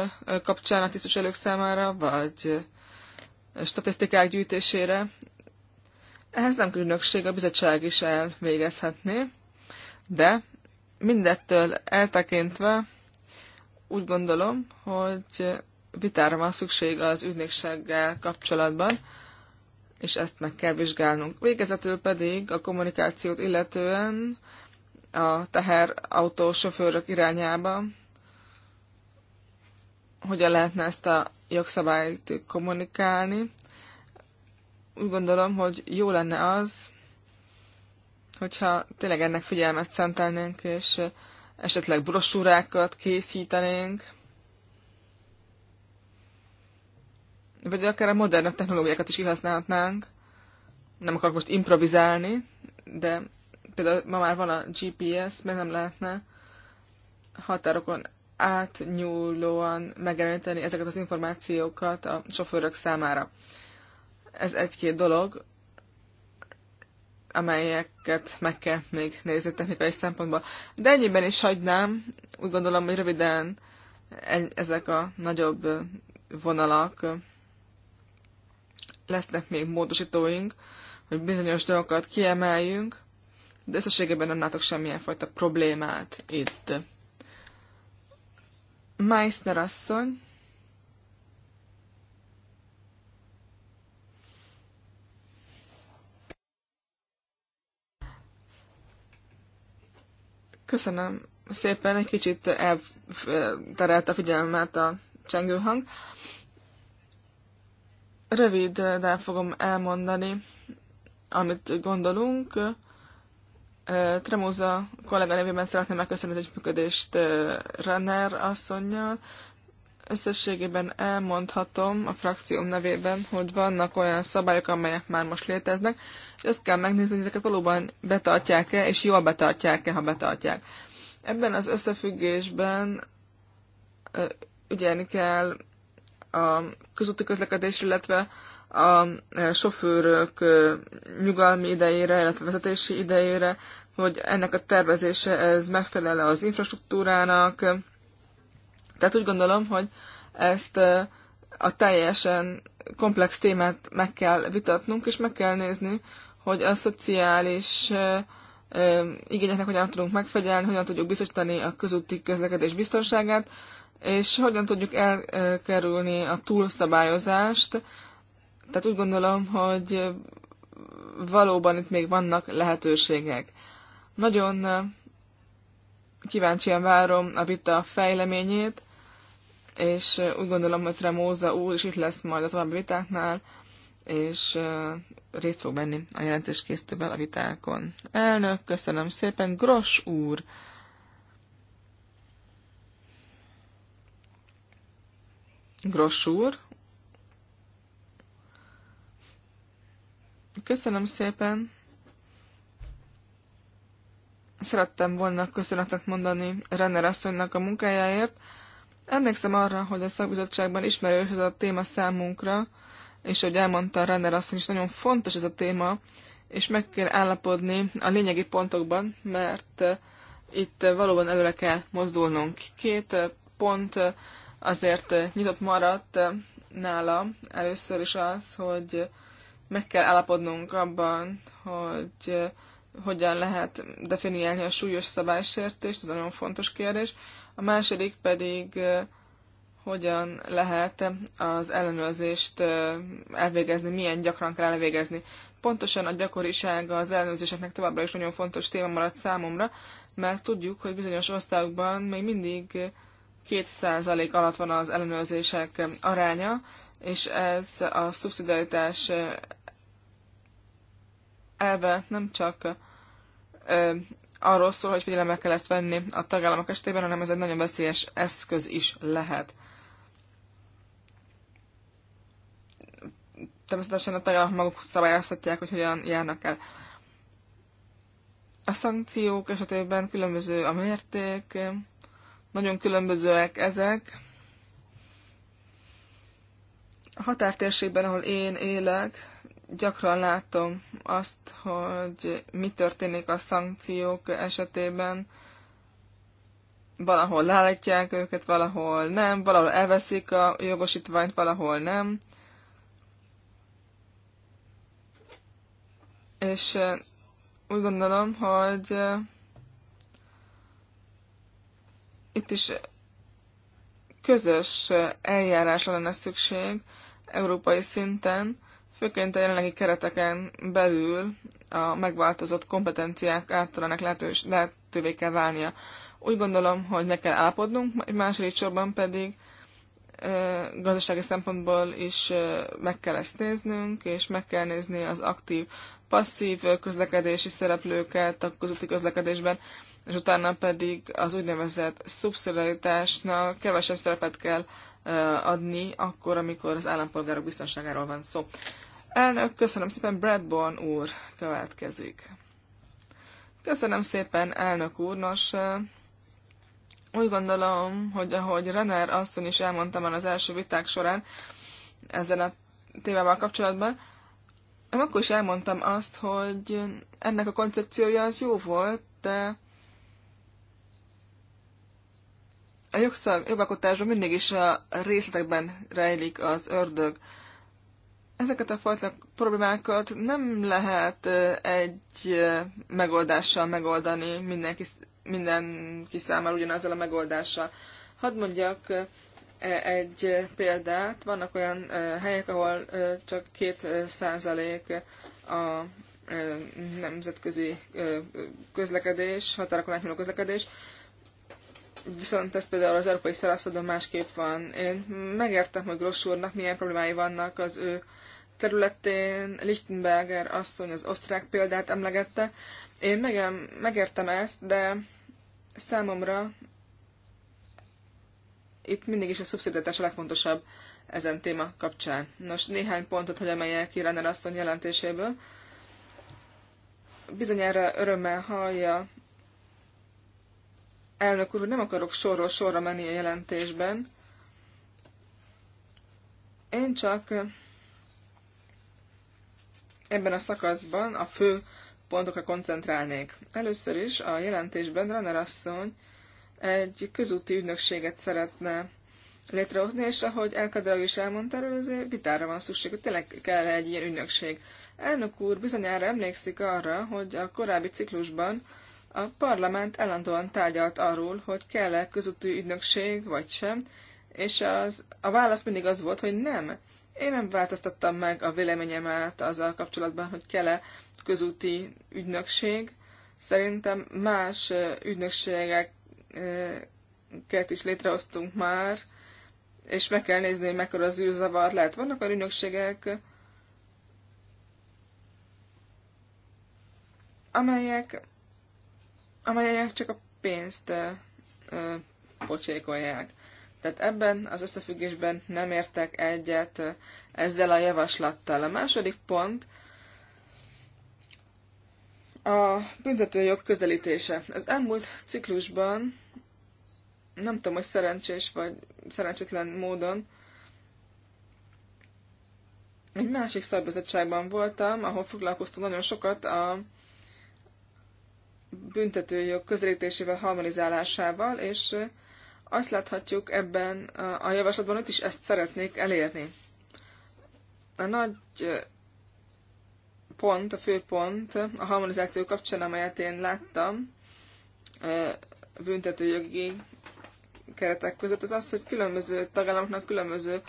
kapcsán a tisztviselők számára, vagy statisztikák gyűjtésére. Ehhez nem különökség, a bizottság is elvégezhetné, de mindettől eltekintve úgy gondolom, hogy vitára van szükség az ügynökséggel kapcsolatban, és ezt meg kell vizsgálnunk. Végezetül pedig a kommunikációt illetően a teherautó sofőrök irányába, hogyan lehetne ezt a jogszabályt kommunikálni. Úgy gondolom, hogy jó lenne az, hogyha tényleg ennek figyelmet szentelnénk, és esetleg brosúrákat készítenénk, vagy akár a modernebb technológiákat is kihasználhatnánk. Nem akarok most improvizálni, de például ma már van a GPS, mert nem lehetne határokon átnyúlóan megjeleníteni ezeket az információkat a sofőrök számára. Ez egy-két dolog, amelyeket meg kell még nézni technikai szempontból. De ennyiben is hagynám, úgy gondolom, hogy röviden ezek a nagyobb vonalak lesznek még módosítóink, hogy bizonyos dolgokat kiemeljünk, de összességében nem látok semmilyen fajta problémát itt. Meissner asszony. Köszönöm szépen, egy kicsit elterelt a figyelmet a csengőhang. Rövid, de fogom elmondani, amit gondolunk. Tremóza kollega nevében szeretném megköszönni az együttműködést Renner asszonynal. Összességében elmondhatom a frakcióm nevében, hogy vannak olyan szabályok, amelyek már most léteznek, és azt kell megnézni, hogy ezeket valóban betartják-e, és jól betartják-e, ha betartják. Ebben az összefüggésben ügyelni kell a közúti közlekedésre, illetve a sofőrök nyugalmi idejére, illetve vezetési idejére, hogy ennek a tervezése ez megfelele az infrastruktúrának. Tehát úgy gondolom, hogy ezt a teljesen komplex témát meg kell vitatnunk, és meg kell nézni, hogy a szociális igényeknek hogyan tudunk megfegyelni, hogyan tudjuk biztosítani a közúti közlekedés biztonságát, és hogyan tudjuk elkerülni a túlszabályozást. Tehát úgy gondolom, hogy valóban itt még vannak lehetőségek. Nagyon kíváncsian várom a vita fejleményét, és úgy gondolom, hogy Tremóza úr is itt lesz majd a további vitáknál, és részt fog venni a jelentéskészítővel a vitákon. Elnök, köszönöm szépen, Gros úr! Gros úr! Köszönöm szépen! Szerettem volna köszönetet mondani Renner asszonynak a munkájáért. Emlékszem arra, hogy a szakbizottságban ismerős ez a téma számunkra, és ahogy elmondta Renner asszony is, nagyon fontos ez a téma, és meg kell állapodni a lényegi pontokban, mert eh, itt valóban előre kell mozdulnunk. Két eh, pont eh, azért nyitott maradt nála először is az, hogy meg kell állapodnunk abban, hogy hogyan lehet definiálni a súlyos szabálysértést, ez nagyon fontos kérdés. A második pedig hogyan lehet az ellenőrzést elvégezni, milyen gyakran kell elvégezni. Pontosan a gyakorisága az ellenőrzéseknek továbbra is nagyon fontos téma maradt számomra, mert tudjuk, hogy bizonyos országokban még mindig 2% alatt van az ellenőrzések aránya, és ez a szubszidiaritás elve nem csak arról szól, hogy figyelembe kell ezt venni a tagállamok esetében, hanem ez egy nagyon veszélyes eszköz is lehet. természetesen a tagállamok maguk szabályozhatják, hogy hogyan járnak el. A szankciók esetében különböző a mérték, nagyon különbözőek ezek. A határtérségben, ahol én élek, gyakran látom azt, hogy mi történik a szankciók esetében. Valahol leállítják őket, valahol nem, valahol elveszik a jogosítványt, valahol nem. és úgy gondolom, hogy itt is közös eljárásra lenne szükség európai szinten, főként a jelenlegi kereteken belül a megváltozott kompetenciák általának lehetős, lehetővé kell válnia. Úgy gondolom, hogy meg kell állapodnunk, második sorban pedig gazdasági szempontból is meg kell ezt néznünk, és meg kell nézni az aktív passzív közlekedési szereplőket a közúti közlekedésben, és utána pedig az úgynevezett szubszidiaritásnak kevesebb szerepet kell adni akkor, amikor az állampolgárok biztonságáról van szó. Elnök, köszönöm szépen, Bradborn úr következik. Köszönöm szépen, elnök úr. Nos, úgy gondolom, hogy ahogy Renner asszony is elmondta már az első viták során ezen a témával kapcsolatban, akkor is elmondtam azt, hogy ennek a koncepciója az jó volt, de a jogszag, jogalkotásban mindig is a részletekben rejlik az ördög. Ezeket a fajta problémákat nem lehet egy megoldással megoldani mindenki, mindenki számára ugyanazzal a megoldással. Hadd mondjak E, egy példát. Vannak olyan e, helyek, ahol e, csak két százalék a nemzetközi közlekedés, határokon átnyúló közlekedés, viszont ez például az európai szárazföldön másképp van. Én megértem, hogy Gross úrnak milyen problémái vannak az ő területén, Lichtenberger asszony az osztrák példát emlegette. Én meg, megértem ezt, de számomra itt mindig is a szubszidiatás a legfontosabb ezen téma kapcsán. Nos, néhány pontot, hogy emeljek ki Renner asszony jelentéséből. Bizonyára örömmel hallja elnök úr, hogy nem akarok sorról sorra menni a jelentésben. Én csak ebben a szakaszban a fő pontokra koncentrálnék. Először is a jelentésben Renner asszony egy közúti ügynökséget szeretne létrehozni, és ahogy Elkadrag is elmondta erről, azért vitára van szükség, hogy tényleg kell egy ilyen ügynökség. Elnök úr bizonyára emlékszik arra, hogy a korábbi ciklusban a parlament állandóan tárgyalt arról, hogy kell-e közúti ügynökség, vagy sem, és az, a válasz mindig az volt, hogy nem. Én nem változtattam meg a véleményemet azzal kapcsolatban, hogy kell-e közúti ügynökség. Szerintem más ügynökségek ügynökségeket is létrehoztunk már, és meg kell nézni, hogy mekkora az űrzavar lehet. Vannak a ügynökségek, amelyek, amelyek csak a pénzt pocsékolják. Tehát ebben az összefüggésben nem értek egyet ezzel a javaslattal. A második pont, a büntetőjog közelítése. Az elmúlt ciklusban, nem tudom, hogy szerencsés vagy szerencsétlen módon, egy másik szakbizottságban voltam, ahol foglalkoztunk nagyon sokat a büntetőjog közelítésével, harmonizálásával, és azt láthatjuk ebben a javaslatban, hogy is ezt szeretnék elérni. A nagy pont, a fő pont a harmonizáció kapcsán, amelyet én láttam büntetőjogi keretek között, az az, hogy különböző tagállamoknak különböző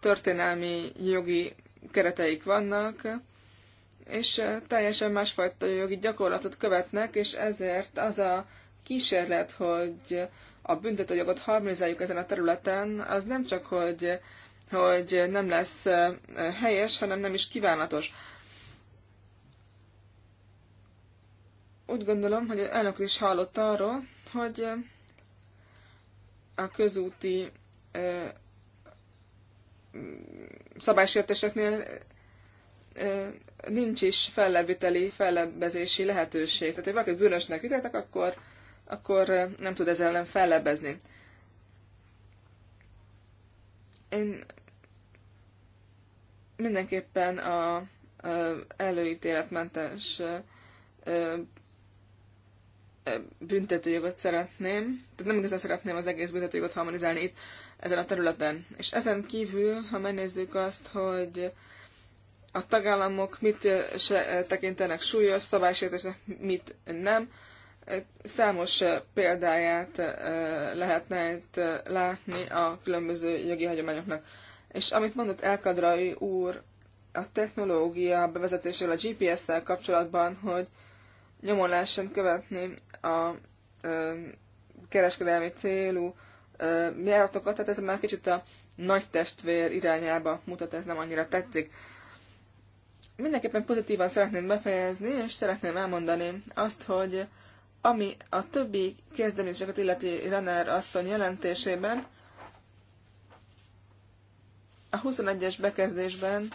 történelmi jogi kereteik vannak, és teljesen másfajta jogi gyakorlatot követnek, és ezért az a kísérlet, hogy a büntetőjogot harmonizáljuk ezen a területen, az nem csak, hogy, hogy nem lesz helyes, hanem nem is kívánatos. úgy gondolom, hogy elnök is hallott arról, hogy eh, a közúti eh, szabálysérteseknél eh, nincs is fellebbviteli, fellebbezési lehetőség. Tehát, hogy valakit bűnösnek ítéltek, akkor, akkor nem tud ezzel ellen fellebbezni. Én mindenképpen a előítéletmentes büntetőjogot szeretném, tehát nem igazán szeretném az egész büntetőjogot harmonizálni itt ezen a területen. És ezen kívül, ha megnézzük azt, hogy a tagállamok mit se tekintenek súlyos szabálysértésnek, mit nem, számos példáját lehetne itt látni a különböző jogi hagyományoknak. És amit mondott Elkadrai úr a technológia bevezetésével a GPS-szel kapcsolatban, hogy nyomon lehessen követni a kereskedelmi célú járatokat, tehát ez már kicsit a nagy testvér irányába mutat, ez nem annyira tetszik. Mindenképpen pozitívan szeretném befejezni, és szeretném elmondani azt, hogy ami a többi kezdeményezéseket illeti Renner asszony jelentésében, a 21-es bekezdésben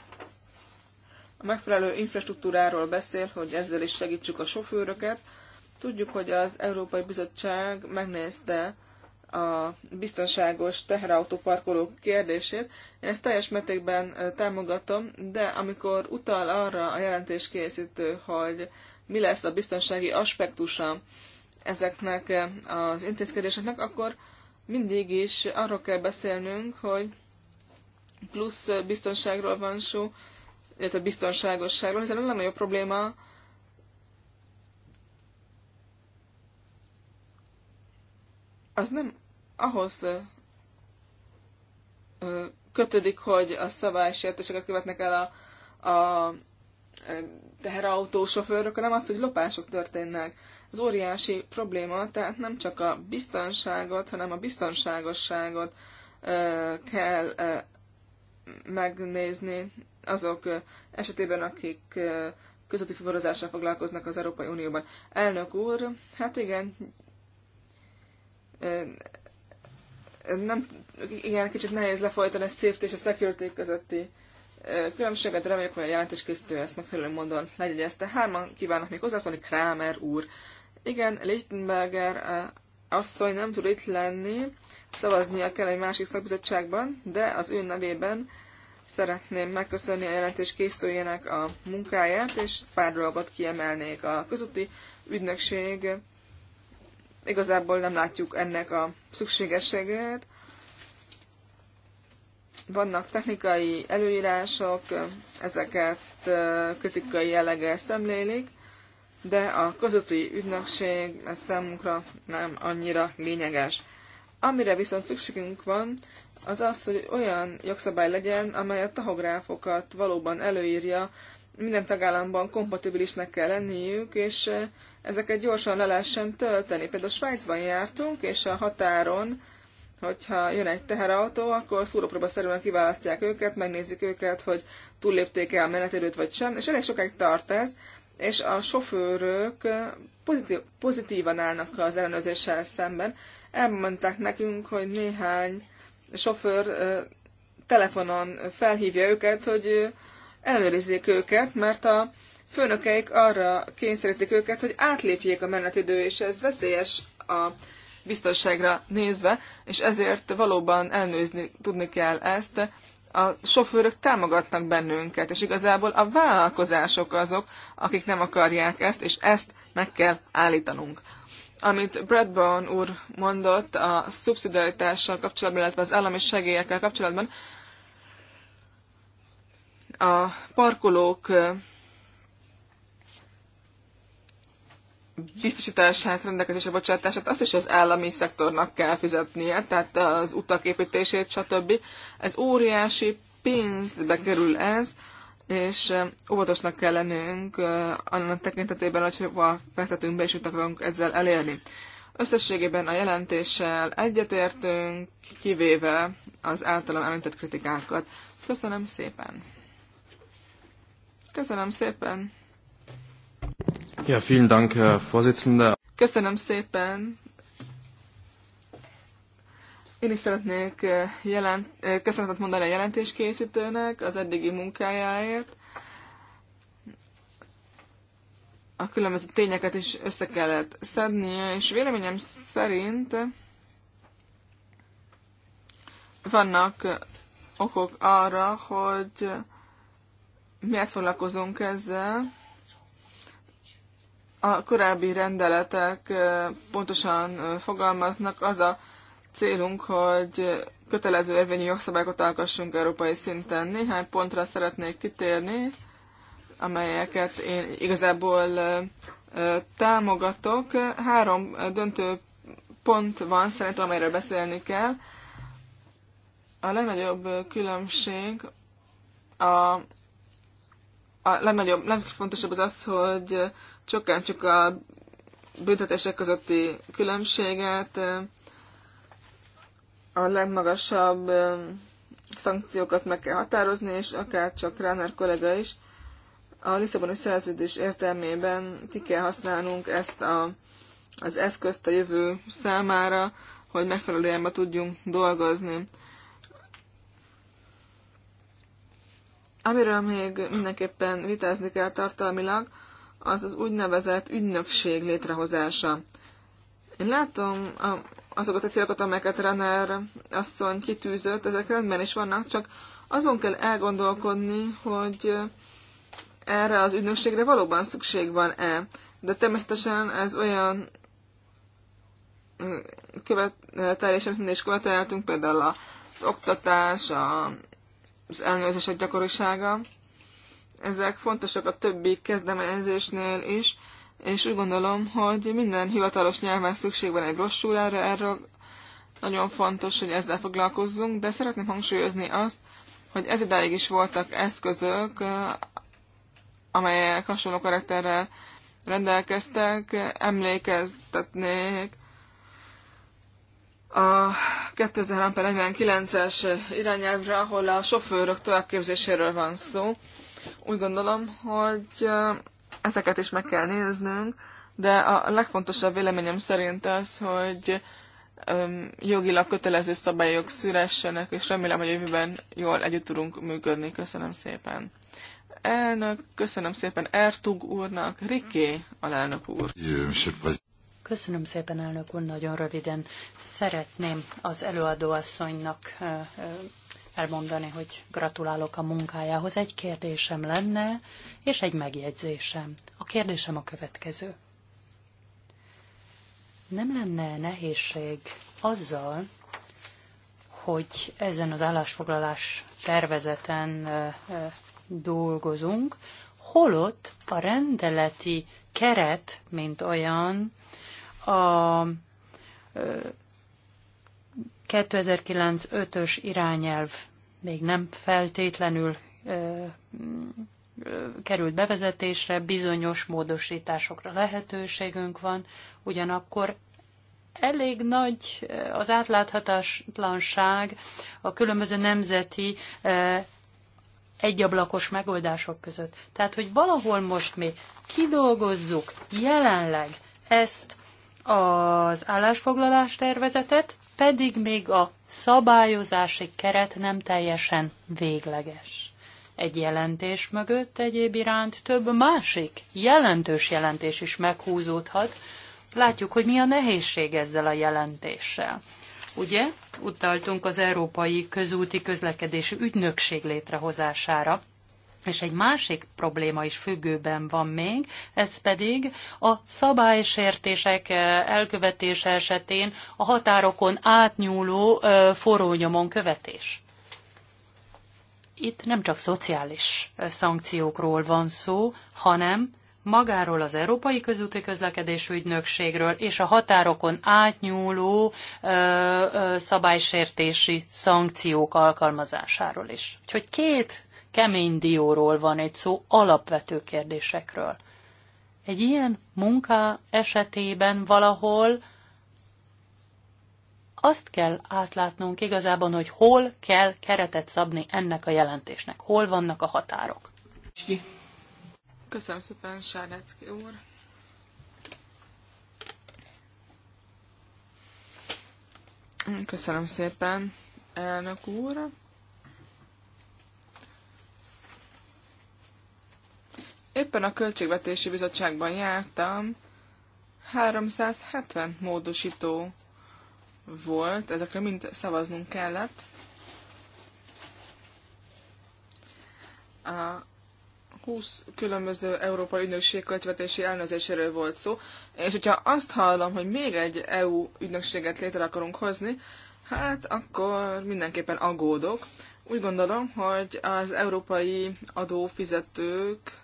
a megfelelő infrastruktúráról beszél, hogy ezzel is segítsük a sofőröket. Tudjuk, hogy az Európai Bizottság megnézte a biztonságos teherautóparkolók kérdését. Én ezt teljes mértékben támogatom, de amikor utal arra a jelentéskészítő, hogy mi lesz a biztonsági aspektusa ezeknek az intézkedéseknek, akkor mindig is arról kell beszélnünk, hogy plusz biztonságról van szó, illetve biztonságosságról, hiszen a legnagyobb probléma az nem ahhoz kötődik, hogy a szabálysértéseket követnek el a, a teherautósofőrök, hanem az, hogy lopások történnek. Az óriási probléma, tehát nem csak a biztonságot, hanem a biztonságosságot kell megnézni azok esetében, akik közötti fuvarozással foglalkoznak az Európai Unióban. Elnök úr, hát igen, nem, igen, kicsit nehéz lefolytani a safety és a security közötti különbséget, de reméljük, hogy a készítő ezt megfelelő módon legyegyezte. Hárman kívánok még hozzászólni, Krámer úr. Igen, Lichtenberger asszony nem tud itt lenni, szavaznia kell egy másik szakbizottságban, de az ő nevében szeretném megköszönni a jelentés készítőjének a munkáját, és pár dolgot kiemelnék. A közúti ügynökség igazából nem látjuk ennek a szükségességét. Vannak technikai előírások, ezeket kritikai jelleggel szemlélik, de a közötti ügynökség ez számunkra nem annyira lényeges. Amire viszont szükségünk van, az az, hogy olyan jogszabály legyen, amely a tahográfokat valóban előírja, minden tagállamban kompatibilisnek kell lenniük, és eh, ezeket gyorsan le lehessen tölteni. Például Svájcban jártunk, és a határon, hogyha jön egy teherautó, akkor szúrópróba szerűen kiválasztják őket, megnézik őket, hogy túllépték-e a menetidőt vagy sem, és elég sokáig tart ez, és a sofőrök eh, pozitív, pozitívan állnak az ellenőrzéssel szemben. Elmondták nekünk, hogy néhány sofőr telefonon felhívja őket, hogy ellenőrizzék őket, mert a főnökeik arra kényszerítik őket, hogy átlépjék a menetidő, és ez veszélyes a biztonságra nézve, és ezért valóban ellenőrizni tudni kell ezt. A sofőrök támogatnak bennünket, és igazából a vállalkozások azok, akik nem akarják ezt, és ezt meg kell állítanunk amit Bradburn úr mondott a szubszidiaritással kapcsolatban, illetve az állami segélyekkel kapcsolatban, a parkolók biztosítását, rendelkezésre bocsátását, azt is az állami szektornak kell fizetnie, tehát az utak építését, stb. Ez óriási pénzbe kerül ez, és óvatosnak kell lennünk annak tekintetében, hogy hova fektetünk be, és mit akarunk ezzel elérni. Összességében a jelentéssel egyetértünk, kivéve az általam említett kritikákat. Köszönöm szépen! Köszönöm szépen! Ja, vielen Dank, Herr Vorsitzender. Köszönöm szépen, én is szeretnék eh, jelent, eh, köszönetet mondani a jelentéskészítőnek az eddigi munkájáért. A különböző tényeket is össze kellett szednie, és véleményem szerint vannak okok arra, hogy miért foglalkozunk ezzel. A korábbi rendeletek eh, pontosan fogalmaznak az a célunk, hogy kötelező érvényű jogszabályokat alkassunk európai szinten. Néhány pontra szeretnék kitérni, amelyeket én igazából támogatok. Három döntő pont van szerintem, amelyről beszélni kell. A legnagyobb különbség a a legnagyobb, legfontosabb az az, hogy csökkentsük a büntetések közötti különbséget, a legmagasabb szankciókat meg kell határozni, és akár csak Ráner kollega is, a Lisszaboni szerződés értelmében ki kell használnunk ezt a, az eszközt a jövő számára, hogy megfelelően be tudjunk dolgozni. Amiről még mindenképpen vitázni kell tartalmilag, az az úgynevezett ügynökség létrehozása. Én látom a azokat a célokat, amelyeket Renner asszony kitűzött, ezek rendben is vannak, csak azon kell elgondolkodni, hogy erre az ügynökségre valóban szükség van-e. De természetesen ez olyan mm, követelés, amit mindig is követeltünk, például az oktatás, az elnőzések gyakorisága. Ezek fontosak a többi kezdeményezésnél is, és úgy gondolom, hogy minden hivatalos nyelven szükség van egy brossúrára, erről nagyon fontos, hogy ezzel foglalkozzunk, de szeretném hangsúlyozni azt, hogy ez idáig is voltak eszközök, eh, amelyek hasonló karakterrel rendelkeztek, emlékeztetnék a 2049-es irányelvre, ahol a sofőrök továbbképzéséről van szó. Úgy gondolom, hogy eh, Ezeket is meg kell néznünk, de a legfontosabb véleményem szerint az, hogy jogilag kötelező szabályok szülessenek, és remélem, hogy jövőben jól együtt tudunk működni. Köszönöm szépen. Elnök, köszönöm szépen Ertug úrnak, Riké alelnök úr. Köszönöm szépen, elnök úr, nagyon röviden. Szeretném az előadóasszonynak elmondani, hogy gratulálok a munkájához. Egy kérdésem lenne, és egy megjegyzésem. A kérdésem a következő. Nem lenne nehézség azzal, hogy ezen az állásfoglalás tervezeten dolgozunk, holott a rendeleti keret, mint olyan, a 2009-5-ös irányelv még nem feltétlenül került bevezetésre, bizonyos módosításokra lehetőségünk van, ugyanakkor elég nagy eh, az átláthatatlanság a különböző nemzeti eh, egyablakos megoldások között. Tehát, hogy valahol most mi kidolgozzuk jelenleg ezt az állásfoglalás tervezetet, pedig még a szabályozási keret nem teljesen végleges egy jelentés mögött egyéb iránt több másik jelentős jelentés is meghúzódhat. Látjuk, hogy mi a nehézség ezzel a jelentéssel. Ugye, utaltunk az Európai Közúti Közlekedési Ügynökség létrehozására, és egy másik probléma is függőben van még, ez pedig a szabálysértések eh, elkövetése esetén a határokon átnyúló eh, forrónyomon követés itt nem csak szociális szankciókról van szó, hanem magáról az Európai Közúti Közlekedés Ügynökségről és a határokon átnyúló ö, ö, szabálysértési szankciók alkalmazásáról is. Úgyhogy két kemény dióról van egy szó alapvető kérdésekről. Egy ilyen munka esetében valahol azt kell átlátnunk igazában, hogy hol kell keretet szabni ennek a jelentésnek, hol vannak a határok. Köszönöm szépen, Sárnecki úr. Köszönöm szépen, elnök úr. Éppen a Költségvetési Bizottságban jártam, 370 módosító volt, ezekre mind szavaznunk kellett. A 20 különböző Európai Ügynökség költvetési elnözéséről volt szó, és hogyha azt hallom, hogy még egy EU ügynökséget létre akarunk hozni, hát akkor mindenképpen aggódok. Úgy gondolom, hogy az európai adófizetők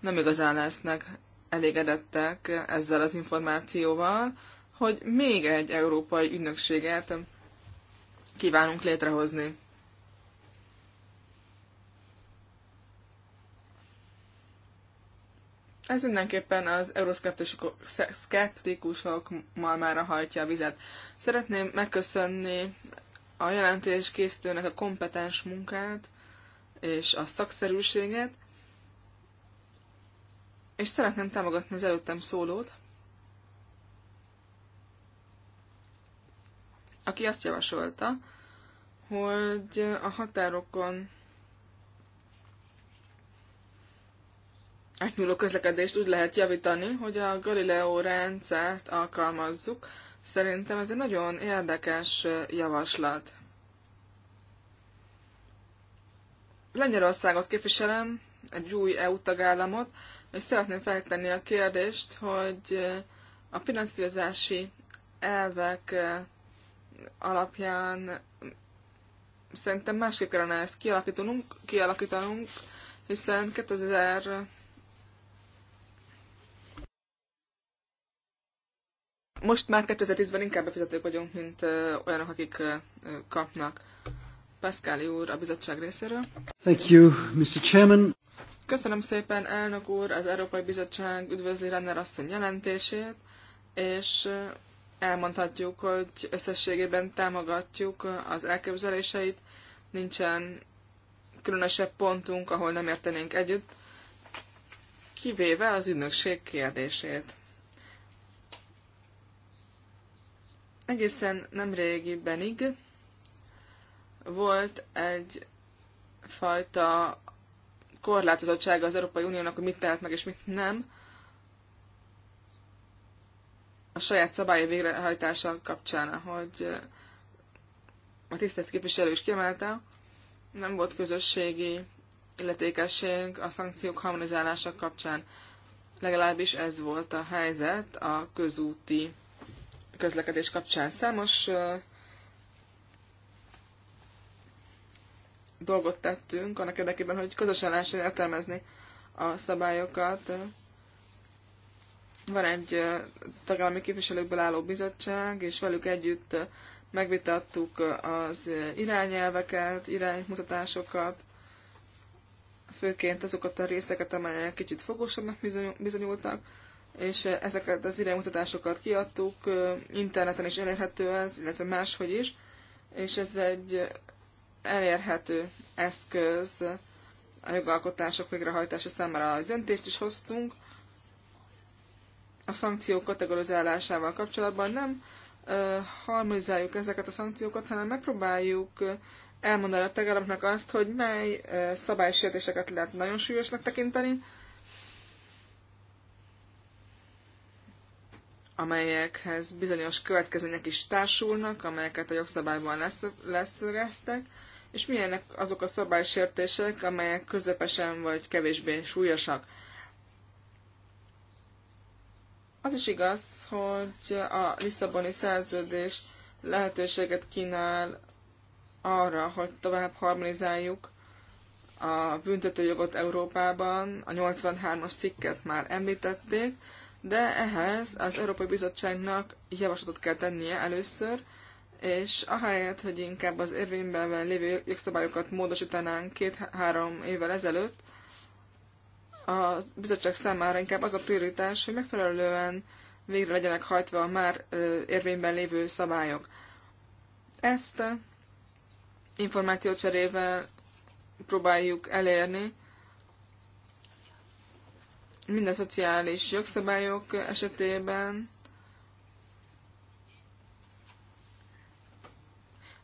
nem igazán lesznek elégedettek ezzel az információval, hogy még egy európai ügynökséget kívánunk létrehozni. Ez mindenképpen az euroszkeptikusok malmára hajtja a vizet. Szeretném megköszönni a jelentés készítőnek a kompetens munkát és a szakszerűséget, és szeretném támogatni az előttem szólót, aki azt javasolta, hogy a határokon átnyúló közlekedést úgy lehet javítani, hogy a Galileo rendszert alkalmazzuk. Szerintem ez egy nagyon érdekes javaslat. Lengyelországot képviselem, egy új EU tagállamot, és szeretném feltenni a kérdést, hogy a finanszírozási elvek alapján szerintem másképp kellene ezt kialakítanunk, kialakítanunk hiszen 2000 Most már 2010-ben inkább befizetők vagyunk, mint olyanok, akik kapnak. Pascali úr a bizottság részéről. Thank you, Mr. Chairman. Köszönöm szépen, elnök úr, az Európai Bizottság üdvözli Renner asszony jelentését, és elmondhatjuk, hogy összességében támogatjuk az elképzeléseit, nincsen különösebb pontunk, ahol nem értenénk együtt, kivéve az ügynökség kérdését. Egészen nem régibenig volt egy fajta korlátozottsága az Európai Uniónak, hogy mit tehet meg és mit nem, a saját szabályi végrehajtása kapcsán, hogy eh, a tisztelt képviselő is kiemelte, nem volt közösségi illetékesség a szankciók harmonizálása kapcsán. Legalábbis ez volt a helyzet a közúti közlekedés kapcsán. Számos eh, dolgot tettünk annak érdekében, hogy közösen lehessen értelmezni a szabályokat. Eh, van egy tagállami képviselőkből álló bizottság, és velük együtt megvitattuk az irányelveket, iránymutatásokat, főként azokat a részeket, amelyek kicsit fogosabbnak bizonyultak, és ezeket az iránymutatásokat kiadtuk, interneten is elérhető ez, illetve máshogy is, és ez egy elérhető eszköz a jogalkotások végrehajtása számára. A döntést is hoztunk, a szankciók kategorizálásával kapcsolatban nem harmonizáljuk ezeket a szankciókat, hanem megpróbáljuk elmondani a tagállamoknak azt, hogy mely szabálysértéseket lehet nagyon súlyosnak tekinteni, amelyekhez bizonyos következmények is társulnak, amelyeket a jogszabályban lesz, leszögeztek, és milyenek azok a szabálysértések, amelyek közepesen vagy kevésbé súlyosak. Az is igaz, hogy a Lisszaboni szerződés lehetőséget kínál arra, hogy tovább harmonizáljuk a büntetőjogot Európában, a 83-as cikket már említették, de ehhez az Európai Bizottságnak javaslatot kell tennie először, és ahelyett, hogy inkább az érvényben lévő jogszabályokat módosítanánk két-három évvel ezelőtt, a bizottság számára inkább az a prioritás, hogy megfelelően végre legyenek hajtva a már érvényben lévő szabályok. Ezt információcserével próbáljuk elérni, minden szociális jogszabályok esetében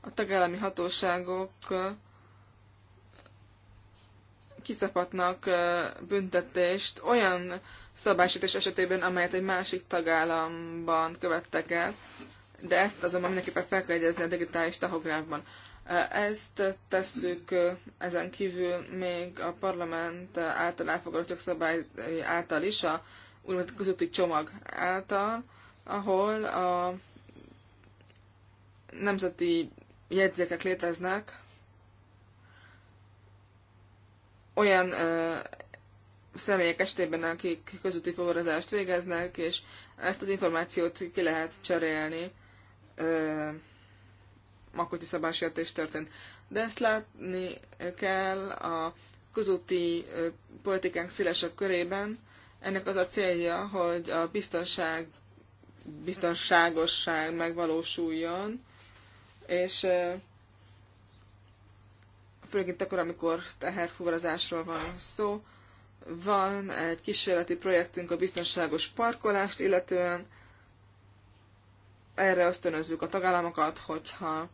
a tagállami hatóságok kiszapatnak büntetést olyan szabásítás esetében, amelyet egy másik tagállamban követtek el, de ezt azonban mindenképpen fel kell egyezni a digitális tahográfban. Ezt tesszük ezen kívül még a parlament által elfogadott jogszabály által is, a úgynevezett közötti csomag által, ahol a nemzeti jegyzékek léteznek, olyan ö, személyek estében, akik közúti fogorozást végeznek, és ezt az információt ki lehet cserélni. Ö, makkoti szabálysértés történt. De ezt látni kell a közúti politikánk szélesebb körében. Ennek az a célja, hogy a biztonság, biztonságosság megvalósuljon, és főleg itt akkor, amikor teherfuvarozásról van szó. Van egy kísérleti projektünk a biztonságos parkolást illetően. Erre ösztönözzük a tagállamokat, hogyha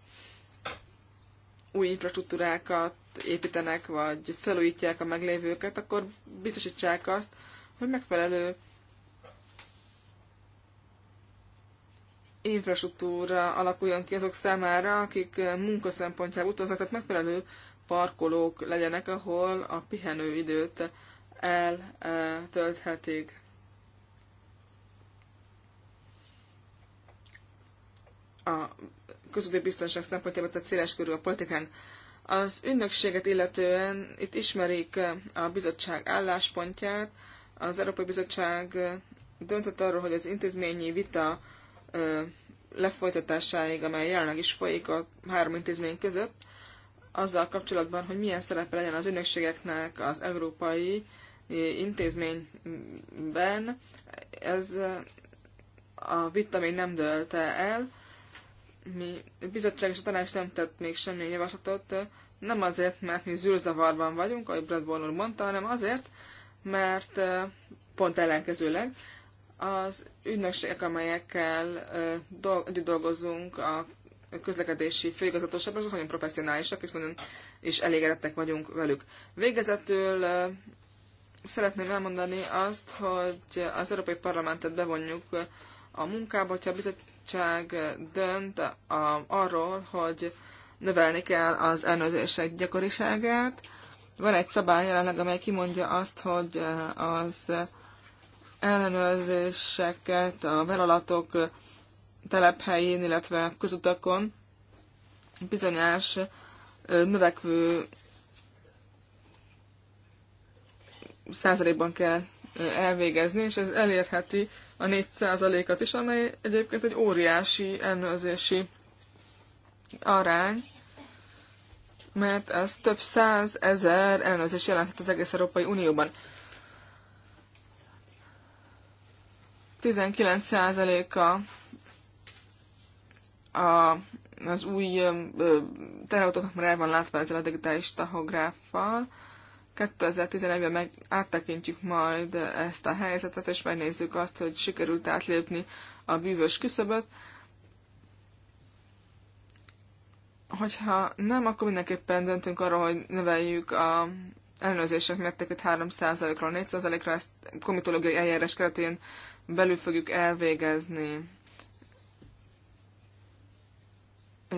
új infrastruktúrákat építenek, vagy felújítják a meglévőket, akkor biztosítsák azt, hogy megfelelő infrastruktúra alakuljon ki azok számára, akik munka szempontjából utaznak, tehát megfelelő parkolók legyenek, ahol a pihenőidőt eltölthetik. A közúti biztonság szempontjából, tehát széles körül a politikán. Az ügynökséget illetően itt ismerik a bizottság álláspontját. Az Európai Bizottság döntött arról, hogy az intézményi vita lefolytatásáig, amely jelenleg is folyik a három intézmény között, azzal kapcsolatban, hogy milyen szerepe legyen az ügynökségeknek az európai eh, intézményben. Ez eh, a vita még nem dőlte el. Mi, a bizottság és a tanács nem tett még semmilyen javaslatot, eh, nem azért, mert mi zűrzavarban vagyunk, ahogy Brad Bonner mondta, hanem azért, mert pont ellenkezőleg az ügynökségek, amelyekkel együtt dolgozunk a közlekedési főigazgatóság, azok nagyon professzionálisak, és nagyon és elégedettek vagyunk velük. Végezetül szeretném elmondani azt, hogy az Európai Parlamentet bevonjuk a munkába, hogyha a bizottság dönt a, arról, hogy növelni kell az elnőzések gyakoriságát. Van egy szabály jelenleg, amely kimondja azt, hogy az ellenőrzéseket a vállalatok telephelyén, illetve közutakon bizonyos növekvő százalékban kell elvégezni, és ez elérheti a 4 százalékat is, amely egyébként egy óriási elnőzési arány, mert ez több száz ezer elnőzés jelenthet az egész Európai Unióban. 19%-a a, az új teherautóknak már el van látva ezzel a digitális tahográffal. 2011-ben meg áttekintjük majd ezt a helyzetet, és megnézzük azt, hogy sikerült átlépni a bűvös küszöböt. Hogyha nem, akkor mindenképpen döntünk arra, hogy növeljük a ellenőrzések mértékét 3%-ról 4%-ra, ezt komitológiai eljárás keretén belül fogjuk elvégezni.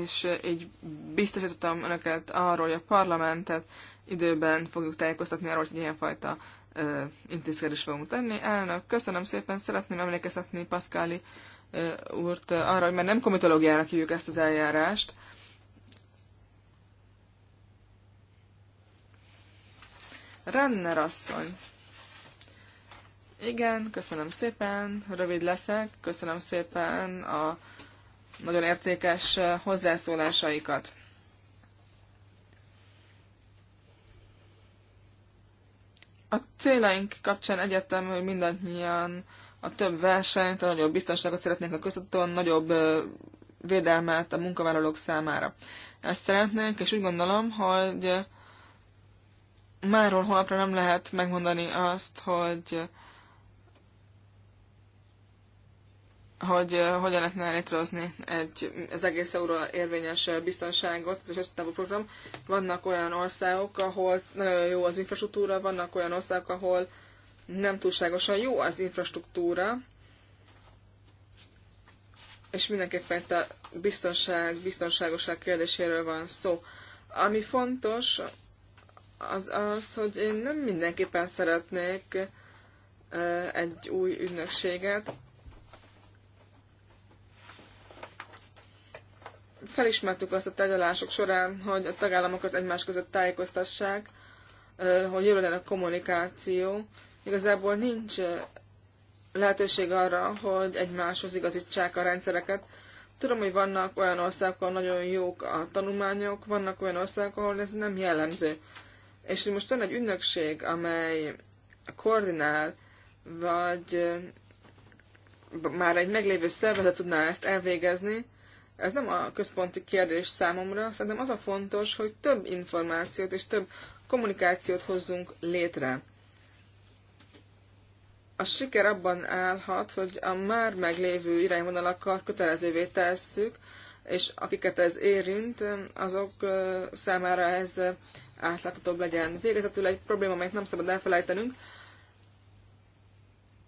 és így biztosítottam önöket arról, hogy a parlamentet időben fogjuk tájékoztatni arról, hogy ilyenfajta fajta intézkedést fogunk tenni. Elnök, köszönöm szépen, szeretném emlékeztetni Paszkáli úrt arra, hogy már nem komitológiának hívjuk ezt az eljárást. Renner asszony. Igen, köszönöm szépen, rövid leszek, köszönöm szépen a nagyon értékes hozzászólásaikat. A célaink kapcsán egyetem, hogy mindannyian a több versenyt, a nagyobb biztonságot szeretnénk a közúton, nagyobb védelmet a munkavállalók számára. Ezt szeretnénk, és úgy gondolom, hogy máról holnapra nem lehet megmondani azt, hogy hogy hogyan lehetne létrehozni egy, az egész euró érvényes biztonságot, ez egy hosszú program. Vannak olyan országok, ahol nagyon jó az infrastruktúra, vannak olyan országok, ahol nem túlságosan jó az infrastruktúra, és mindenképpen itt a biztonság, biztonságosság kérdéséről van szó. Ami fontos, az az, hogy én nem mindenképpen szeretnék egy új ügynökséget, felismertük azt a tárgyalások során, hogy a tagállamokat egymás között tájékoztassák, hogy jövő a kommunikáció. Igazából nincs lehetőség arra, hogy egymáshoz igazítsák a rendszereket. Tudom, hogy vannak olyan országok, ahol nagyon jók a tanulmányok, vannak olyan országok, ahol ez nem jellemző. És most van egy ünnökség, amely koordinál, vagy már egy meglévő szervezet tudná ezt elvégezni, ez nem a központi kérdés számomra, szerintem az a fontos, hogy több információt és több kommunikációt hozzunk létre. A siker abban állhat, hogy a már meglévő irányvonalakat kötelezővé tesszük, és akiket ez érint, azok számára ez átláthatóbb legyen. Végezetül egy probléma, amelyet nem szabad elfelejtenünk.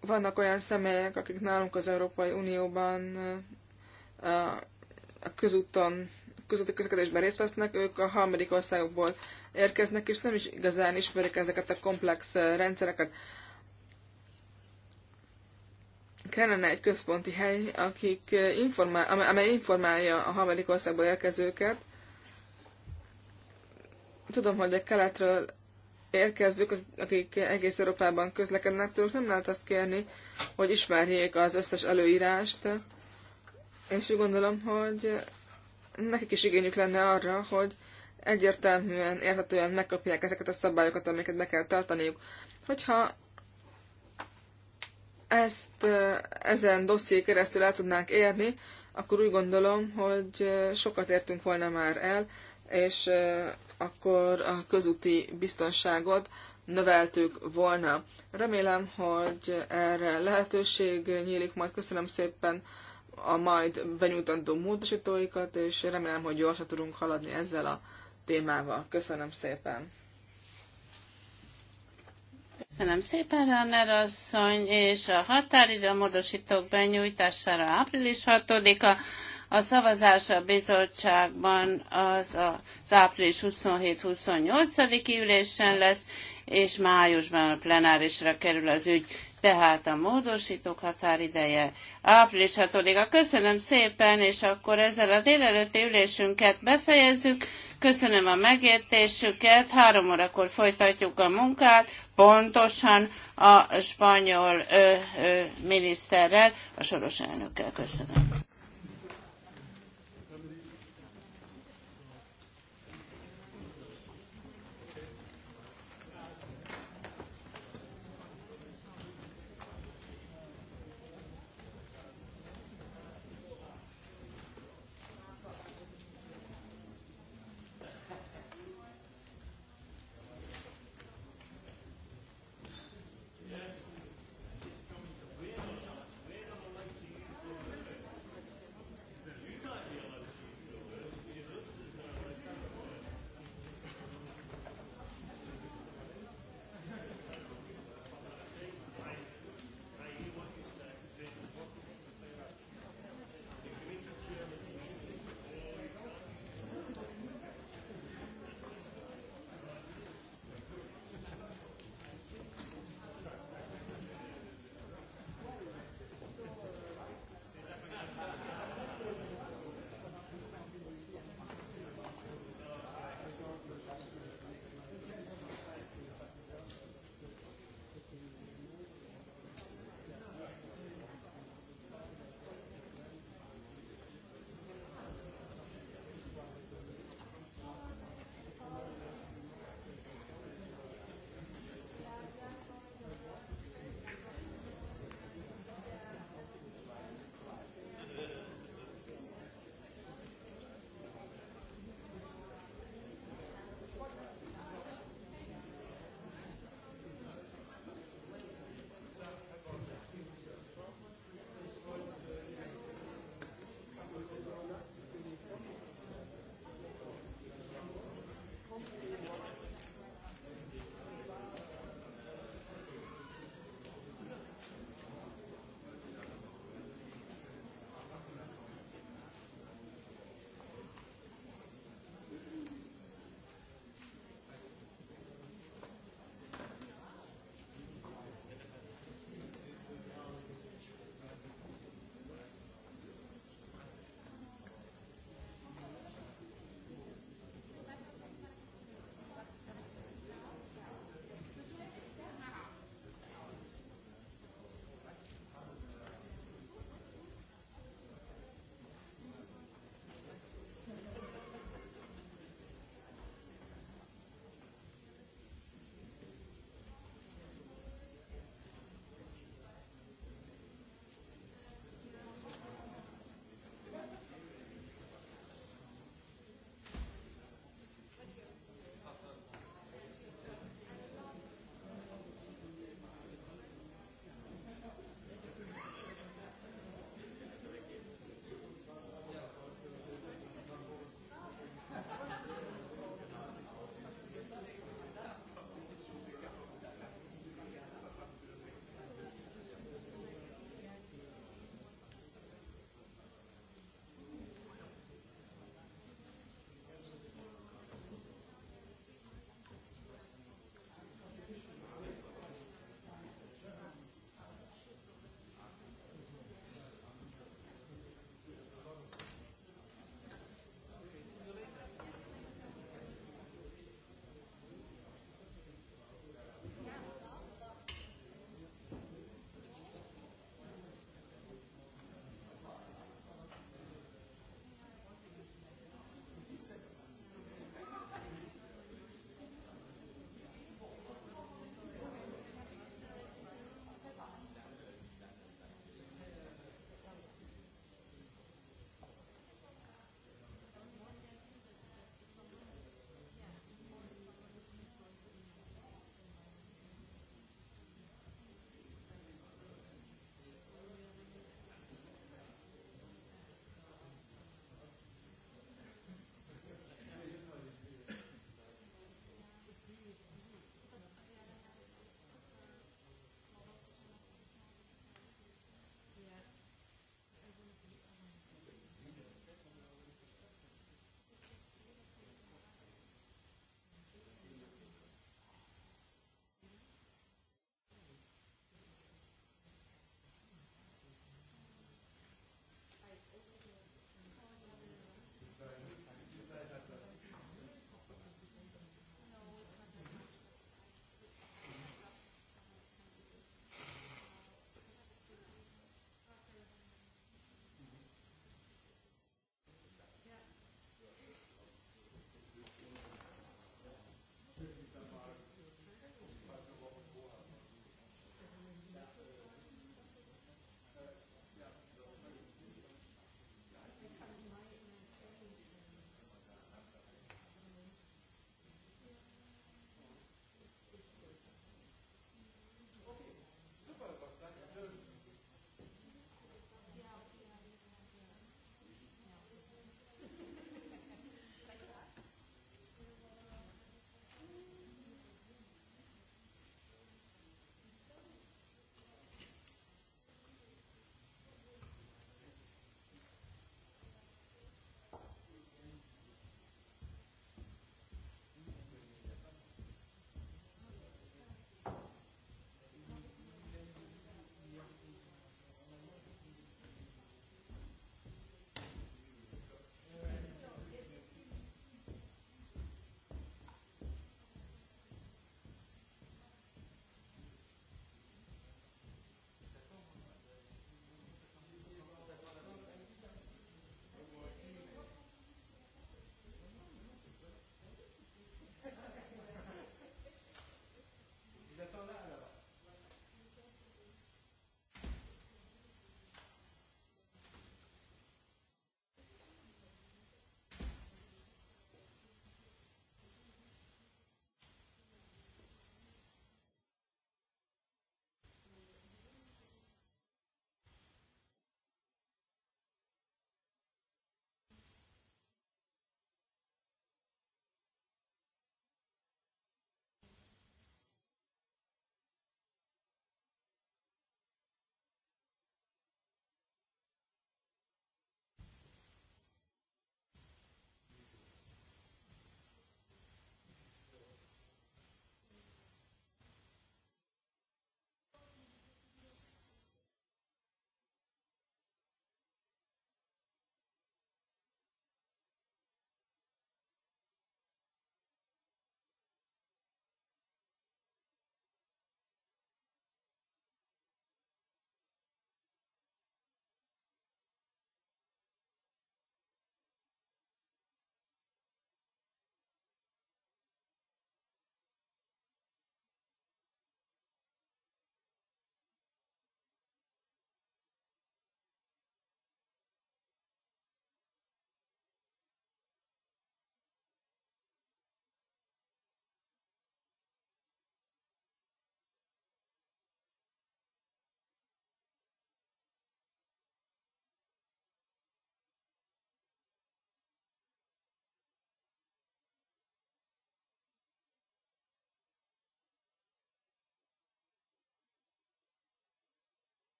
Vannak olyan személyek, akik nálunk az Európai Unióban a közúton, közúti közlekedésben részt vesznek, ők a harmadik országokból érkeznek, és nem is igazán ismerik ezeket a komplex rendszereket. Kellene egy központi hely, akik informál, amely informálja a harmadik országból érkezőket. Tudom, hogy a keletről érkezők, akik egész Európában közlekednek, tőlük nem lehet azt kérni, hogy ismerjék az összes előírást, és úgy gondolom, hogy nekik is igényük lenne arra, hogy egyértelműen, érthetően megkapják ezeket a szabályokat, amiket be kell tartaniuk. Hogyha ezt ezen dosszié keresztül el tudnánk érni, akkor úgy gondolom, hogy sokat értünk volna már el, és akkor a közúti biztonságot növeltük volna. Remélem, hogy erre lehetőség nyílik, majd köszönöm szépen a majd benyújtandó módosítóikat, és remélem, hogy gyorsan tudunk haladni ezzel a témával. Köszönöm szépen! Köszönöm szépen, Ranner asszony, és a határidő módosítók benyújtására április 6-a, a szavazás a bizottságban az az április 27-28-i ülésen lesz, és májusban a plenárisra kerül az ügy. Tehát a módosítók határideje április 6-a. Köszönöm szépen, és akkor ezzel a délelőtti ülésünket befejezzük. Köszönöm a megértésüket, három órakor folytatjuk a munkát, pontosan a spanyol ö, ö, miniszterrel, a soros elnökkel. Köszönöm.